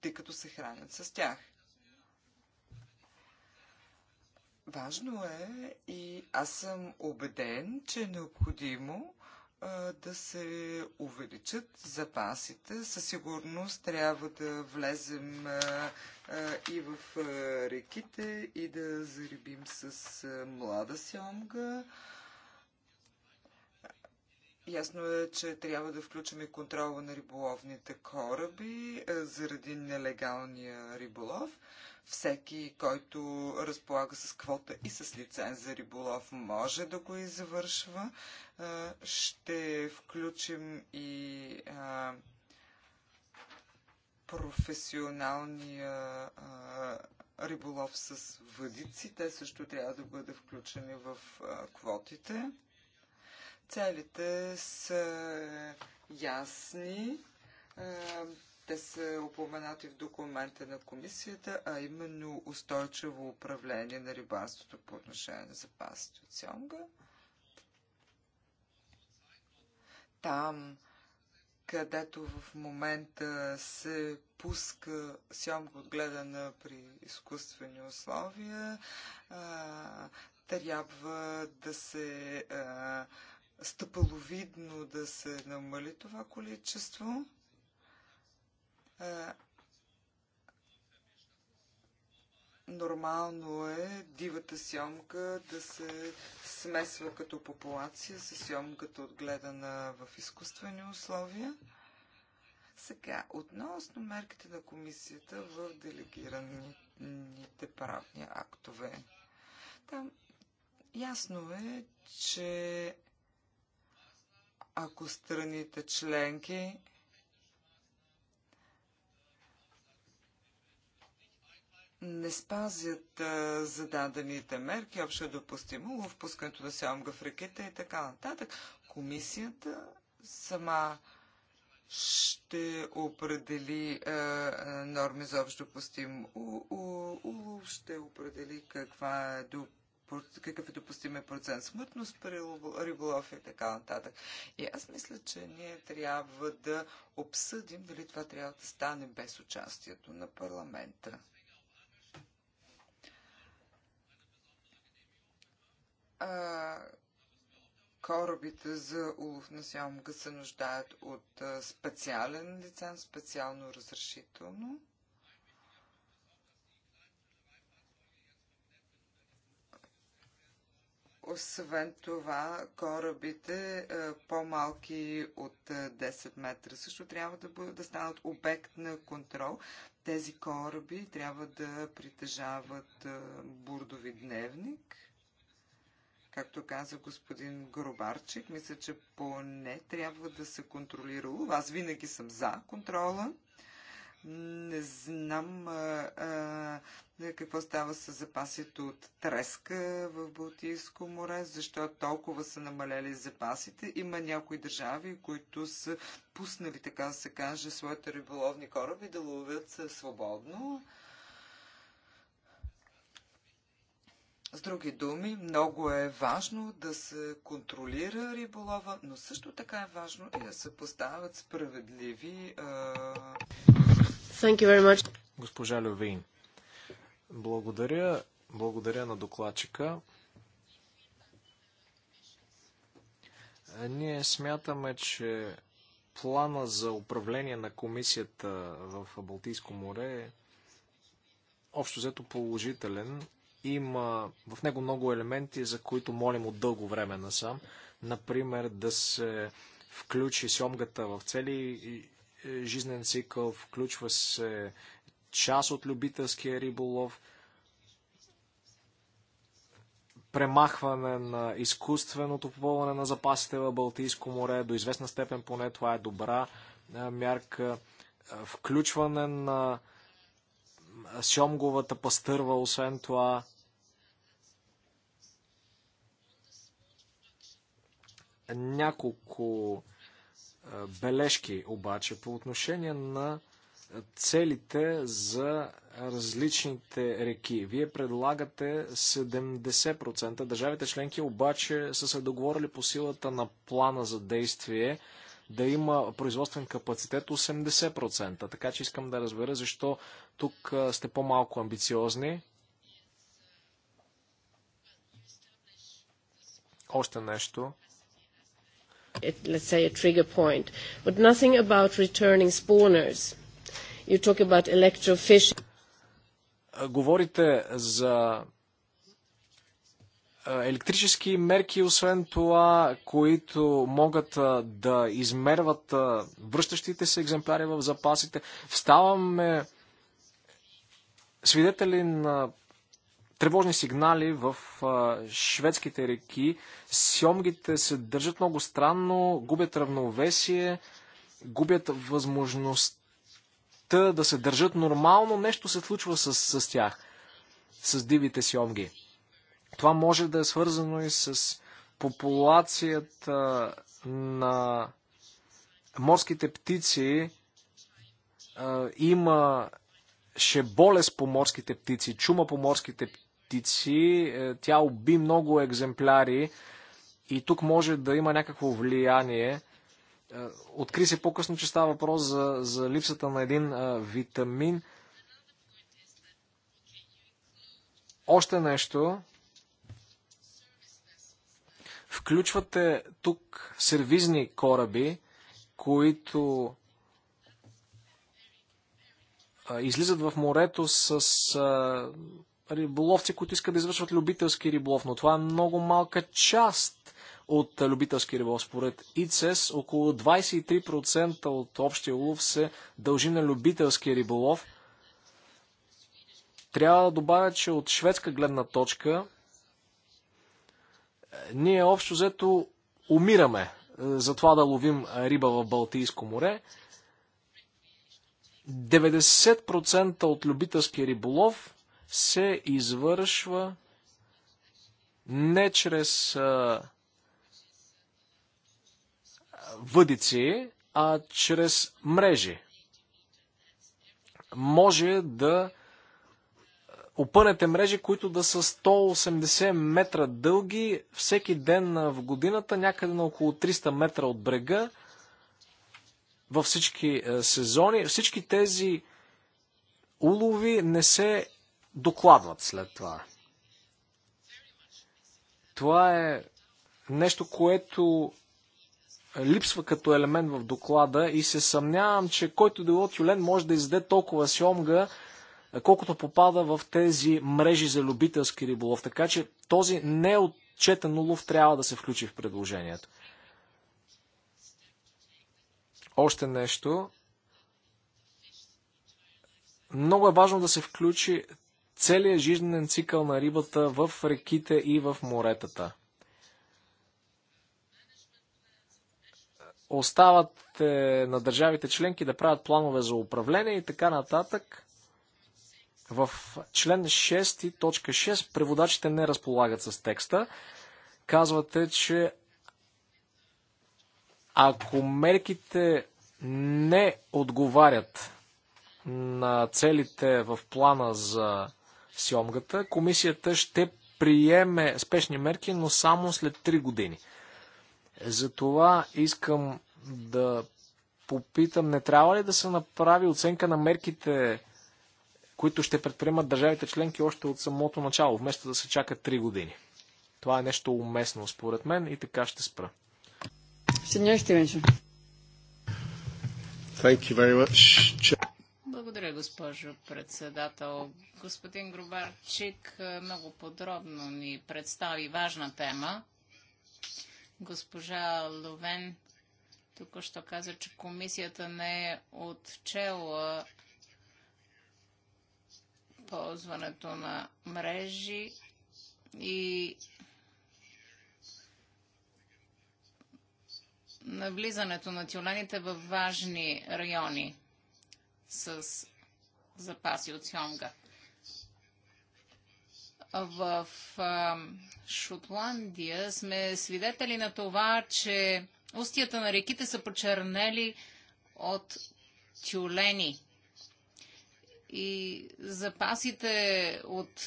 тъй като се хранят с тях. Важно е и аз съм убеден, че е необходимо да се увеличат запасите. Със сигурност трябва да влезем и в реките и да зарибим с млада сьомга. Ясно е, че трябва да включим и контрола на риболовните кораби заради нелегалния риболов. Всеки, който разполага с квота и с лиценз за риболов, може да го извършва. Ще включим и професионалния риболов с въдици. Те също трябва да бъдат включени в квотите. Целите са ясни те са упоменати в документа на комисията, а именно устойчиво управление на рибарството по отношение на запасите от сьонга. Там, където в момента се пуска Сьонга отгледана при изкуствени условия, трябва да се стъпаловидно да се намали това количество. Е, нормално е дивата сьомка да се смесва като популация с сьомката отгледана в изкуствени условия. Сега, относно мерките на комисията в делегираните правни актове. Там ясно е, че ако страните членки не спазят а, зададените мерки, общо е допустимо, в пускането на сямга в реките и така нататък, комисията сама ще определи а, норми за общо допустим ще определи каква е доп какъв е допустимия е процент смъртност при риболов и така нататък. И аз мисля, че ние трябва да обсъдим дали това трябва да стане без участието на парламента. а, корабите за улов на сямга се нуждаят от а, специален лиценз, специално разрешително. Освен това, корабите по-малки от 10 метра също трябва да, бъдат, да станат обект на контрол. Тези кораби трябва да притежават бурдови дневник. Както каза господин Гробарчик, мисля, че поне трябва да се контролира Аз винаги съм за контрола. Не знам а, а, какво става с запасите от треска в Балтийско море, защо толкова са намалели запасите. Има някои държави, които са пуснали, така да се каже, своите риболовни кораби да ловят свободно. С други думи, много е важно да се контролира риболова, но също така е важно и да се поставят справедливи. А... Госпожа Лювин, благодаря, благодаря на докладчика. Ние смятаме, че плана за управление на комисията в Балтийско море е общо взето положителен има в него много елементи, за които молим от дълго време насам. Например, да се включи сьомгата в цели е, жизнен цикъл, включва се част от любителския риболов, премахване на изкуственото попълване на запасите в Балтийско море, до известна степен поне това е добра е, мярка, е, включване на сьомговата пастърва, освен това, Няколко бележки обаче по отношение на целите за различните реки. Вие предлагате 70%. Държавите членки обаче са се договорили по силата на плана за действие да има производствен капацитет 80%. Така че искам да разбера защо тук сте по-малко амбициозни. Още нещо it, let's say, a trigger point, but nothing about returning spawners. You talk about electrofishing. Говорите за електрически мерки, освен това, които могат да измерват връщащите се екземпляри в запасите. Ставаме свидетели на тревожни сигнали в шведските реки. Сьомгите се държат много странно, губят равновесие, губят възможността да се държат нормално. Нещо се случва с, с тях, с дивите сьомги. Това може да е свързано и с популацията на морските птици. Има ще болест по морските птици, чума по морските птици птици. Е, тя уби много екземпляри и тук може да има някакво влияние. Е, откри се по-късно, че става въпрос за, за липсата на един е, витамин. Още нещо. Включвате тук сервизни кораби, които излизат в морето с риболовци, които искат да извършват любителски риболов, но това е много малка част от любителски риболов. Според ИЦЕС около 23% от общия улов се дължи на любителски риболов. Трябва да добавя, че от шведска гледна точка е, ние общо взето умираме е, за това да ловим риба в Балтийско море. 90% от любителски риболов се извършва не чрез а, въдици, а чрез мрежи. Може да опънете мрежи, които да са 180 метра дълги всеки ден в годината, някъде на около 300 метра от брега във всички е, сезони. Всички тези улови не се докладват след това. Това е нещо, което липсва като елемент в доклада и се съмнявам, че който е от Юлен може да издаде толкова сьомга, колкото попада в тези мрежи за любителски риболов. Така че този неотчетен улов трябва да се включи в предложението. Още нещо. Много е важно да се включи целият жизнен цикъл на рибата в реките и в моретата. Остават е, на държавите членки да правят планове за управление и така нататък. В член 6, точка 6 преводачите не разполагат с текста. Казвате, че ако мерките не отговарят на целите в плана за сьомгата. Комисията ще приеме спешни мерки, но само след 3 години. Затова искам да попитам, не трябва ли да се направи оценка на мерките, които ще предприемат държавите членки още от самото начало, вместо да се чака 3 години? Това е нещо уместно, според мен, и така ще спра. Сеньор Стивенсон. Thank you very much. Благодаря, госпожо председател. Господин Грубарчик е, много подробно ни представи важна тема. Госпожа Ловен току-що каза, че комисията не е отчела ползването на мрежи и навлизането на тюлените в важни райони с запаси от сьомга. В Шотландия сме свидетели на това, че устията на реките са почернели от тюлени. И запасите от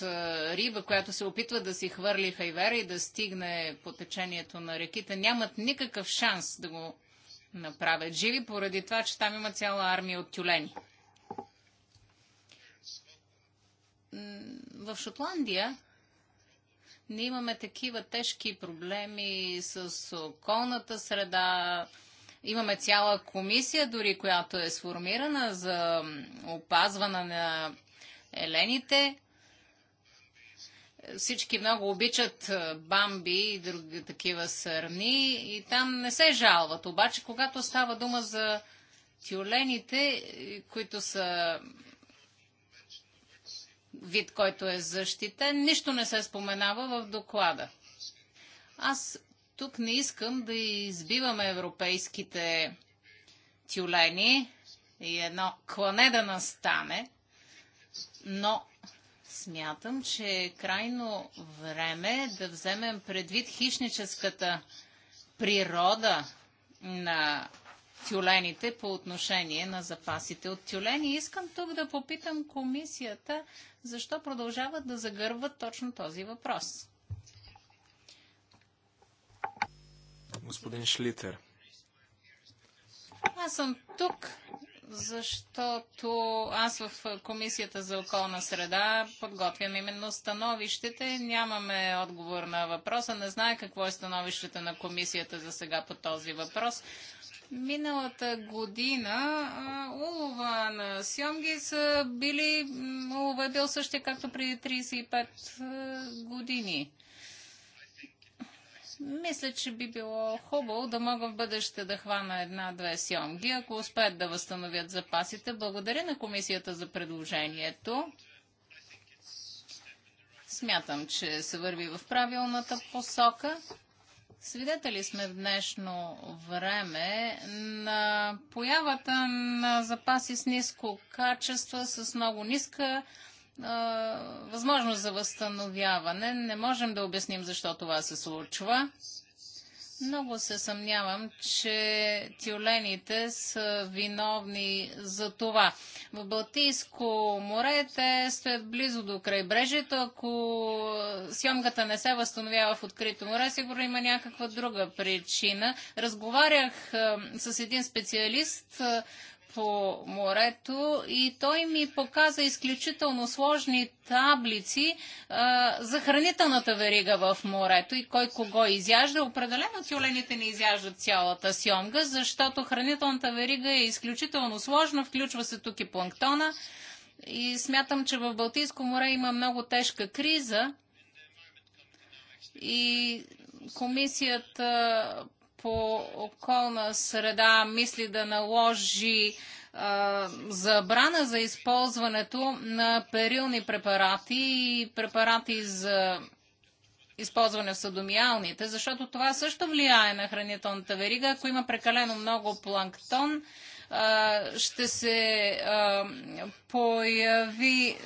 риба, която се опитва да си хвърли хайвера и да стигне по течението на реките, нямат никакъв шанс да го направят живи, поради това, че там има цяла армия от тюлени. в Шотландия ние имаме такива тежки проблеми с околната среда. Имаме цяла комисия, дори която е сформирана за опазване на елените. Всички много обичат бамби и други такива сърни и там не се жалват. Обаче, когато става дума за тюлените, които са вид, който е защитен. Нищо не се споменава в доклада. Аз тук не искам да избиваме европейските тюлени и едно клане да настане, но смятам, че е крайно време да вземем предвид хищническата природа на тюлените по отношение на запасите от тюлени. Искам тук да попитам комисията, защо продължават да загърват точно този въпрос. Господин Шлитер. Аз съм тук, защото аз в Комисията за околна среда подготвям именно становищите. Нямаме отговор на въпроса. Не знае какво е становището на Комисията за сега по този въпрос. Миналата година а, улова на сьомги са били, улова е бил същия както преди 35 а, години. Мисля, че би било хубаво да мога в бъдеще да хвана една-две сьомги, ако успеят да възстановят запасите. Благодаря на комисията за предложението. Смятам, че се върви в правилната посока. Свидетели сме в днешно време на появата на запаси с ниско качество, с много ниска възможност за възстановяване. Не можем да обясним защо това се случва. Много се съмнявам, че тюлените са виновни за това. В Балтийско море те стоят близо до крайбрежието. Ако съемката не се възстановява в открито море, сигурно има някаква друга причина. Разговарях с един специалист, по морето и той ми показа изключително сложни таблици а, за хранителната верига в морето и кой кого изяжда. Определено тюлените не изяждат цялата сьомга, защото хранителната верига е изключително сложна, включва се тук и планктона. И смятам, че в Балтийско море има много тежка криза и комисията по околна среда мисли да наложи забрана за използването на перилни препарати и препарати за използване в съдомиалните, защото това също влияе на хранителната верига. Ако има прекалено много планктон, ще се появи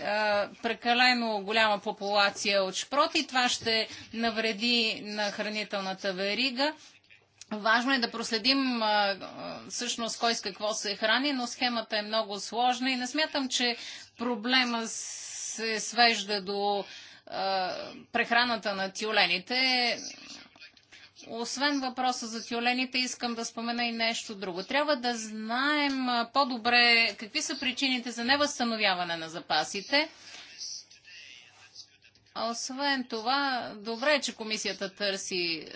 прекалено голяма популация от шпроти. Това ще навреди на хранителната верига Важно е да проследим а, всъщност кой с какво се храни, но схемата е много сложна и не смятам, че проблема се свежда до а, прехраната на тюлените. Освен въпроса за тюлените, искам да спомена и нещо друго. Трябва да знаем по-добре какви са причините за невъзстановяване на запасите. Освен това, добре е, че комисията търси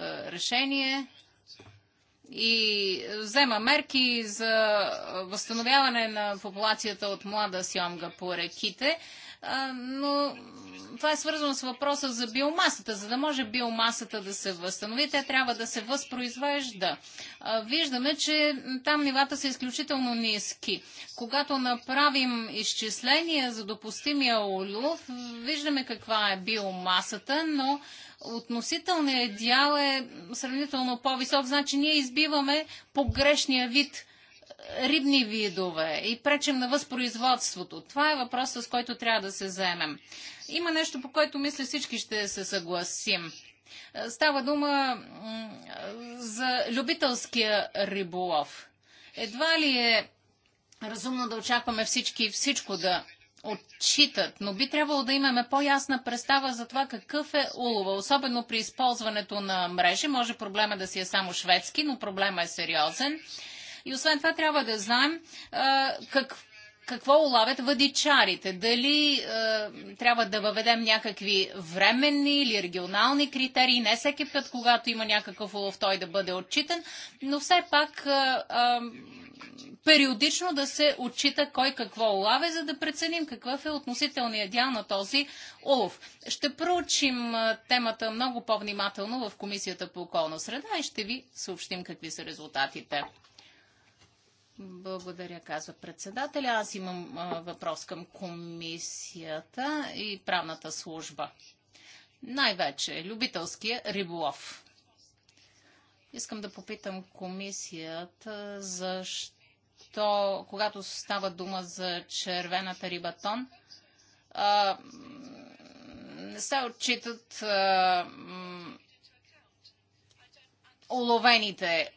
е, решение и взема мерки за възстановяване на популацията от млада сьомга по реките, е, но това е свързано с въпроса за биомасата. За да може биомасата да се възстанови, тя трябва да се възпроизвежда. Е, виждаме, че там нивата са изключително ниски. Когато направим изчисления за допустимия олюв, виждаме каква е биомасата, но относителният дял е сравнително по-висок, значи ние избиваме погрешния вид рибни видове и пречим на възпроизводството. Това е въпросът, с който трябва да се заемем. Има нещо, по което мисля всички ще се съгласим. Става дума за любителския риболов. Едва ли е разумно да очакваме всички всичко да отчитат, но би трябвало да имаме по-ясна представа за това какъв е улова, особено при използването на мрежи. Може проблема да си е само шведски, но проблема е сериозен. И освен това трябва да знаем а, какво улавят въдичарите? Дали е, трябва да въведем някакви временни или регионални критерии? Не всеки път, когато има някакъв улов, той да бъде отчитан, но все пак е, е, периодично да се отчита кой какво улавя, за да преценим какъв е относителният дял на този улов. Ще проучим е, темата много по-внимателно в Комисията по околна среда и ще ви съобщим какви са резултатите. Благодаря, казва председателя. Аз имам а, въпрос към комисията и правната служба. Най-вече любителския риболов. Искам да попитам комисията защо, когато става дума за червената риба тон, а, не се отчитат а, уловените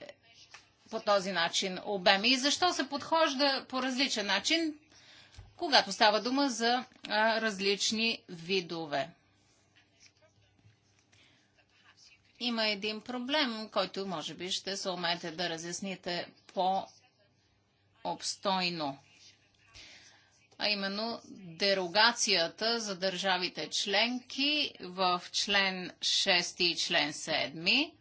по този начин обеми и защо се подхожда по различен начин, когато става дума за а, различни видове. Има един проблем, който може би ще се умеете да разясните по-обстойно. А именно дерогацията за държавите членки в член 6 и член 7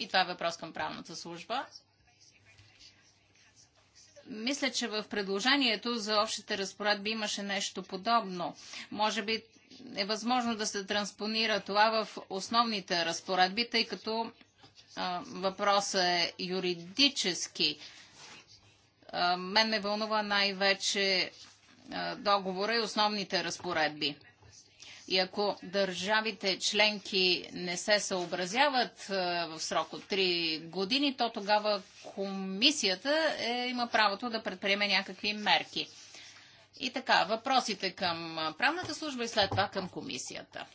и това е въпрос към правната служба. Мисля, че в предложението за общите разпоредби имаше нещо подобно. Може би е възможно да се транспонира това в основните разпоредби, тъй като а, въпросът е юридически. А, мен ме вълнува най-вече договора и основните разпоредби. И ако държавите членки не се съобразяват е, в срок от 3 години, то тогава комисията е, има правото да предприеме някакви мерки. И така, въпросите към правната служба и след това към комисията.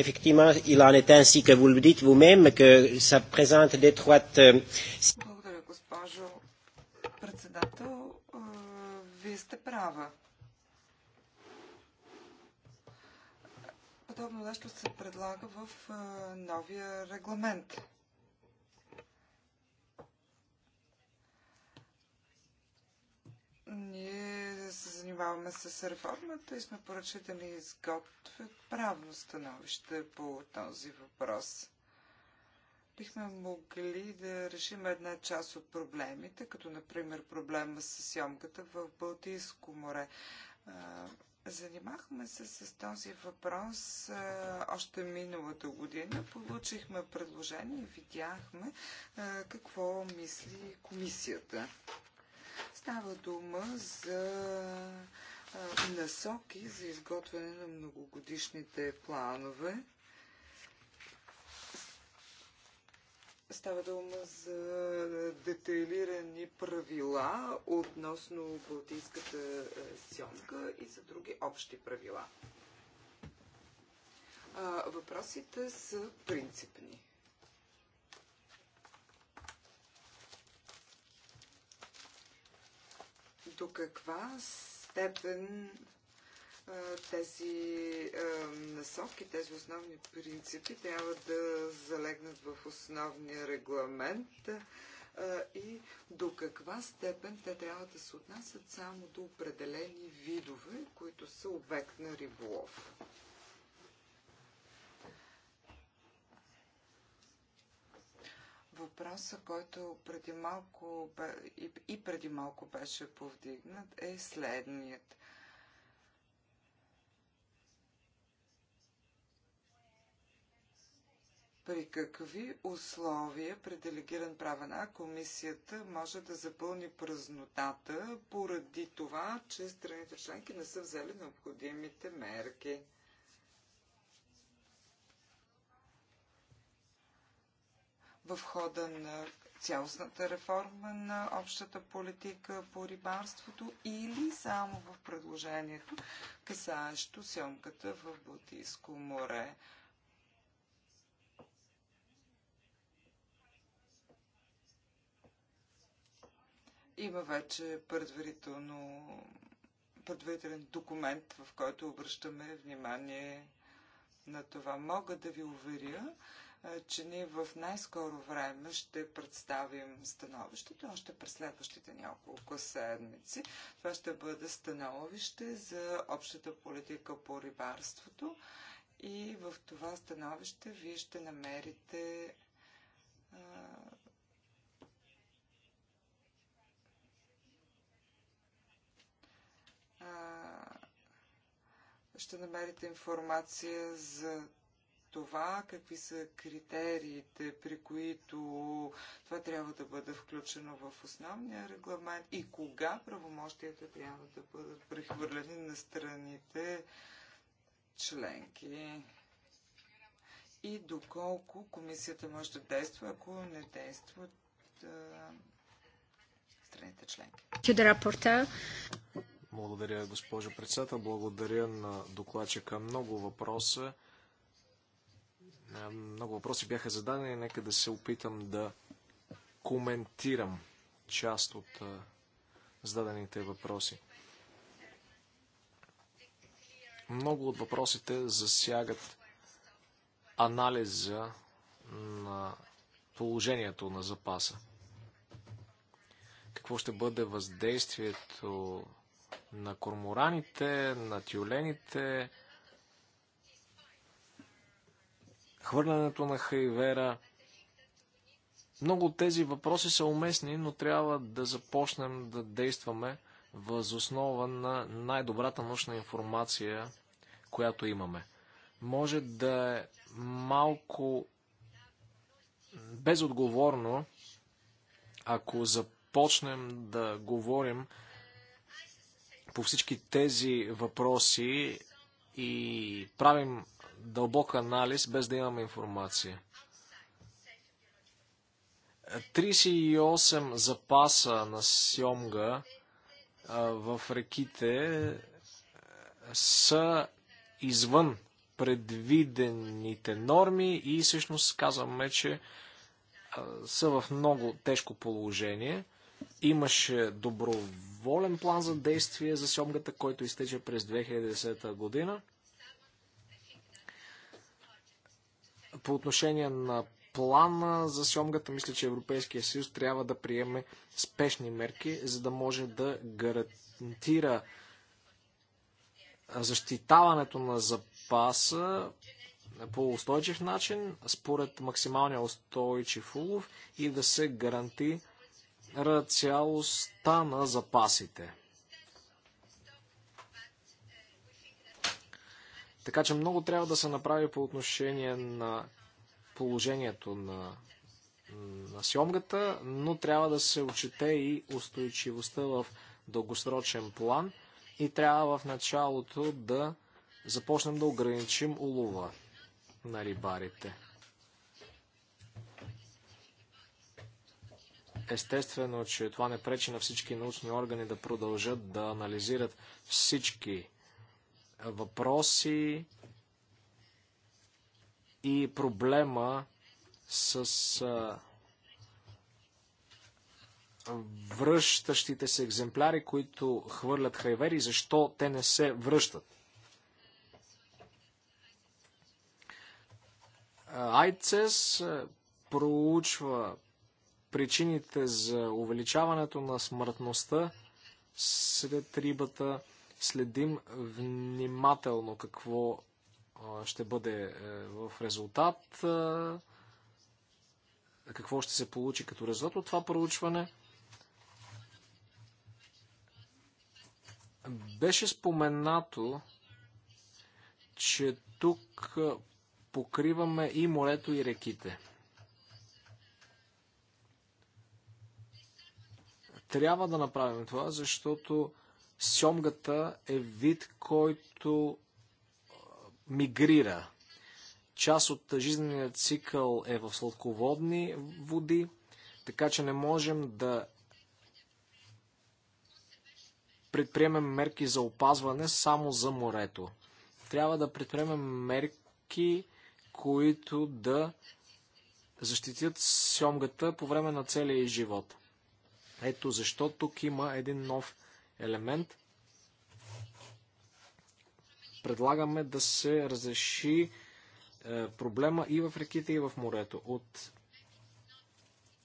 Effectivement, il en est ainsi que vous le dites vous-même, que ça présente d'étroites... Euh, Благодаря, госпожо председател. Е, вие сте права. подобно нещо се предлага в новия регламент. Ние се занимаваме с реформата и сме поръчали да ни изготвят правно становище по този въпрос. Бихме могли да решим една част от проблемите, като например проблема с сьомката в Балтийско море. Занимахме се с този въпрос още миналата година. Получихме предложение и видяхме какво мисли комисията. Става дума за насоки за изготвяне на многогодишните планове Става дума за детайлирани правила относно Балтийската е, сионка и за други общи правила. Въпросите са принципни. До каква степен тези насоки, тези основни принципи трябва да залегнат в основния регламент и до каква степен те трябва да се отнасят само до определени видове, които са обект на риболов. Въпросът, който преди малко, и преди малко беше повдигнат, е следният. при какви условия при делегиран правен акт комисията може да запълни празнотата поради това, че страните членки не са взели необходимите мерки. В хода на цялостната реформа на общата политика по рибарството или само в предложението, касаещо сьомката в Балтийско море. Има вече предварително, предварителен документ, в който обръщаме внимание на това. Мога да ви уверя, че ние в най-скоро време ще представим становището, още през следващите няколко седмици. Това ще бъде становище за общата политика по рибарството и в това становище вие ще намерите ще намерите информация за това, какви са критериите, при които това трябва да бъде включено в основния регламент и кога правомощията трябва да бъдат прехвърлени на страните членки и доколко комисията може да действа, ако не действат страните членки. Благодаря, госпожо председател. Благодаря на докладчика. Много въпроса. Много въпроси бяха зададени. Нека да се опитам да коментирам част от зададените въпроси. Много от въпросите засягат анализа на положението на запаса. Какво ще бъде въздействието на кормораните, на тюлените, хвърлянето на хайвера. Много от тези въпроси са уместни, но трябва да започнем да действаме възоснова на най-добрата научна информация, която имаме. Може да е малко безотговорно, ако започнем да говорим по всички тези въпроси и правим дълбок анализ, без да имаме информация. 38 запаса на сьомга в реките са извън предвидените норми и всъщност казваме, че са в много тежко положение – Имаше доброволен план за действие за сьомгата, който изтече през 2010 година. По отношение на плана за сьомгата, мисля, че Европейския съюз трябва да приеме спешни мерки, за да може да гарантира защитаването на запаса по устойчив начин, според максималния устойчив улов и да се гаранти цялостта на запасите. Така че много трябва да се направи по отношение на положението на, на сьомгата, но трябва да се отчете и устойчивостта в дългосрочен план и трябва в началото да започнем да ограничим улова на рибарите. Естествено, че това не пречи на всички научни органи да продължат да анализират всички въпроси и проблема с връщащите се екземпляри, които хвърлят хайвери, защо те не се връщат. Айцес проучва причините за увеличаването на смъртността след рибата. Следим внимателно какво ще бъде е, в резултат, какво ще се получи като резултат от това проучване. Беше споменато, че тук покриваме и морето и реките. Трябва да направим това, защото сьомгата е вид, който мигрира. Част от жизнения цикъл е в сладководни води, така че не можем да предприемем мерки за опазване само за морето. Трябва да предприемем мерки, които да защитят сьомгата по време на целия живот. Ето защо тук има един нов елемент. Предлагаме да се разреши е, проблема и в реките, и в морето. От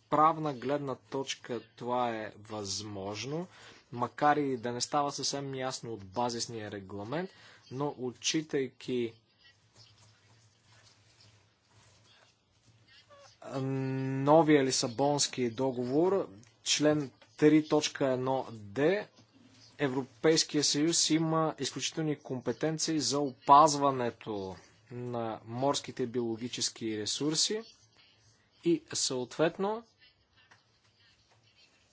правна гледна точка това е възможно, макар и да не става съвсем ясно от базисния регламент, но отчитайки е, новия Лисабонски договор, член 3.1d Европейския съюз има изключителни компетенции за опазването на морските биологически ресурси и съответно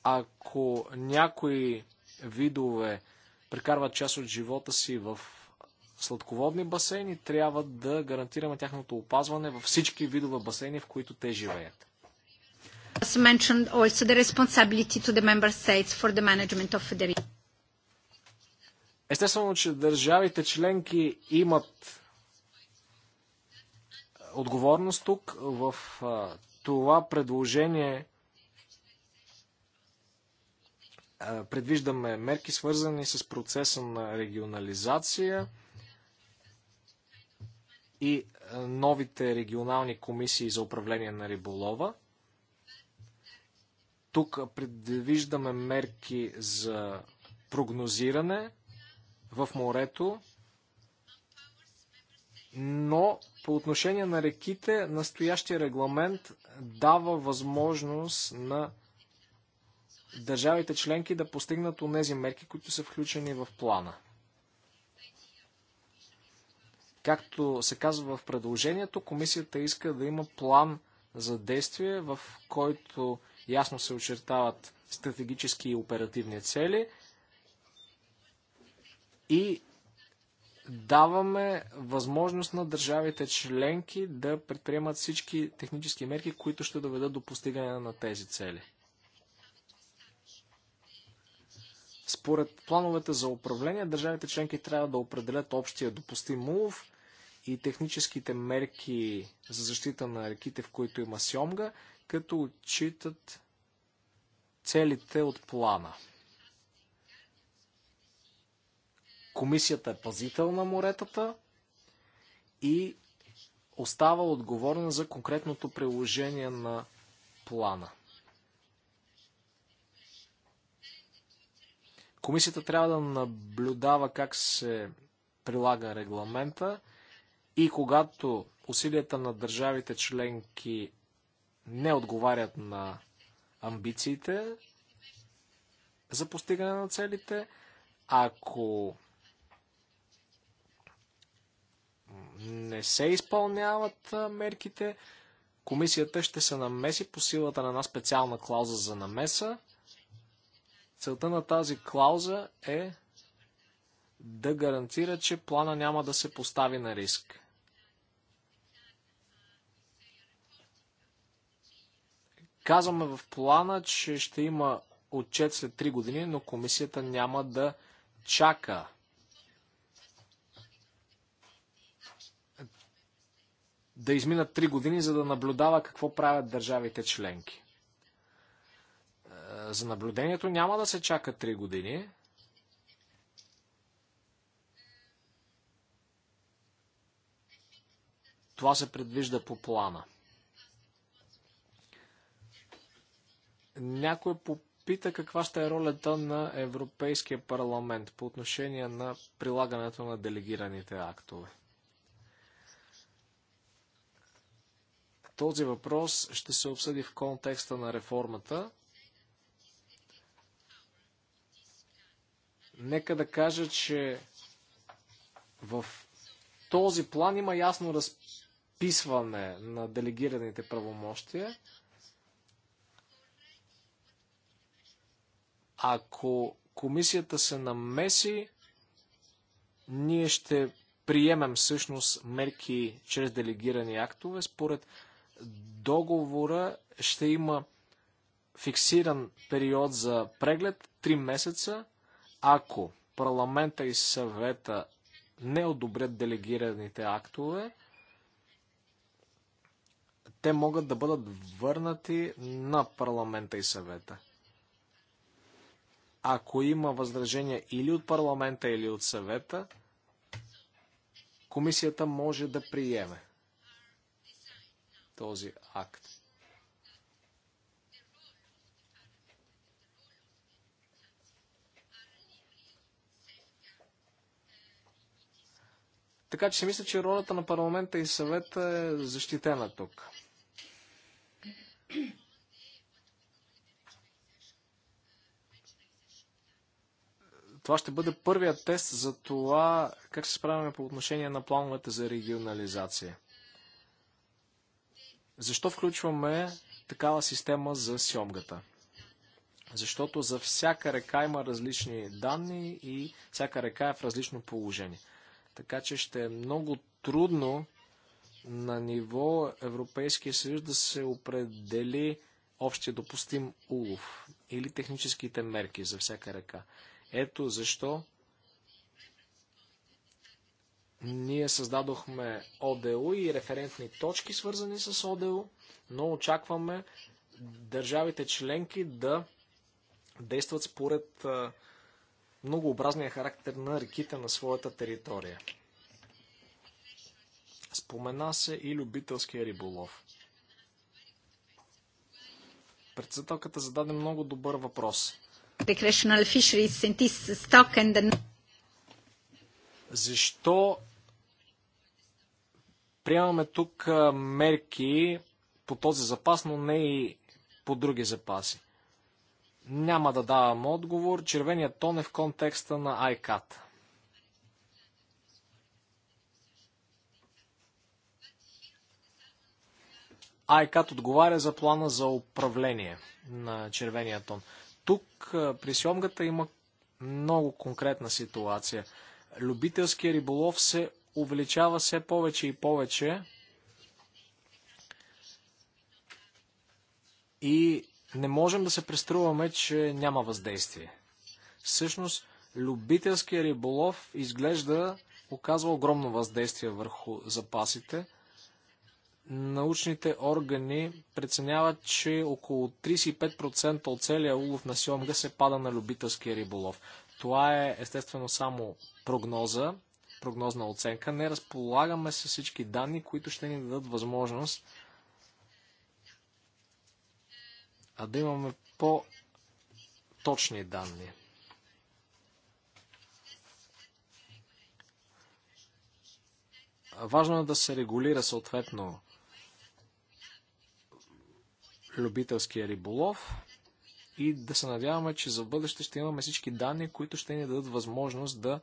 ако някои видове прекарват част от живота си в сладководни басейни, трябва да гарантираме тяхното опазване във всички видове басейни, в които те живеят as mentioned also the responsibility to the member states for the management of the risk. Естествено, че държавите членки имат е, отговорност тук в е, това предложение е, предвиждаме мерки свързани с процеса на регионализация и новите регионални комисии за управление на риболова – тук предвиждаме мерки за прогнозиране в морето, но по отношение на реките, настоящия регламент дава възможност на държавите членки да постигнат онези мерки, които са включени в плана. Както се казва в предложението, комисията иска да има план за действие, в който Ясно се очертават стратегически и оперативни цели и даваме възможност на държавите членки да предприемат всички технически мерки, които ще доведат до постигане на тези цели. Според плановете за управление, държавите членки трябва да определят общия допустим улов и техническите мерки за защита на реките, в които има сьомга като отчитат целите от плана. Комисията е пазител на моретата и остава отговорна за конкретното приложение на плана. Комисията трябва да наблюдава как се прилага регламента и когато усилията на държавите членки не отговарят на амбициите за постигане на целите, ако не се изпълняват мерките, комисията ще се намеси по силата на една специална клауза за намеса. Целта на тази клауза е да гарантира, че плана няма да се постави на риск. Казваме в плана, че ще има отчет след 3 години, но комисията няма да чака. Да изминат 3 години, за да наблюдава какво правят държавите членки. Е, за наблюдението няма да се чака 3 години. Това се предвижда по плана. Някой попита каква ще е ролята на Европейския парламент по отношение на прилагането на делегираните актове. Този въпрос ще се обсъди в контекста на реформата. Нека да кажа, че в този план има ясно разписване на делегираните правомощия. Ако комисията се намеси, ние ще приемем всъщност мерки чрез делегирани актове. Според договора ще има фиксиран период за преглед 3 месеца, ако парламента и съвета не одобрят делегираните актове, те могат да бъдат върнати на парламента и съвета. Ако има възражения или от парламента, или от съвета, комисията може да приеме този акт. Така че мисля, че ролята на парламента и съвета е защитена тук. Това ще бъде първият тест за това как се справяме по отношение на плановете за регионализация. Защо включваме такава система за сьомгата? Защото за всяка река има различни данни и всяка река е в различно положение. Така че ще е много трудно на ниво Европейския съюз да се определи общия допустим улов или техническите мерки за всяка река. Ето защо ние създадохме ОДО и референтни точки, свързани с ОДО, но очакваме държавите членки да действат според многообразния характер на реките на своята територия. Спомена се и любителския риболов. Председателката зададе много добър въпрос recreational fisheries stock and the... Защо приемаме тук мерки по този запас, но не и по други запаси? Няма да давам отговор. Червеният тон е в контекста на ICAT. ICAT отговаря за плана за управление на червения тон. Тук при сьомгата има много конкретна ситуация. Любителския риболов се увеличава все повече и повече и не можем да се преструваме, че няма въздействие. Всъщност, любителския риболов изглежда оказва огромно въздействие върху запасите – научните органи преценяват, че около 35% от целия улов на сьомга се пада на любителския риболов. Това е естествено само прогноза, прогнозна оценка. Не разполагаме с всички данни, които ще ни дадат възможност а да имаме по-точни данни. Важно е да се регулира съответно любителския риболов и да се надяваме, че за бъдеще ще имаме всички данни, които ще ни дадат възможност да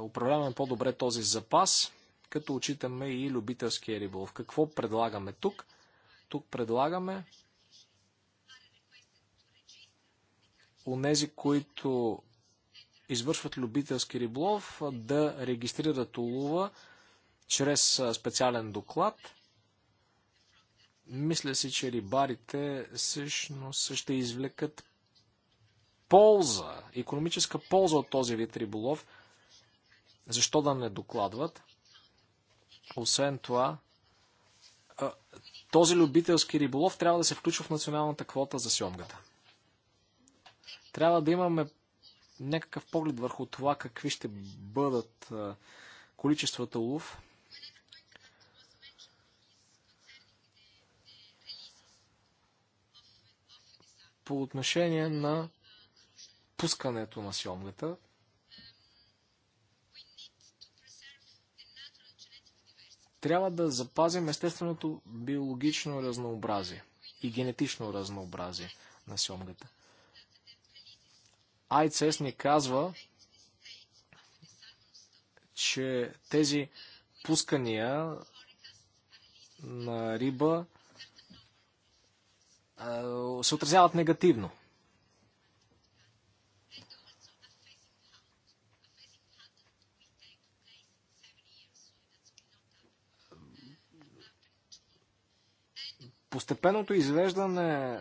управляваме по-добре този запас, като учитаме и любителския риболов. Какво предлагаме тук? Тук предлагаме онези, които извършват любителски риболов, да регистрират улова чрез специален доклад – мисля си, че рибарите всъщност ще извлекат полза, економическа полза от този вид риболов. Защо да не докладват? Освен това, този любителски риболов трябва да се включва в националната квота за сьомгата. Трябва да имаме някакъв поглед върху това какви ще бъдат количествата улов по отношение на пускането на сьомгата. Трябва да запазим естественото биологично разнообразие и генетично разнообразие на сьомгата. Айцес ни казва, че тези пускания на риба се отразяват негативно. Постепенното извеждане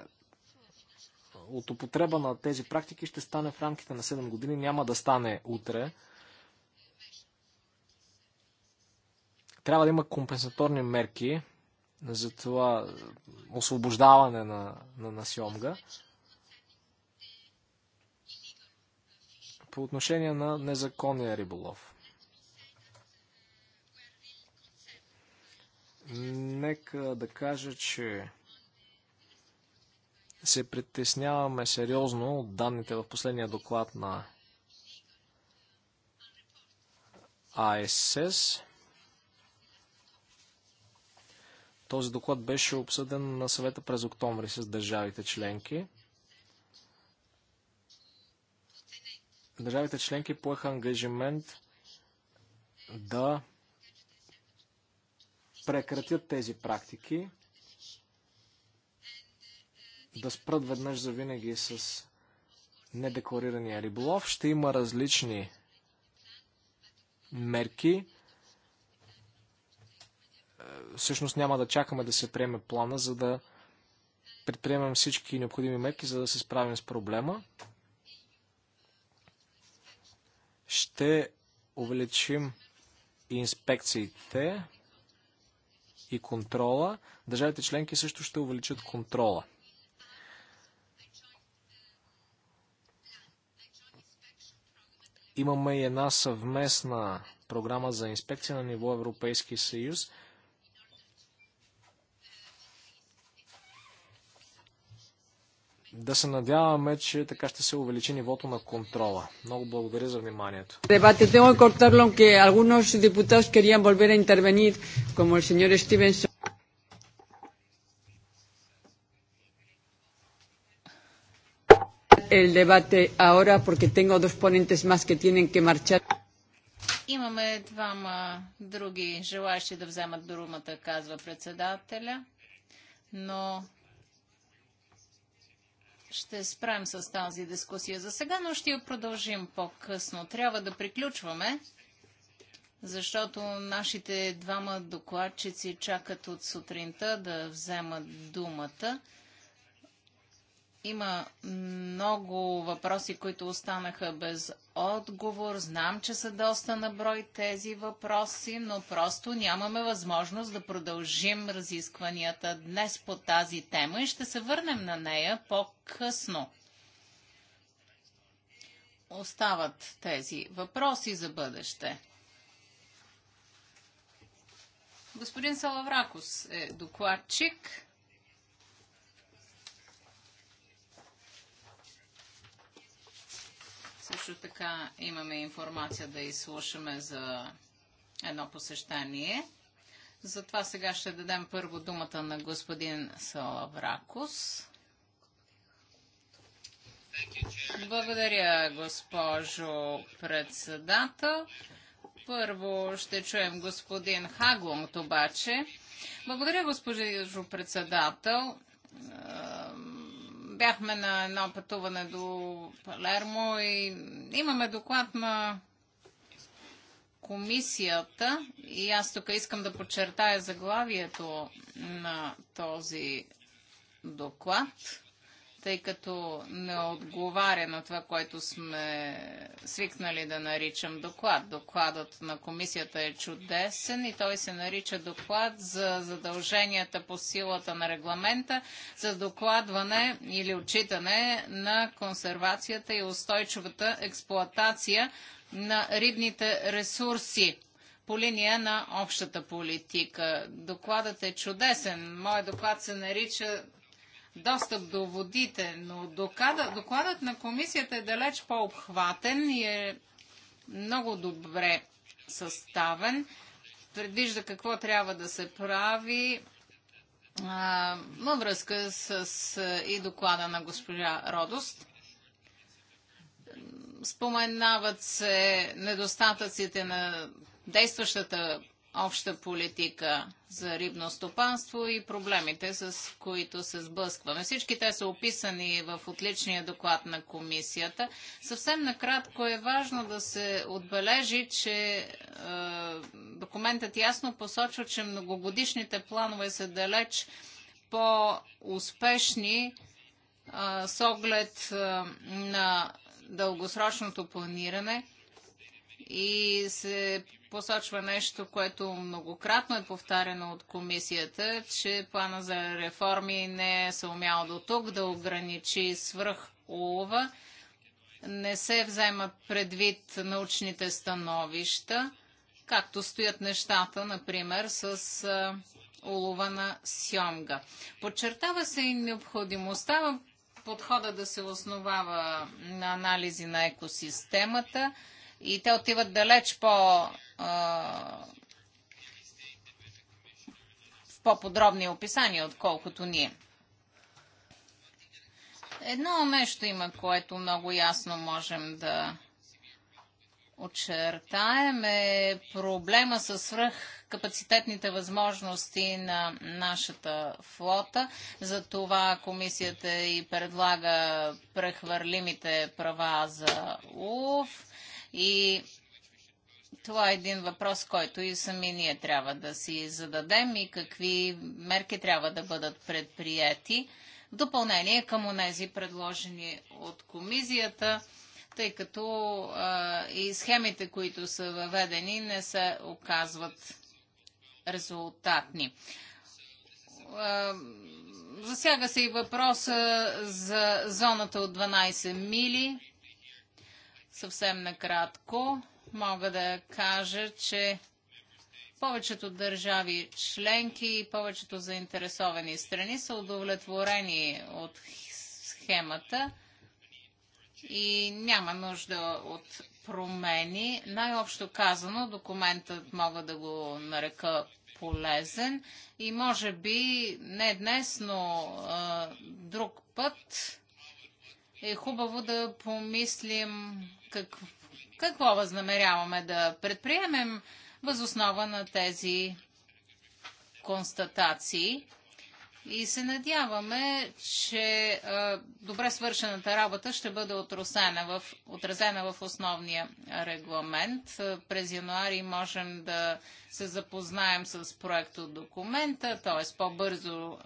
от употреба на тези практики ще стане в рамките на 7 години, няма да стане утре. Трябва да има компенсаторни мерки, за това е, освобождаване на, на, на Сьомга. По отношение на незаконния риболов. Нека да кажа, че се притесняваме сериозно от данните в последния доклад на АСС. Този доклад беше обсъден на съвета през октомври с държавите членки. Държавите членки поеха ангажимент да прекратят тези практики, да спрат веднъж за винаги с недекларирания риболов. Ще има различни мерки всъщност няма да чакаме да се приеме плана, за да предприемем всички необходими мерки, за да се справим с проблема. Ще увеличим инспекциите и контрола. Държавите членки също ще увеличат контрола. Имаме и една съвместна програма за инспекция на ниво Европейски съюз – Да се надяваме, че така ще се увеличи нивото на контрола. Много благодаря за вниманието. Дебате, tengo que cortarlo, aunque algunos diputados querían volver a intervenir, como el señor Stevenson. el debate ahora porque tengo dos ponentes más que tienen que marchar. Имаме двама други желащи да вземат думата, казва председателя, но ще спрем с тази дискусия за сега, но ще я продължим по-късно. Трябва да приключваме, защото нашите двама докладчици чакат от сутринта да вземат думата. Има много въпроси, които останаха без отговор. Знам, че са доста на брой тези въпроси, но просто нямаме възможност да продължим разискванията днес по тази тема и ще се върнем на нея по-късно. Остават тези въпроси за бъдеще. Господин Салавракус е докладчик. Също така имаме информация да изслушаме за едно посещание. Затова сега ще дадем първо думата на господин Салавракус. Благодаря, госпожо председател. Първо ще чуем господин Хаглунг обаче. Благодаря, госпожо председател бяхме на едно пътуване до Палермо и имаме доклад на комисията и аз тук искам да подчертая заглавието на този доклад тъй като не отговаря на това, което сме свикнали да наричам доклад. Докладът на комисията е чудесен и той се нарича доклад за задълженията по силата на регламента за докладване или отчитане на консервацията и устойчивата експлоатация на рибните ресурси по линия на общата политика. Докладът е чудесен. Моят доклад се нарича достъп до водите, но докладът, докладът на комисията е далеч по-обхватен и е много добре съставен. Предвижда какво трябва да се прави а, във връзка с, с и доклада на госпожа Родост. Споменават се недостатъците на действащата обща политика за рибно стопанство и проблемите, с които се сблъскваме. Всички те са описани в отличния доклад на комисията. Съвсем накратко е важно да се отбележи, че е, документът ясно посочва, че многогодишните планове са далеч по-успешни е, с оглед е, на дългосрочното планиране и се посочва нещо, което многократно е повтарено от комисията, че плана за реформи не е съумял до тук да ограничи свръх улова. Не се взема предвид научните становища, както стоят нещата, например, с улова на сьомга. Подчертава се и необходимостта подхода да се основава на анализи на екосистемата – и те отиват далеч по в по-подробни описания, отколкото ние. Едно нещо има, което много ясно можем да очертаем е проблема с свръхкапацитетните капацитетните възможности на нашата флота. За това комисията и предлага прехвърлимите права за УФ. И това е един въпрос, който и сами ние трябва да си зададем и какви мерки трябва да бъдат предприяти. В допълнение към онези предложени от комисията, тъй като а, и схемите, които са въведени, не се оказват резултатни. А, засяга се и въпроса за зоната от 12 мили Съвсем накратко мога да кажа, че повечето държави членки и повечето заинтересовани страни са удовлетворени от схемата и няма нужда от промени. Най-общо казано, документът мога да го нарека полезен и може би не днес, но а, друг път е хубаво да помислим как, какво възнамеряваме да предприемем възоснова на тези констатации. И се надяваме, че а, добре свършената работа ще бъде в, отразена в основния регламент. През януари можем да се запознаем с проект от документа, т.е. по-бързо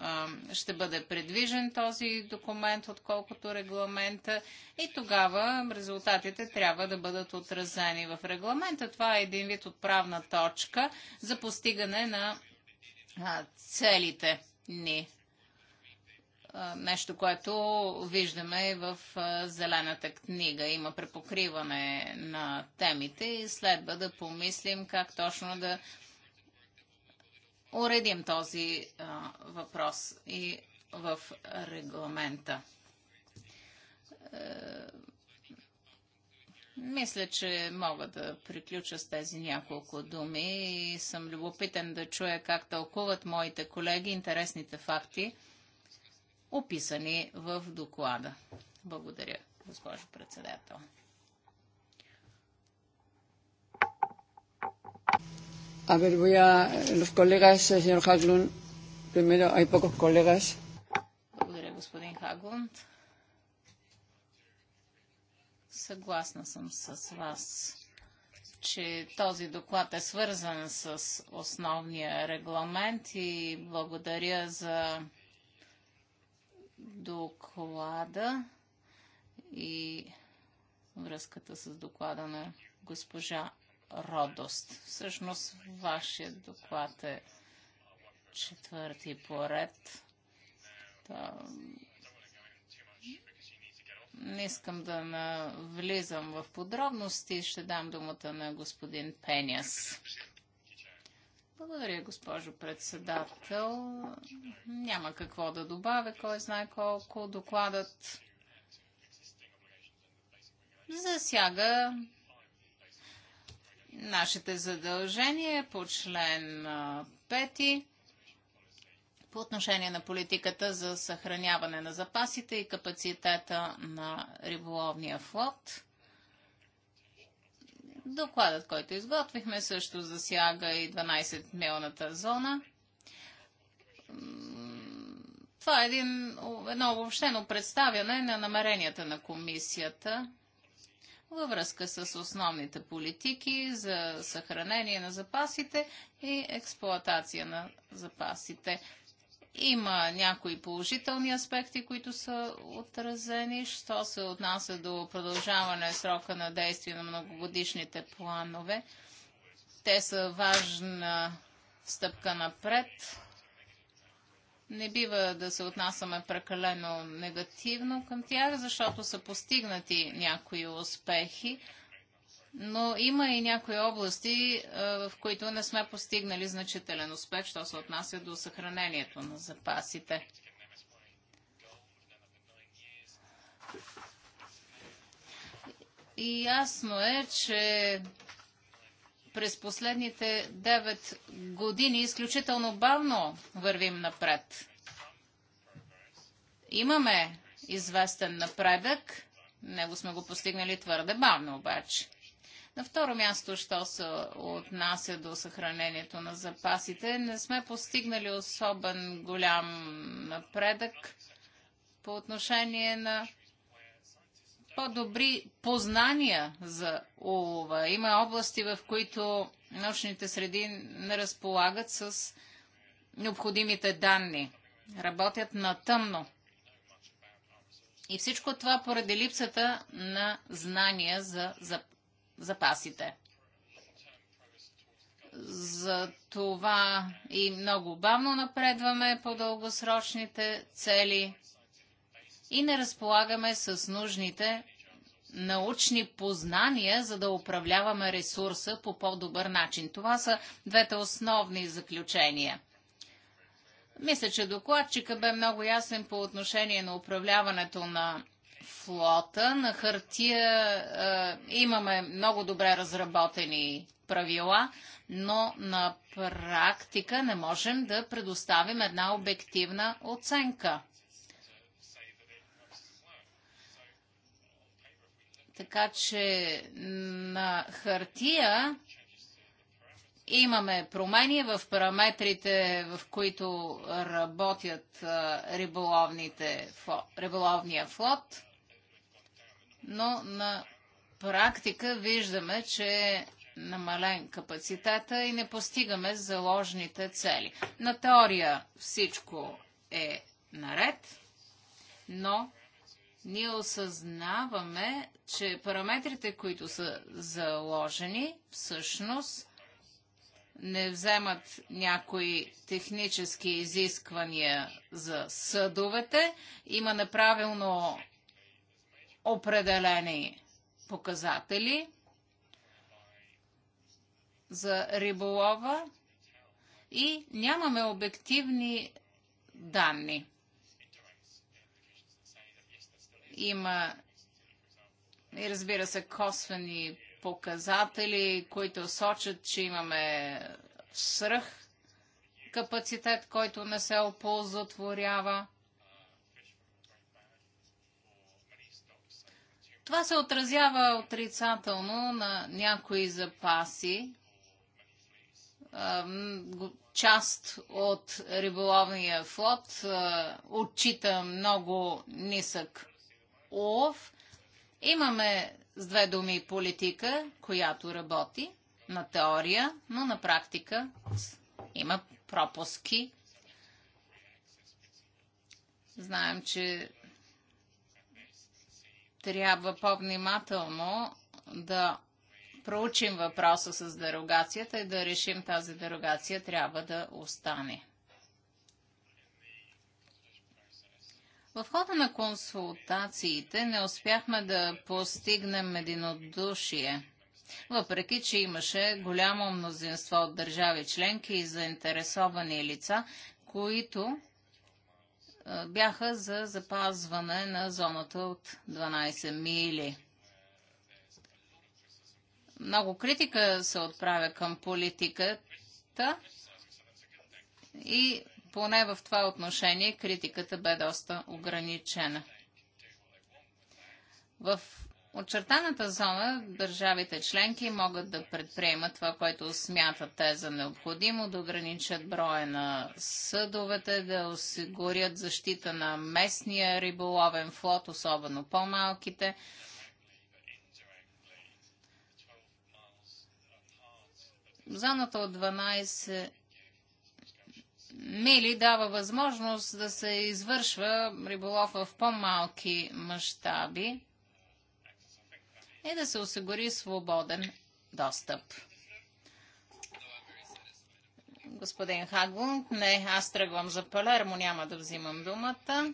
ще бъде предвижен този документ, отколкото регламента. И тогава резултатите трябва да бъдат отразени в регламента. Това е един вид отправна точка за постигане на целите ни. Нещо, което виждаме и в Зелената книга. Има препокриване на темите и следва да помислим как точно да уредим този въпрос и в регламента. Е, мисля, че мога да приключа с тези няколко думи и съм любопитен да чуя как тълкуват моите колеги интересните факти, описани в доклада. Благодаря, госпожо председател. A ver, voy a los colegas, eh, señor Haglund. Primero, hay pocos colegas. Благодаря, господин Хаглунд. Съгласна съм с вас, че този доклад е свързан с основния регламент и благодаря за доклада и връзката с доклада на госпожа Родост. Всъщност, вашия доклад е четвърти поред. Не искам да навлизам в подробности. Ще дам думата на господин Пеняс. Благодаря, госпожо председател. Няма какво да добавя, кой знае колко. Докладът засяга нашите задължения по член 5 по отношение на политиката за съхраняване на запасите и капацитета на риболовния флот. Докладът, който изготвихме, също засяга и 12-милната зона. Това е един, едно обобщено представяне на намеренията на комисията във връзка с основните политики за съхранение на запасите и експлоатация на запасите. Има някои положителни аспекти, които са отразени, що се отнася до продължаване срока на действие на многогодишните планове. Те са важна стъпка напред. Не бива да се отнасяме прекалено негативно към тях, защото са постигнати някои успехи, но има и някои области, в които не сме постигнали значителен успех, що се отнася до съхранението на запасите. И ясно е, че през последните 9 години изключително бавно вървим напред. Имаме известен напредък, него сме го постигнали твърде бавно обаче. На второ място, що се отнася до съхранението на запасите, не сме постигнали особен голям напредък по отношение на по-добри познания за улова. Има области, в които научните среди не разполагат с необходимите данни. Работят на тъмно. И всичко това поради липсата на знания за, запасите запасите. За това и много бавно напредваме по дългосрочните цели и не разполагаме с нужните научни познания, за да управляваме ресурса по по-добър начин. Това са двете основни заключения. Мисля, че докладчика бе много ясен по отношение на управляването на флота. На хартия е, имаме много добре разработени правила, но на практика не можем да предоставим една обективна оценка. Така че на хартия имаме промени в параметрите, в които работят е, риболовните, риболовния флот но на практика виждаме, че е намален капацитета и не постигаме заложните цели. На теория всичко е наред, но ние осъзнаваме, че параметрите, които са заложени, всъщност не вземат някои технически изисквания за съдовете, има неправилно определени показатели за риболова и нямаме обективни данни. Има и разбира се косвени показатели, които сочат, че имаме сръх капацитет, който не се оползотворява. Това се отразява отрицателно на някои запаси, част от риболовния флот отчита много нисък улов. Имаме с две думи политика, която работи на теория, но на практика има пропуски. Знаем, че трябва по-внимателно да проучим въпроса с дерогацията и да решим тази дерогация трябва да остане. В хода на консултациите не успяхме да постигнем единодушие, въпреки че имаше голямо мнозинство от държави членки и заинтересовани лица, които бяха за запазване на зоната от 12 мили. Много критика се отправя към политиката и поне в това отношение критиката бе доста ограничена. В Отчертаната зона държавите членки могат да предприемат това, което смятат те за необходимо, да ограничат броя на съдовете, да осигурят защита на местния риболовен флот, особено по-малките. Зоната от 12 мили дава възможност да се извършва риболов в по-малки мащаби е да се осигури свободен достъп. Господин Хаглунд, не, аз тръгвам за Палермо, няма да взимам думата.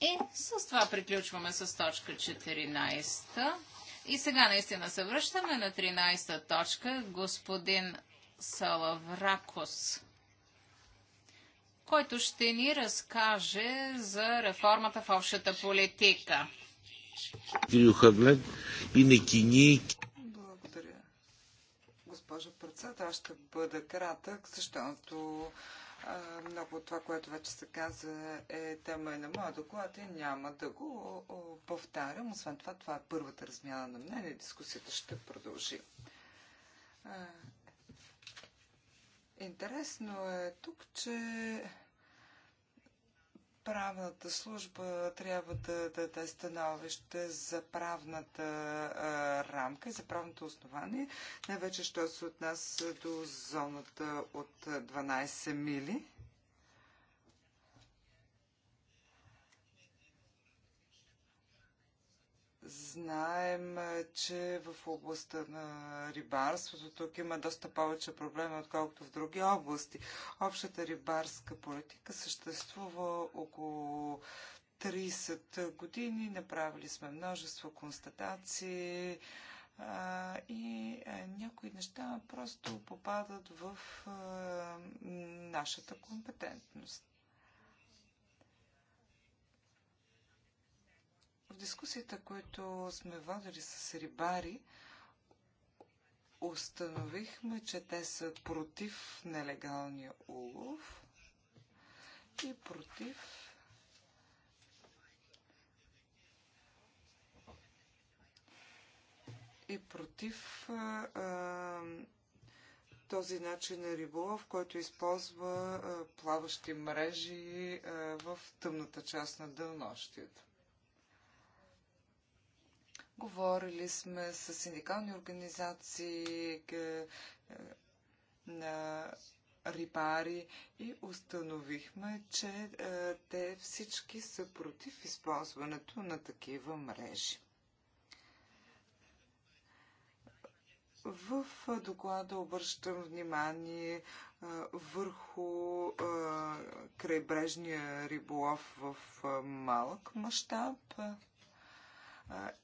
И с това приключваме с точка 14. И сега наистина се връщаме на 13-та точка. Господин Салавракос който ще ни разкаже за реформата в общата политика. Благодаря. Госпожо председател, аз ще бъда кратък, защото много от това, което вече се каза, е тема и на моя доклад и няма да го повтарям. Освен това, това е първата размяна на мнение. Дискусията ще продължи. Интересно е тук, че правната служба трябва да даде становище за правната а, рамка и за правното основание, най-вече, що се отнася до зоната от 12 мили. Знаем, е, че в областта на рибарството тук има доста повече проблеми, отколкото в други области. Общата рибарска политика съществува около 30 години. Направили сме множество констатации и е, някои неща просто попадат в е, нашата компетентност. дискусията, които сме водили с рибари, установихме, че те са против нелегалния улов и против и против а, а, този начин на риболов, който използва а, плаващи мрежи а, в тъмната част на дълнощието. Говорили сме с синдикални организации е, на рибари и установихме, че е, те всички са против използването на такива мрежи. В доклада обръщам внимание е, върху крайбрежния риболов в малък мащаб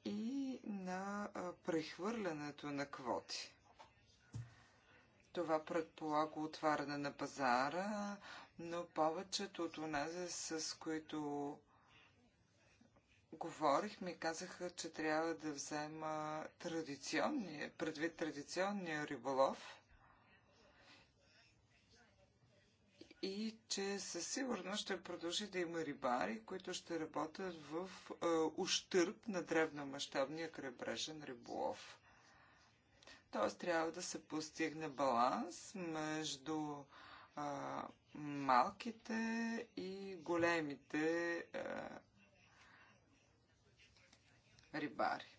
и на прехвърлянето на квоти. Това предполага отваряне на пазара, но повечето от онези, с които говорих, ми казаха, че трябва да взема традиционния, предвид традиционния риболов. и че със сигурност ще продължи да има рибари, които ще работят в е, ущърп на древномащабния крайбрежен риболов. Тоест трябва да се постигне баланс между е, малките и големите е, рибари.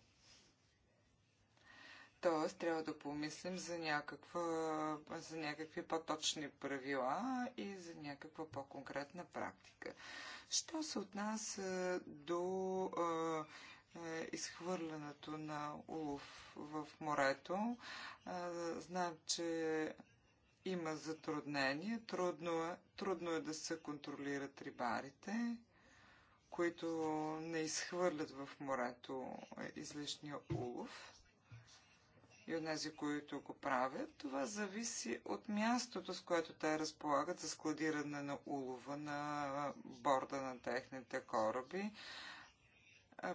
Тоест, трябва да помислим за, някаква, за някакви по-точни правила и за някаква по-конкретна практика. Що се отнася до е, е, изхвърлянето на улов в морето, е, знам, че има затруднения. Трудно е, трудно е да се контролират рибарите, които не изхвърлят в морето излишния улов и от тези, които го правят. Това зависи от мястото, с което те разполагат за складиране на улова на борда на техните кораби.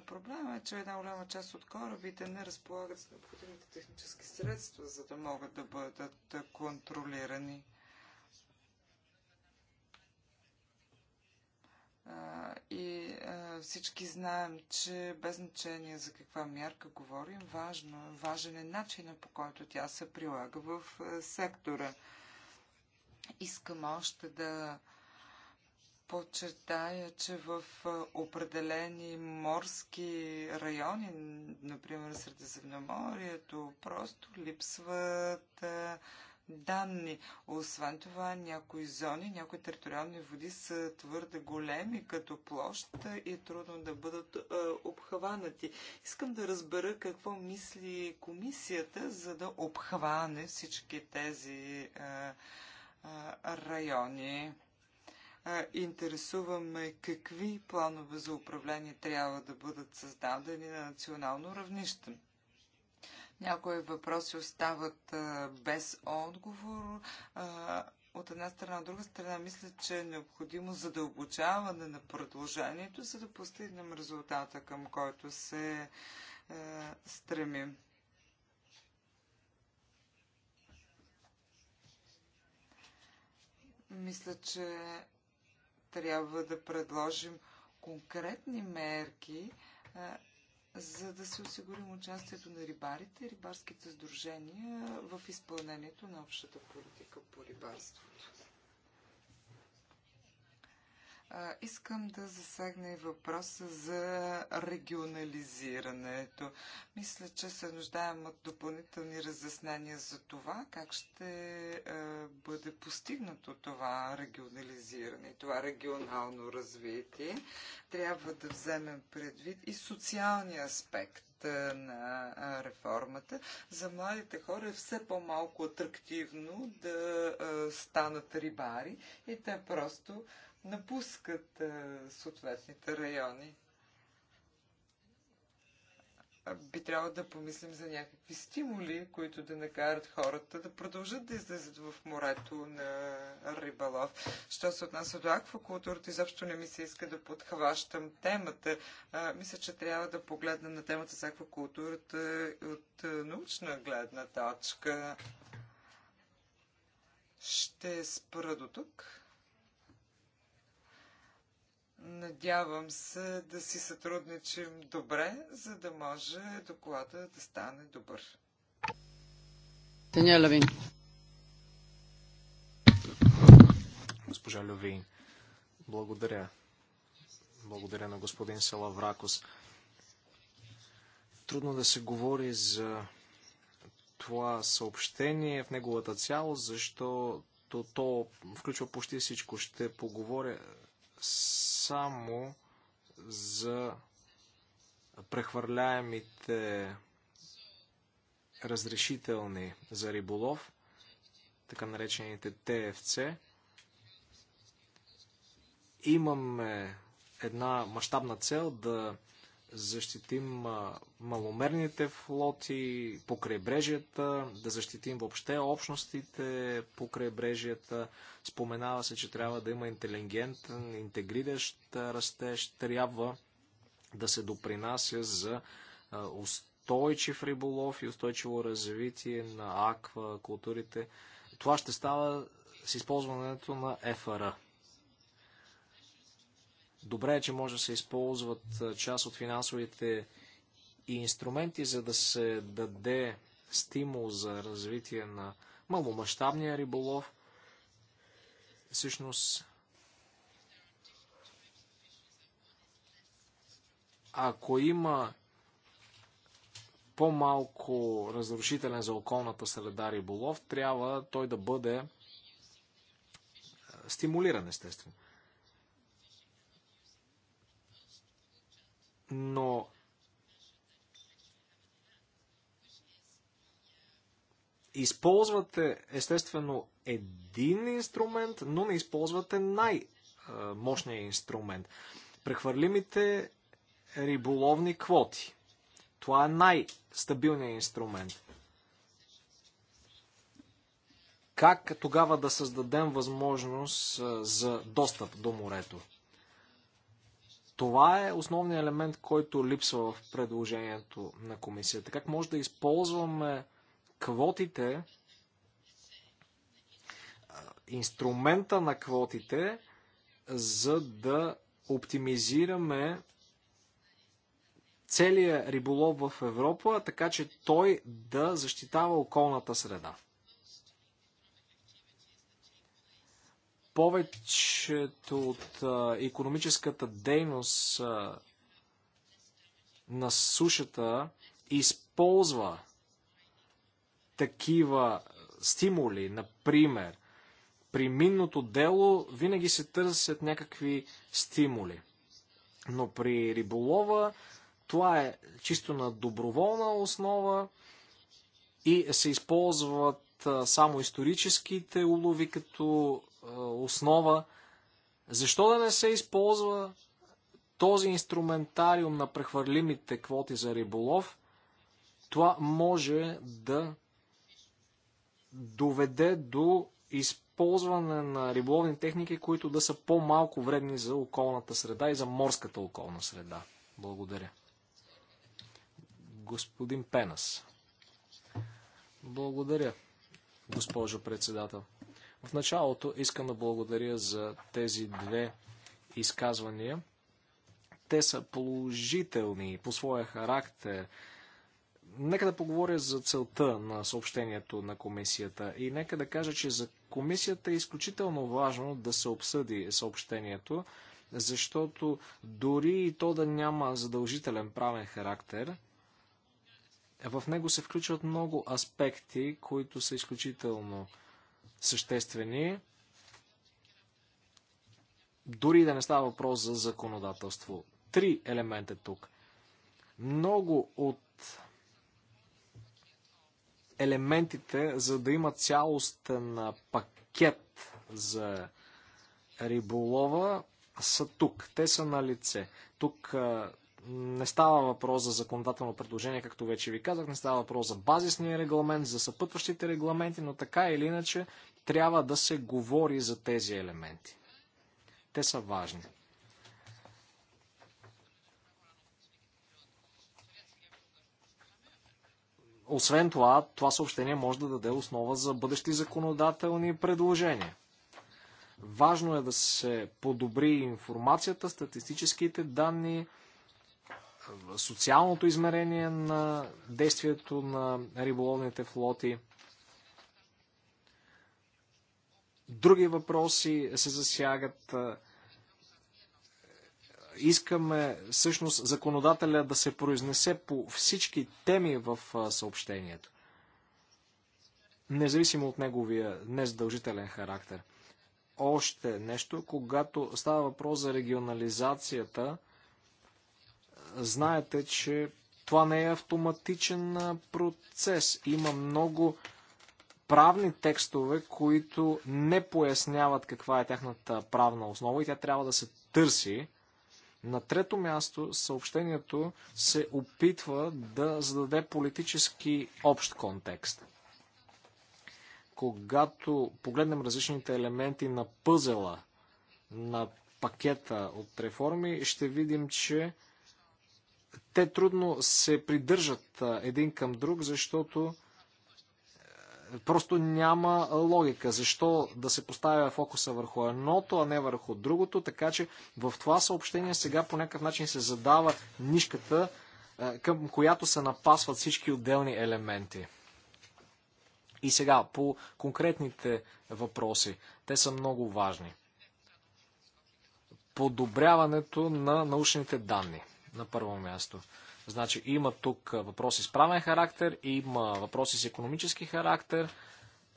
Проблема е, че една голяма част от корабите не разполагат с необходимите технически средства, за да могат да бъдат контролирани. и всички знаем, че без значение за каква мярка говорим, важно, важен е начинът по който тя се прилага в сектора. Искам още да подчертая, че в определени морски райони, например Средиземноморието, просто липсват данни. Освен това, някои зони, някои териториални води са твърде големи като площ и е трудно да бъдат е, обхванати. Искам да разбера какво мисли комисията, за да обхване всички тези е, е, райони. Е, интересуваме какви планове за управление трябва да бъдат създадени на национално равнище. Някои въпроси остават без отговор. От една страна, от друга страна, мисля, че е необходимо задълбочаване на продължението, за да постигнем резултата, към който се е, стремим. Мисля, че трябва да предложим конкретни мерки, за да се осигурим участието на рибарите и рибарските сдружения в изпълнението на общата политика по рибарството. Искам да засегна и въпроса за регионализирането. Мисля, че се нуждаем от допълнителни разяснения за това, как ще бъде постигнато това регионализиране, това регионално развитие. Трябва да вземем предвид и социалния аспект на реформата. За младите хора е все по-малко атрактивно да станат рибари и те просто напускат съответните райони. Би трябвало да помислим за някакви стимули, които да накарат хората да продължат да излизат в морето на рибалов. Що се отнася до аквакултурата, изобщо не ми се иска да подхващам темата. А, мисля, че трябва да погледна на темата с аквакултурата от научна гледна точка. Ще спра до тук. Надявам се да си сътрудничим добре, за да може доклада да стане добър. Теня Лавин. Госпожа Левин, благодаря. Благодаря на господин Салавракос. Трудно да се говори за това съобщение в неговата цялост, защото то включва почти всичко. Ще поговоря само за прехвърляемите разрешителни за риболов, така наречените ТФЦ. Имаме една мащабна цел да защитим маломерните флоти по крайбрежията, да защитим въобще общностите по крайбрежията. Споменава се, че трябва да има интелигентен, интегриращ растеж, трябва да се допринася за устойчив риболов и устойчиво развитие на аквакултурите. Това ще става с използването на ФРА. Добре е, че може да се използват част от финансовите инструменти, за да се даде стимул за развитие на маломащабния риболов. Всъщност, ако има по-малко разрушителен за околната среда риболов, трябва той да бъде стимулиран, естествено. Но използвате естествено един инструмент, но не използвате най-мощния инструмент. Прехвърлимите риболовни квоти. Това е най-стабилният инструмент. Как тогава да създадем възможност за достъп до морето? Това е основният елемент, който липсва в предложението на комисията. Как може да използваме квотите, инструмента на квотите, за да оптимизираме целият риболов в Европа, така че той да защитава околната среда. повечето от економическата дейност на сушата използва такива стимули, например, при минното дело винаги се търсят някакви стимули. Но при риболова това е чисто на доброволна основа и се използват само историческите улови като основа. Защо да не се използва този инструментариум на прехвърлимите квоти за риболов? Това може да доведе до използване на риболовни техники, които да са по-малко вредни за околната среда и за морската околна среда. Благодаря. Господин Пенас. Благодаря, госпожо председател. В началото искам да благодаря за тези две изказвания. Те са положителни по своя характер. Нека да поговоря за целта на съобщението на комисията и нека да кажа, че за комисията е изключително важно да се обсъди съобщението, защото дори и то да няма задължителен правен характер, в него се включват много аспекти, които са изключително съществени, дори да не става въпрос за законодателство. Три елемента тук. Много от елементите, за да има цялостен пакет за риболова, са тук. Те са на лице. Тук не става въпрос за законодателно предложение, както вече ви казах, не става въпрос за базисния регламент, за съпътващите регламенти, но така или иначе трябва да се говори за тези елементи. Те са важни. Освен това, това съобщение може да даде основа за бъдещи законодателни предложения. Важно е да се подобри информацията, статистическите данни, социалното измерение на действието на риболовните флоти – други въпроси се засягат. Искаме всъщност законодателя да се произнесе по всички теми в съобщението, независимо от неговия нездължителен характер. Още нещо, когато става въпрос за регионализацията, знаете, че това не е автоматичен процес. Има много правни текстове, които не поясняват каква е тяхната правна основа и тя трябва да се търси. На трето място съобщението се опитва да зададе политически общ контекст. Когато погледнем различните елементи на пъзела, на пакета от реформи, ще видим, че те трудно се придържат един към друг, защото Просто няма логика. Защо да се поставя фокуса върху едното, а не върху другото? Така че в това съобщение сега по някакъв начин се задава нишката, е, към която се напасват всички отделни елементи. И сега по конкретните въпроси. Те са много важни. Подобряването на научните данни на първо място. Значи има тук въпроси с правен характер, има въпроси с економически характер,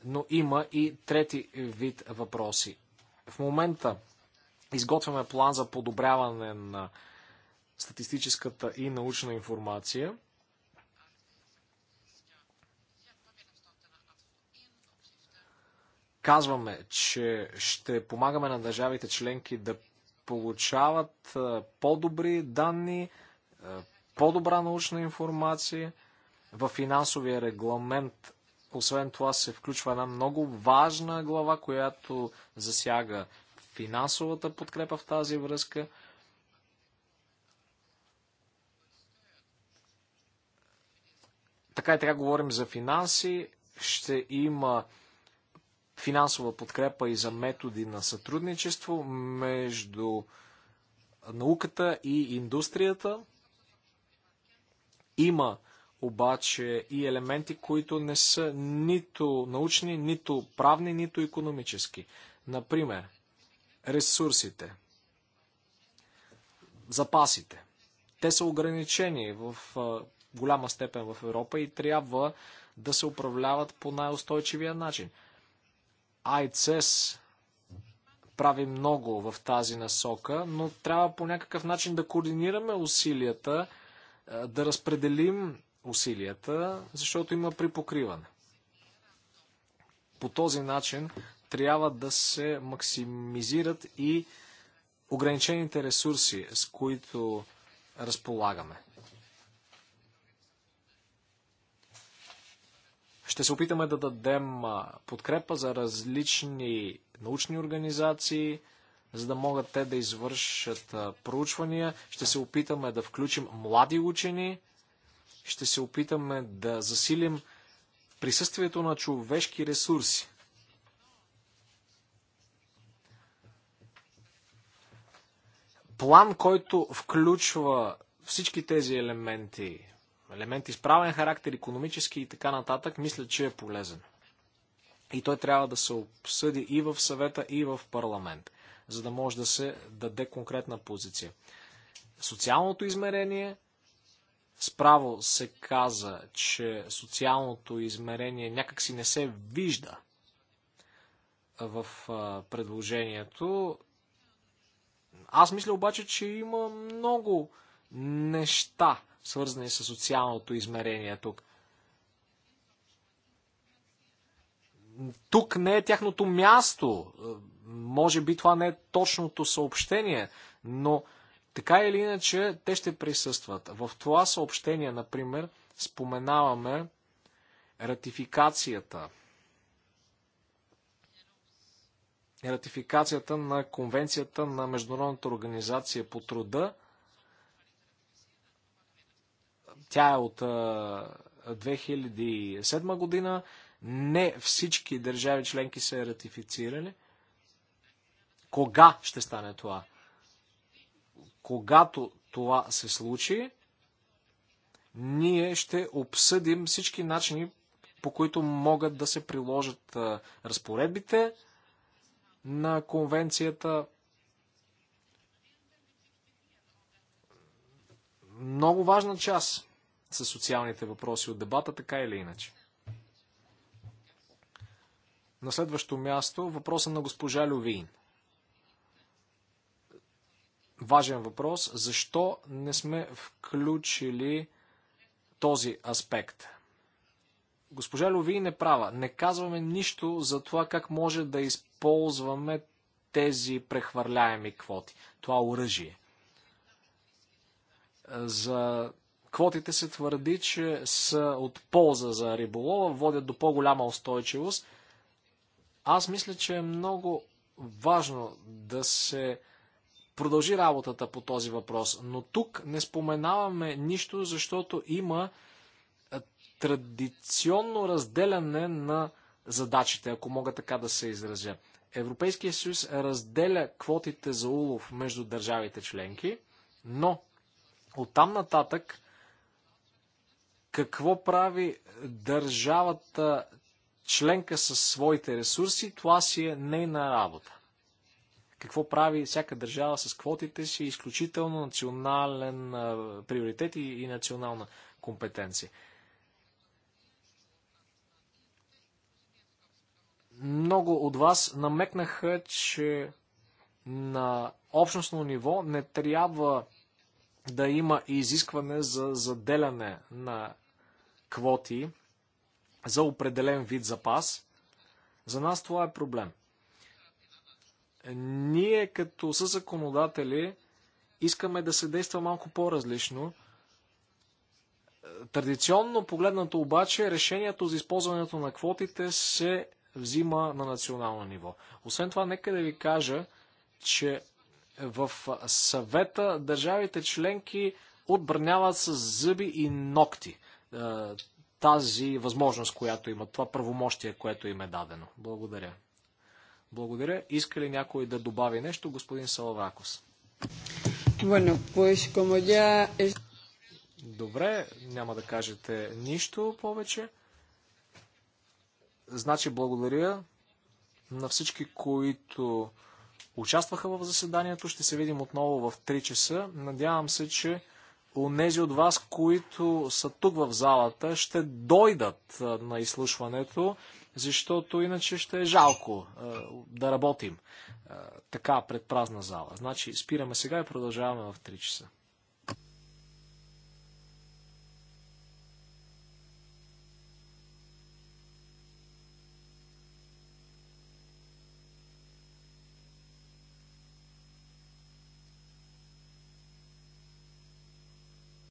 но има и трети вид въпроси. В момента изготвяме план за подобряване на статистическата и научна информация. Казваме, че ще помагаме на държавите членки да получават по-добри данни, по-добра научна информация. В финансовия регламент, освен това, се включва една много важна глава, която засяга финансовата подкрепа в тази връзка. Така и така говорим за финанси. Ще има финансова подкрепа и за методи на сътрудничество между науката и индустрията. Има обаче и елементи, които не са нито научни, нито правни, нито економически. Например, ресурсите, запасите. Те са ограничени в голяма степен в Европа и трябва да се управляват по най-устойчивия начин. АИЦЕС прави много в тази насока, но трябва по някакъв начин да координираме усилията да разпределим усилията, защото има припокриване. По този начин трябва да се максимизират и ограничените ресурси, с които разполагаме. Ще се опитаме да дадем подкрепа за различни научни организации, за да могат те да извършат проучвания. Ще се опитаме да включим млади учени, ще се опитаме да засилим присъствието на човешки ресурси. План, който включва всички тези елементи, елементи с правен характер, економически и така нататък, мисля, че е полезен. И той трябва да се обсъди и в съвета, и в парламент за да може да се даде конкретна позиция. Социалното измерение справо се каза, че социалното измерение някакси не се вижда в предложението. Аз мисля обаче, че има много неща, свързани с социалното измерение тук. Тук не е тяхното място. Може би това не е точното съобщение, но така или иначе те ще присъстват. В това съобщение, например, споменаваме ратификацията. Ратификацията на Конвенцията на Международната организация по труда. Тя е от 2007 година. Не всички държави членки са е ратифицирали. Кога ще стане това? Когато това се случи, ние ще обсъдим всички начини, по които могат да се приложат разпоредбите на конвенцията. Много важна част са социалните въпроси от дебата, така или иначе. На следващо място въпроса на госпожа Лювин – важен въпрос. Защо не сме включили този аспект? Госпожа Лови не права. Не казваме нищо за това как може да използваме тези прехвърляеми квоти. Това оръжие. За квотите се твърди, че са от полза за риболова, водят до по-голяма устойчивост. Аз мисля, че е много важно да се продължи работата по този въпрос. Но тук не споменаваме нищо, защото има традиционно разделяне на задачите, ако мога така да се изразя. Европейския съюз разделя квотите за улов между държавите членки, но оттам нататък какво прави държавата членка със своите ресурси, това си е нейна работа какво прави всяка държава с квотите си, изключително национален приоритет и, и национална компетенция. Много от вас намекнаха, че на общностно ниво не трябва да има изискване за заделяне на квоти за определен вид запас. За нас това е проблем. Ние като са законодатели искаме да се действа малко по-различно. Традиционно погледнато обаче, решението за използването на квотите се взима на национално ниво. Освен това, нека да ви кажа, че в съвета държавите членки отбраняват с зъби и ногти е, тази възможност, която имат, това правомощие, което им е дадено. Благодаря. Благодаря. Иска ли някой да добави нещо? Господин Салавракос. Bueno, pues como ya... Добре, няма да кажете нищо повече. Значи благодаря на всички, които участваха в заседанието. Ще се видим отново в 3 часа. Надявам се, че унези от вас, които са тук в залата, ще дойдат на изслушването защото иначе ще е жалко а, да работим а, така пред празна зала. Значи спираме сега и продължаваме в 3 часа.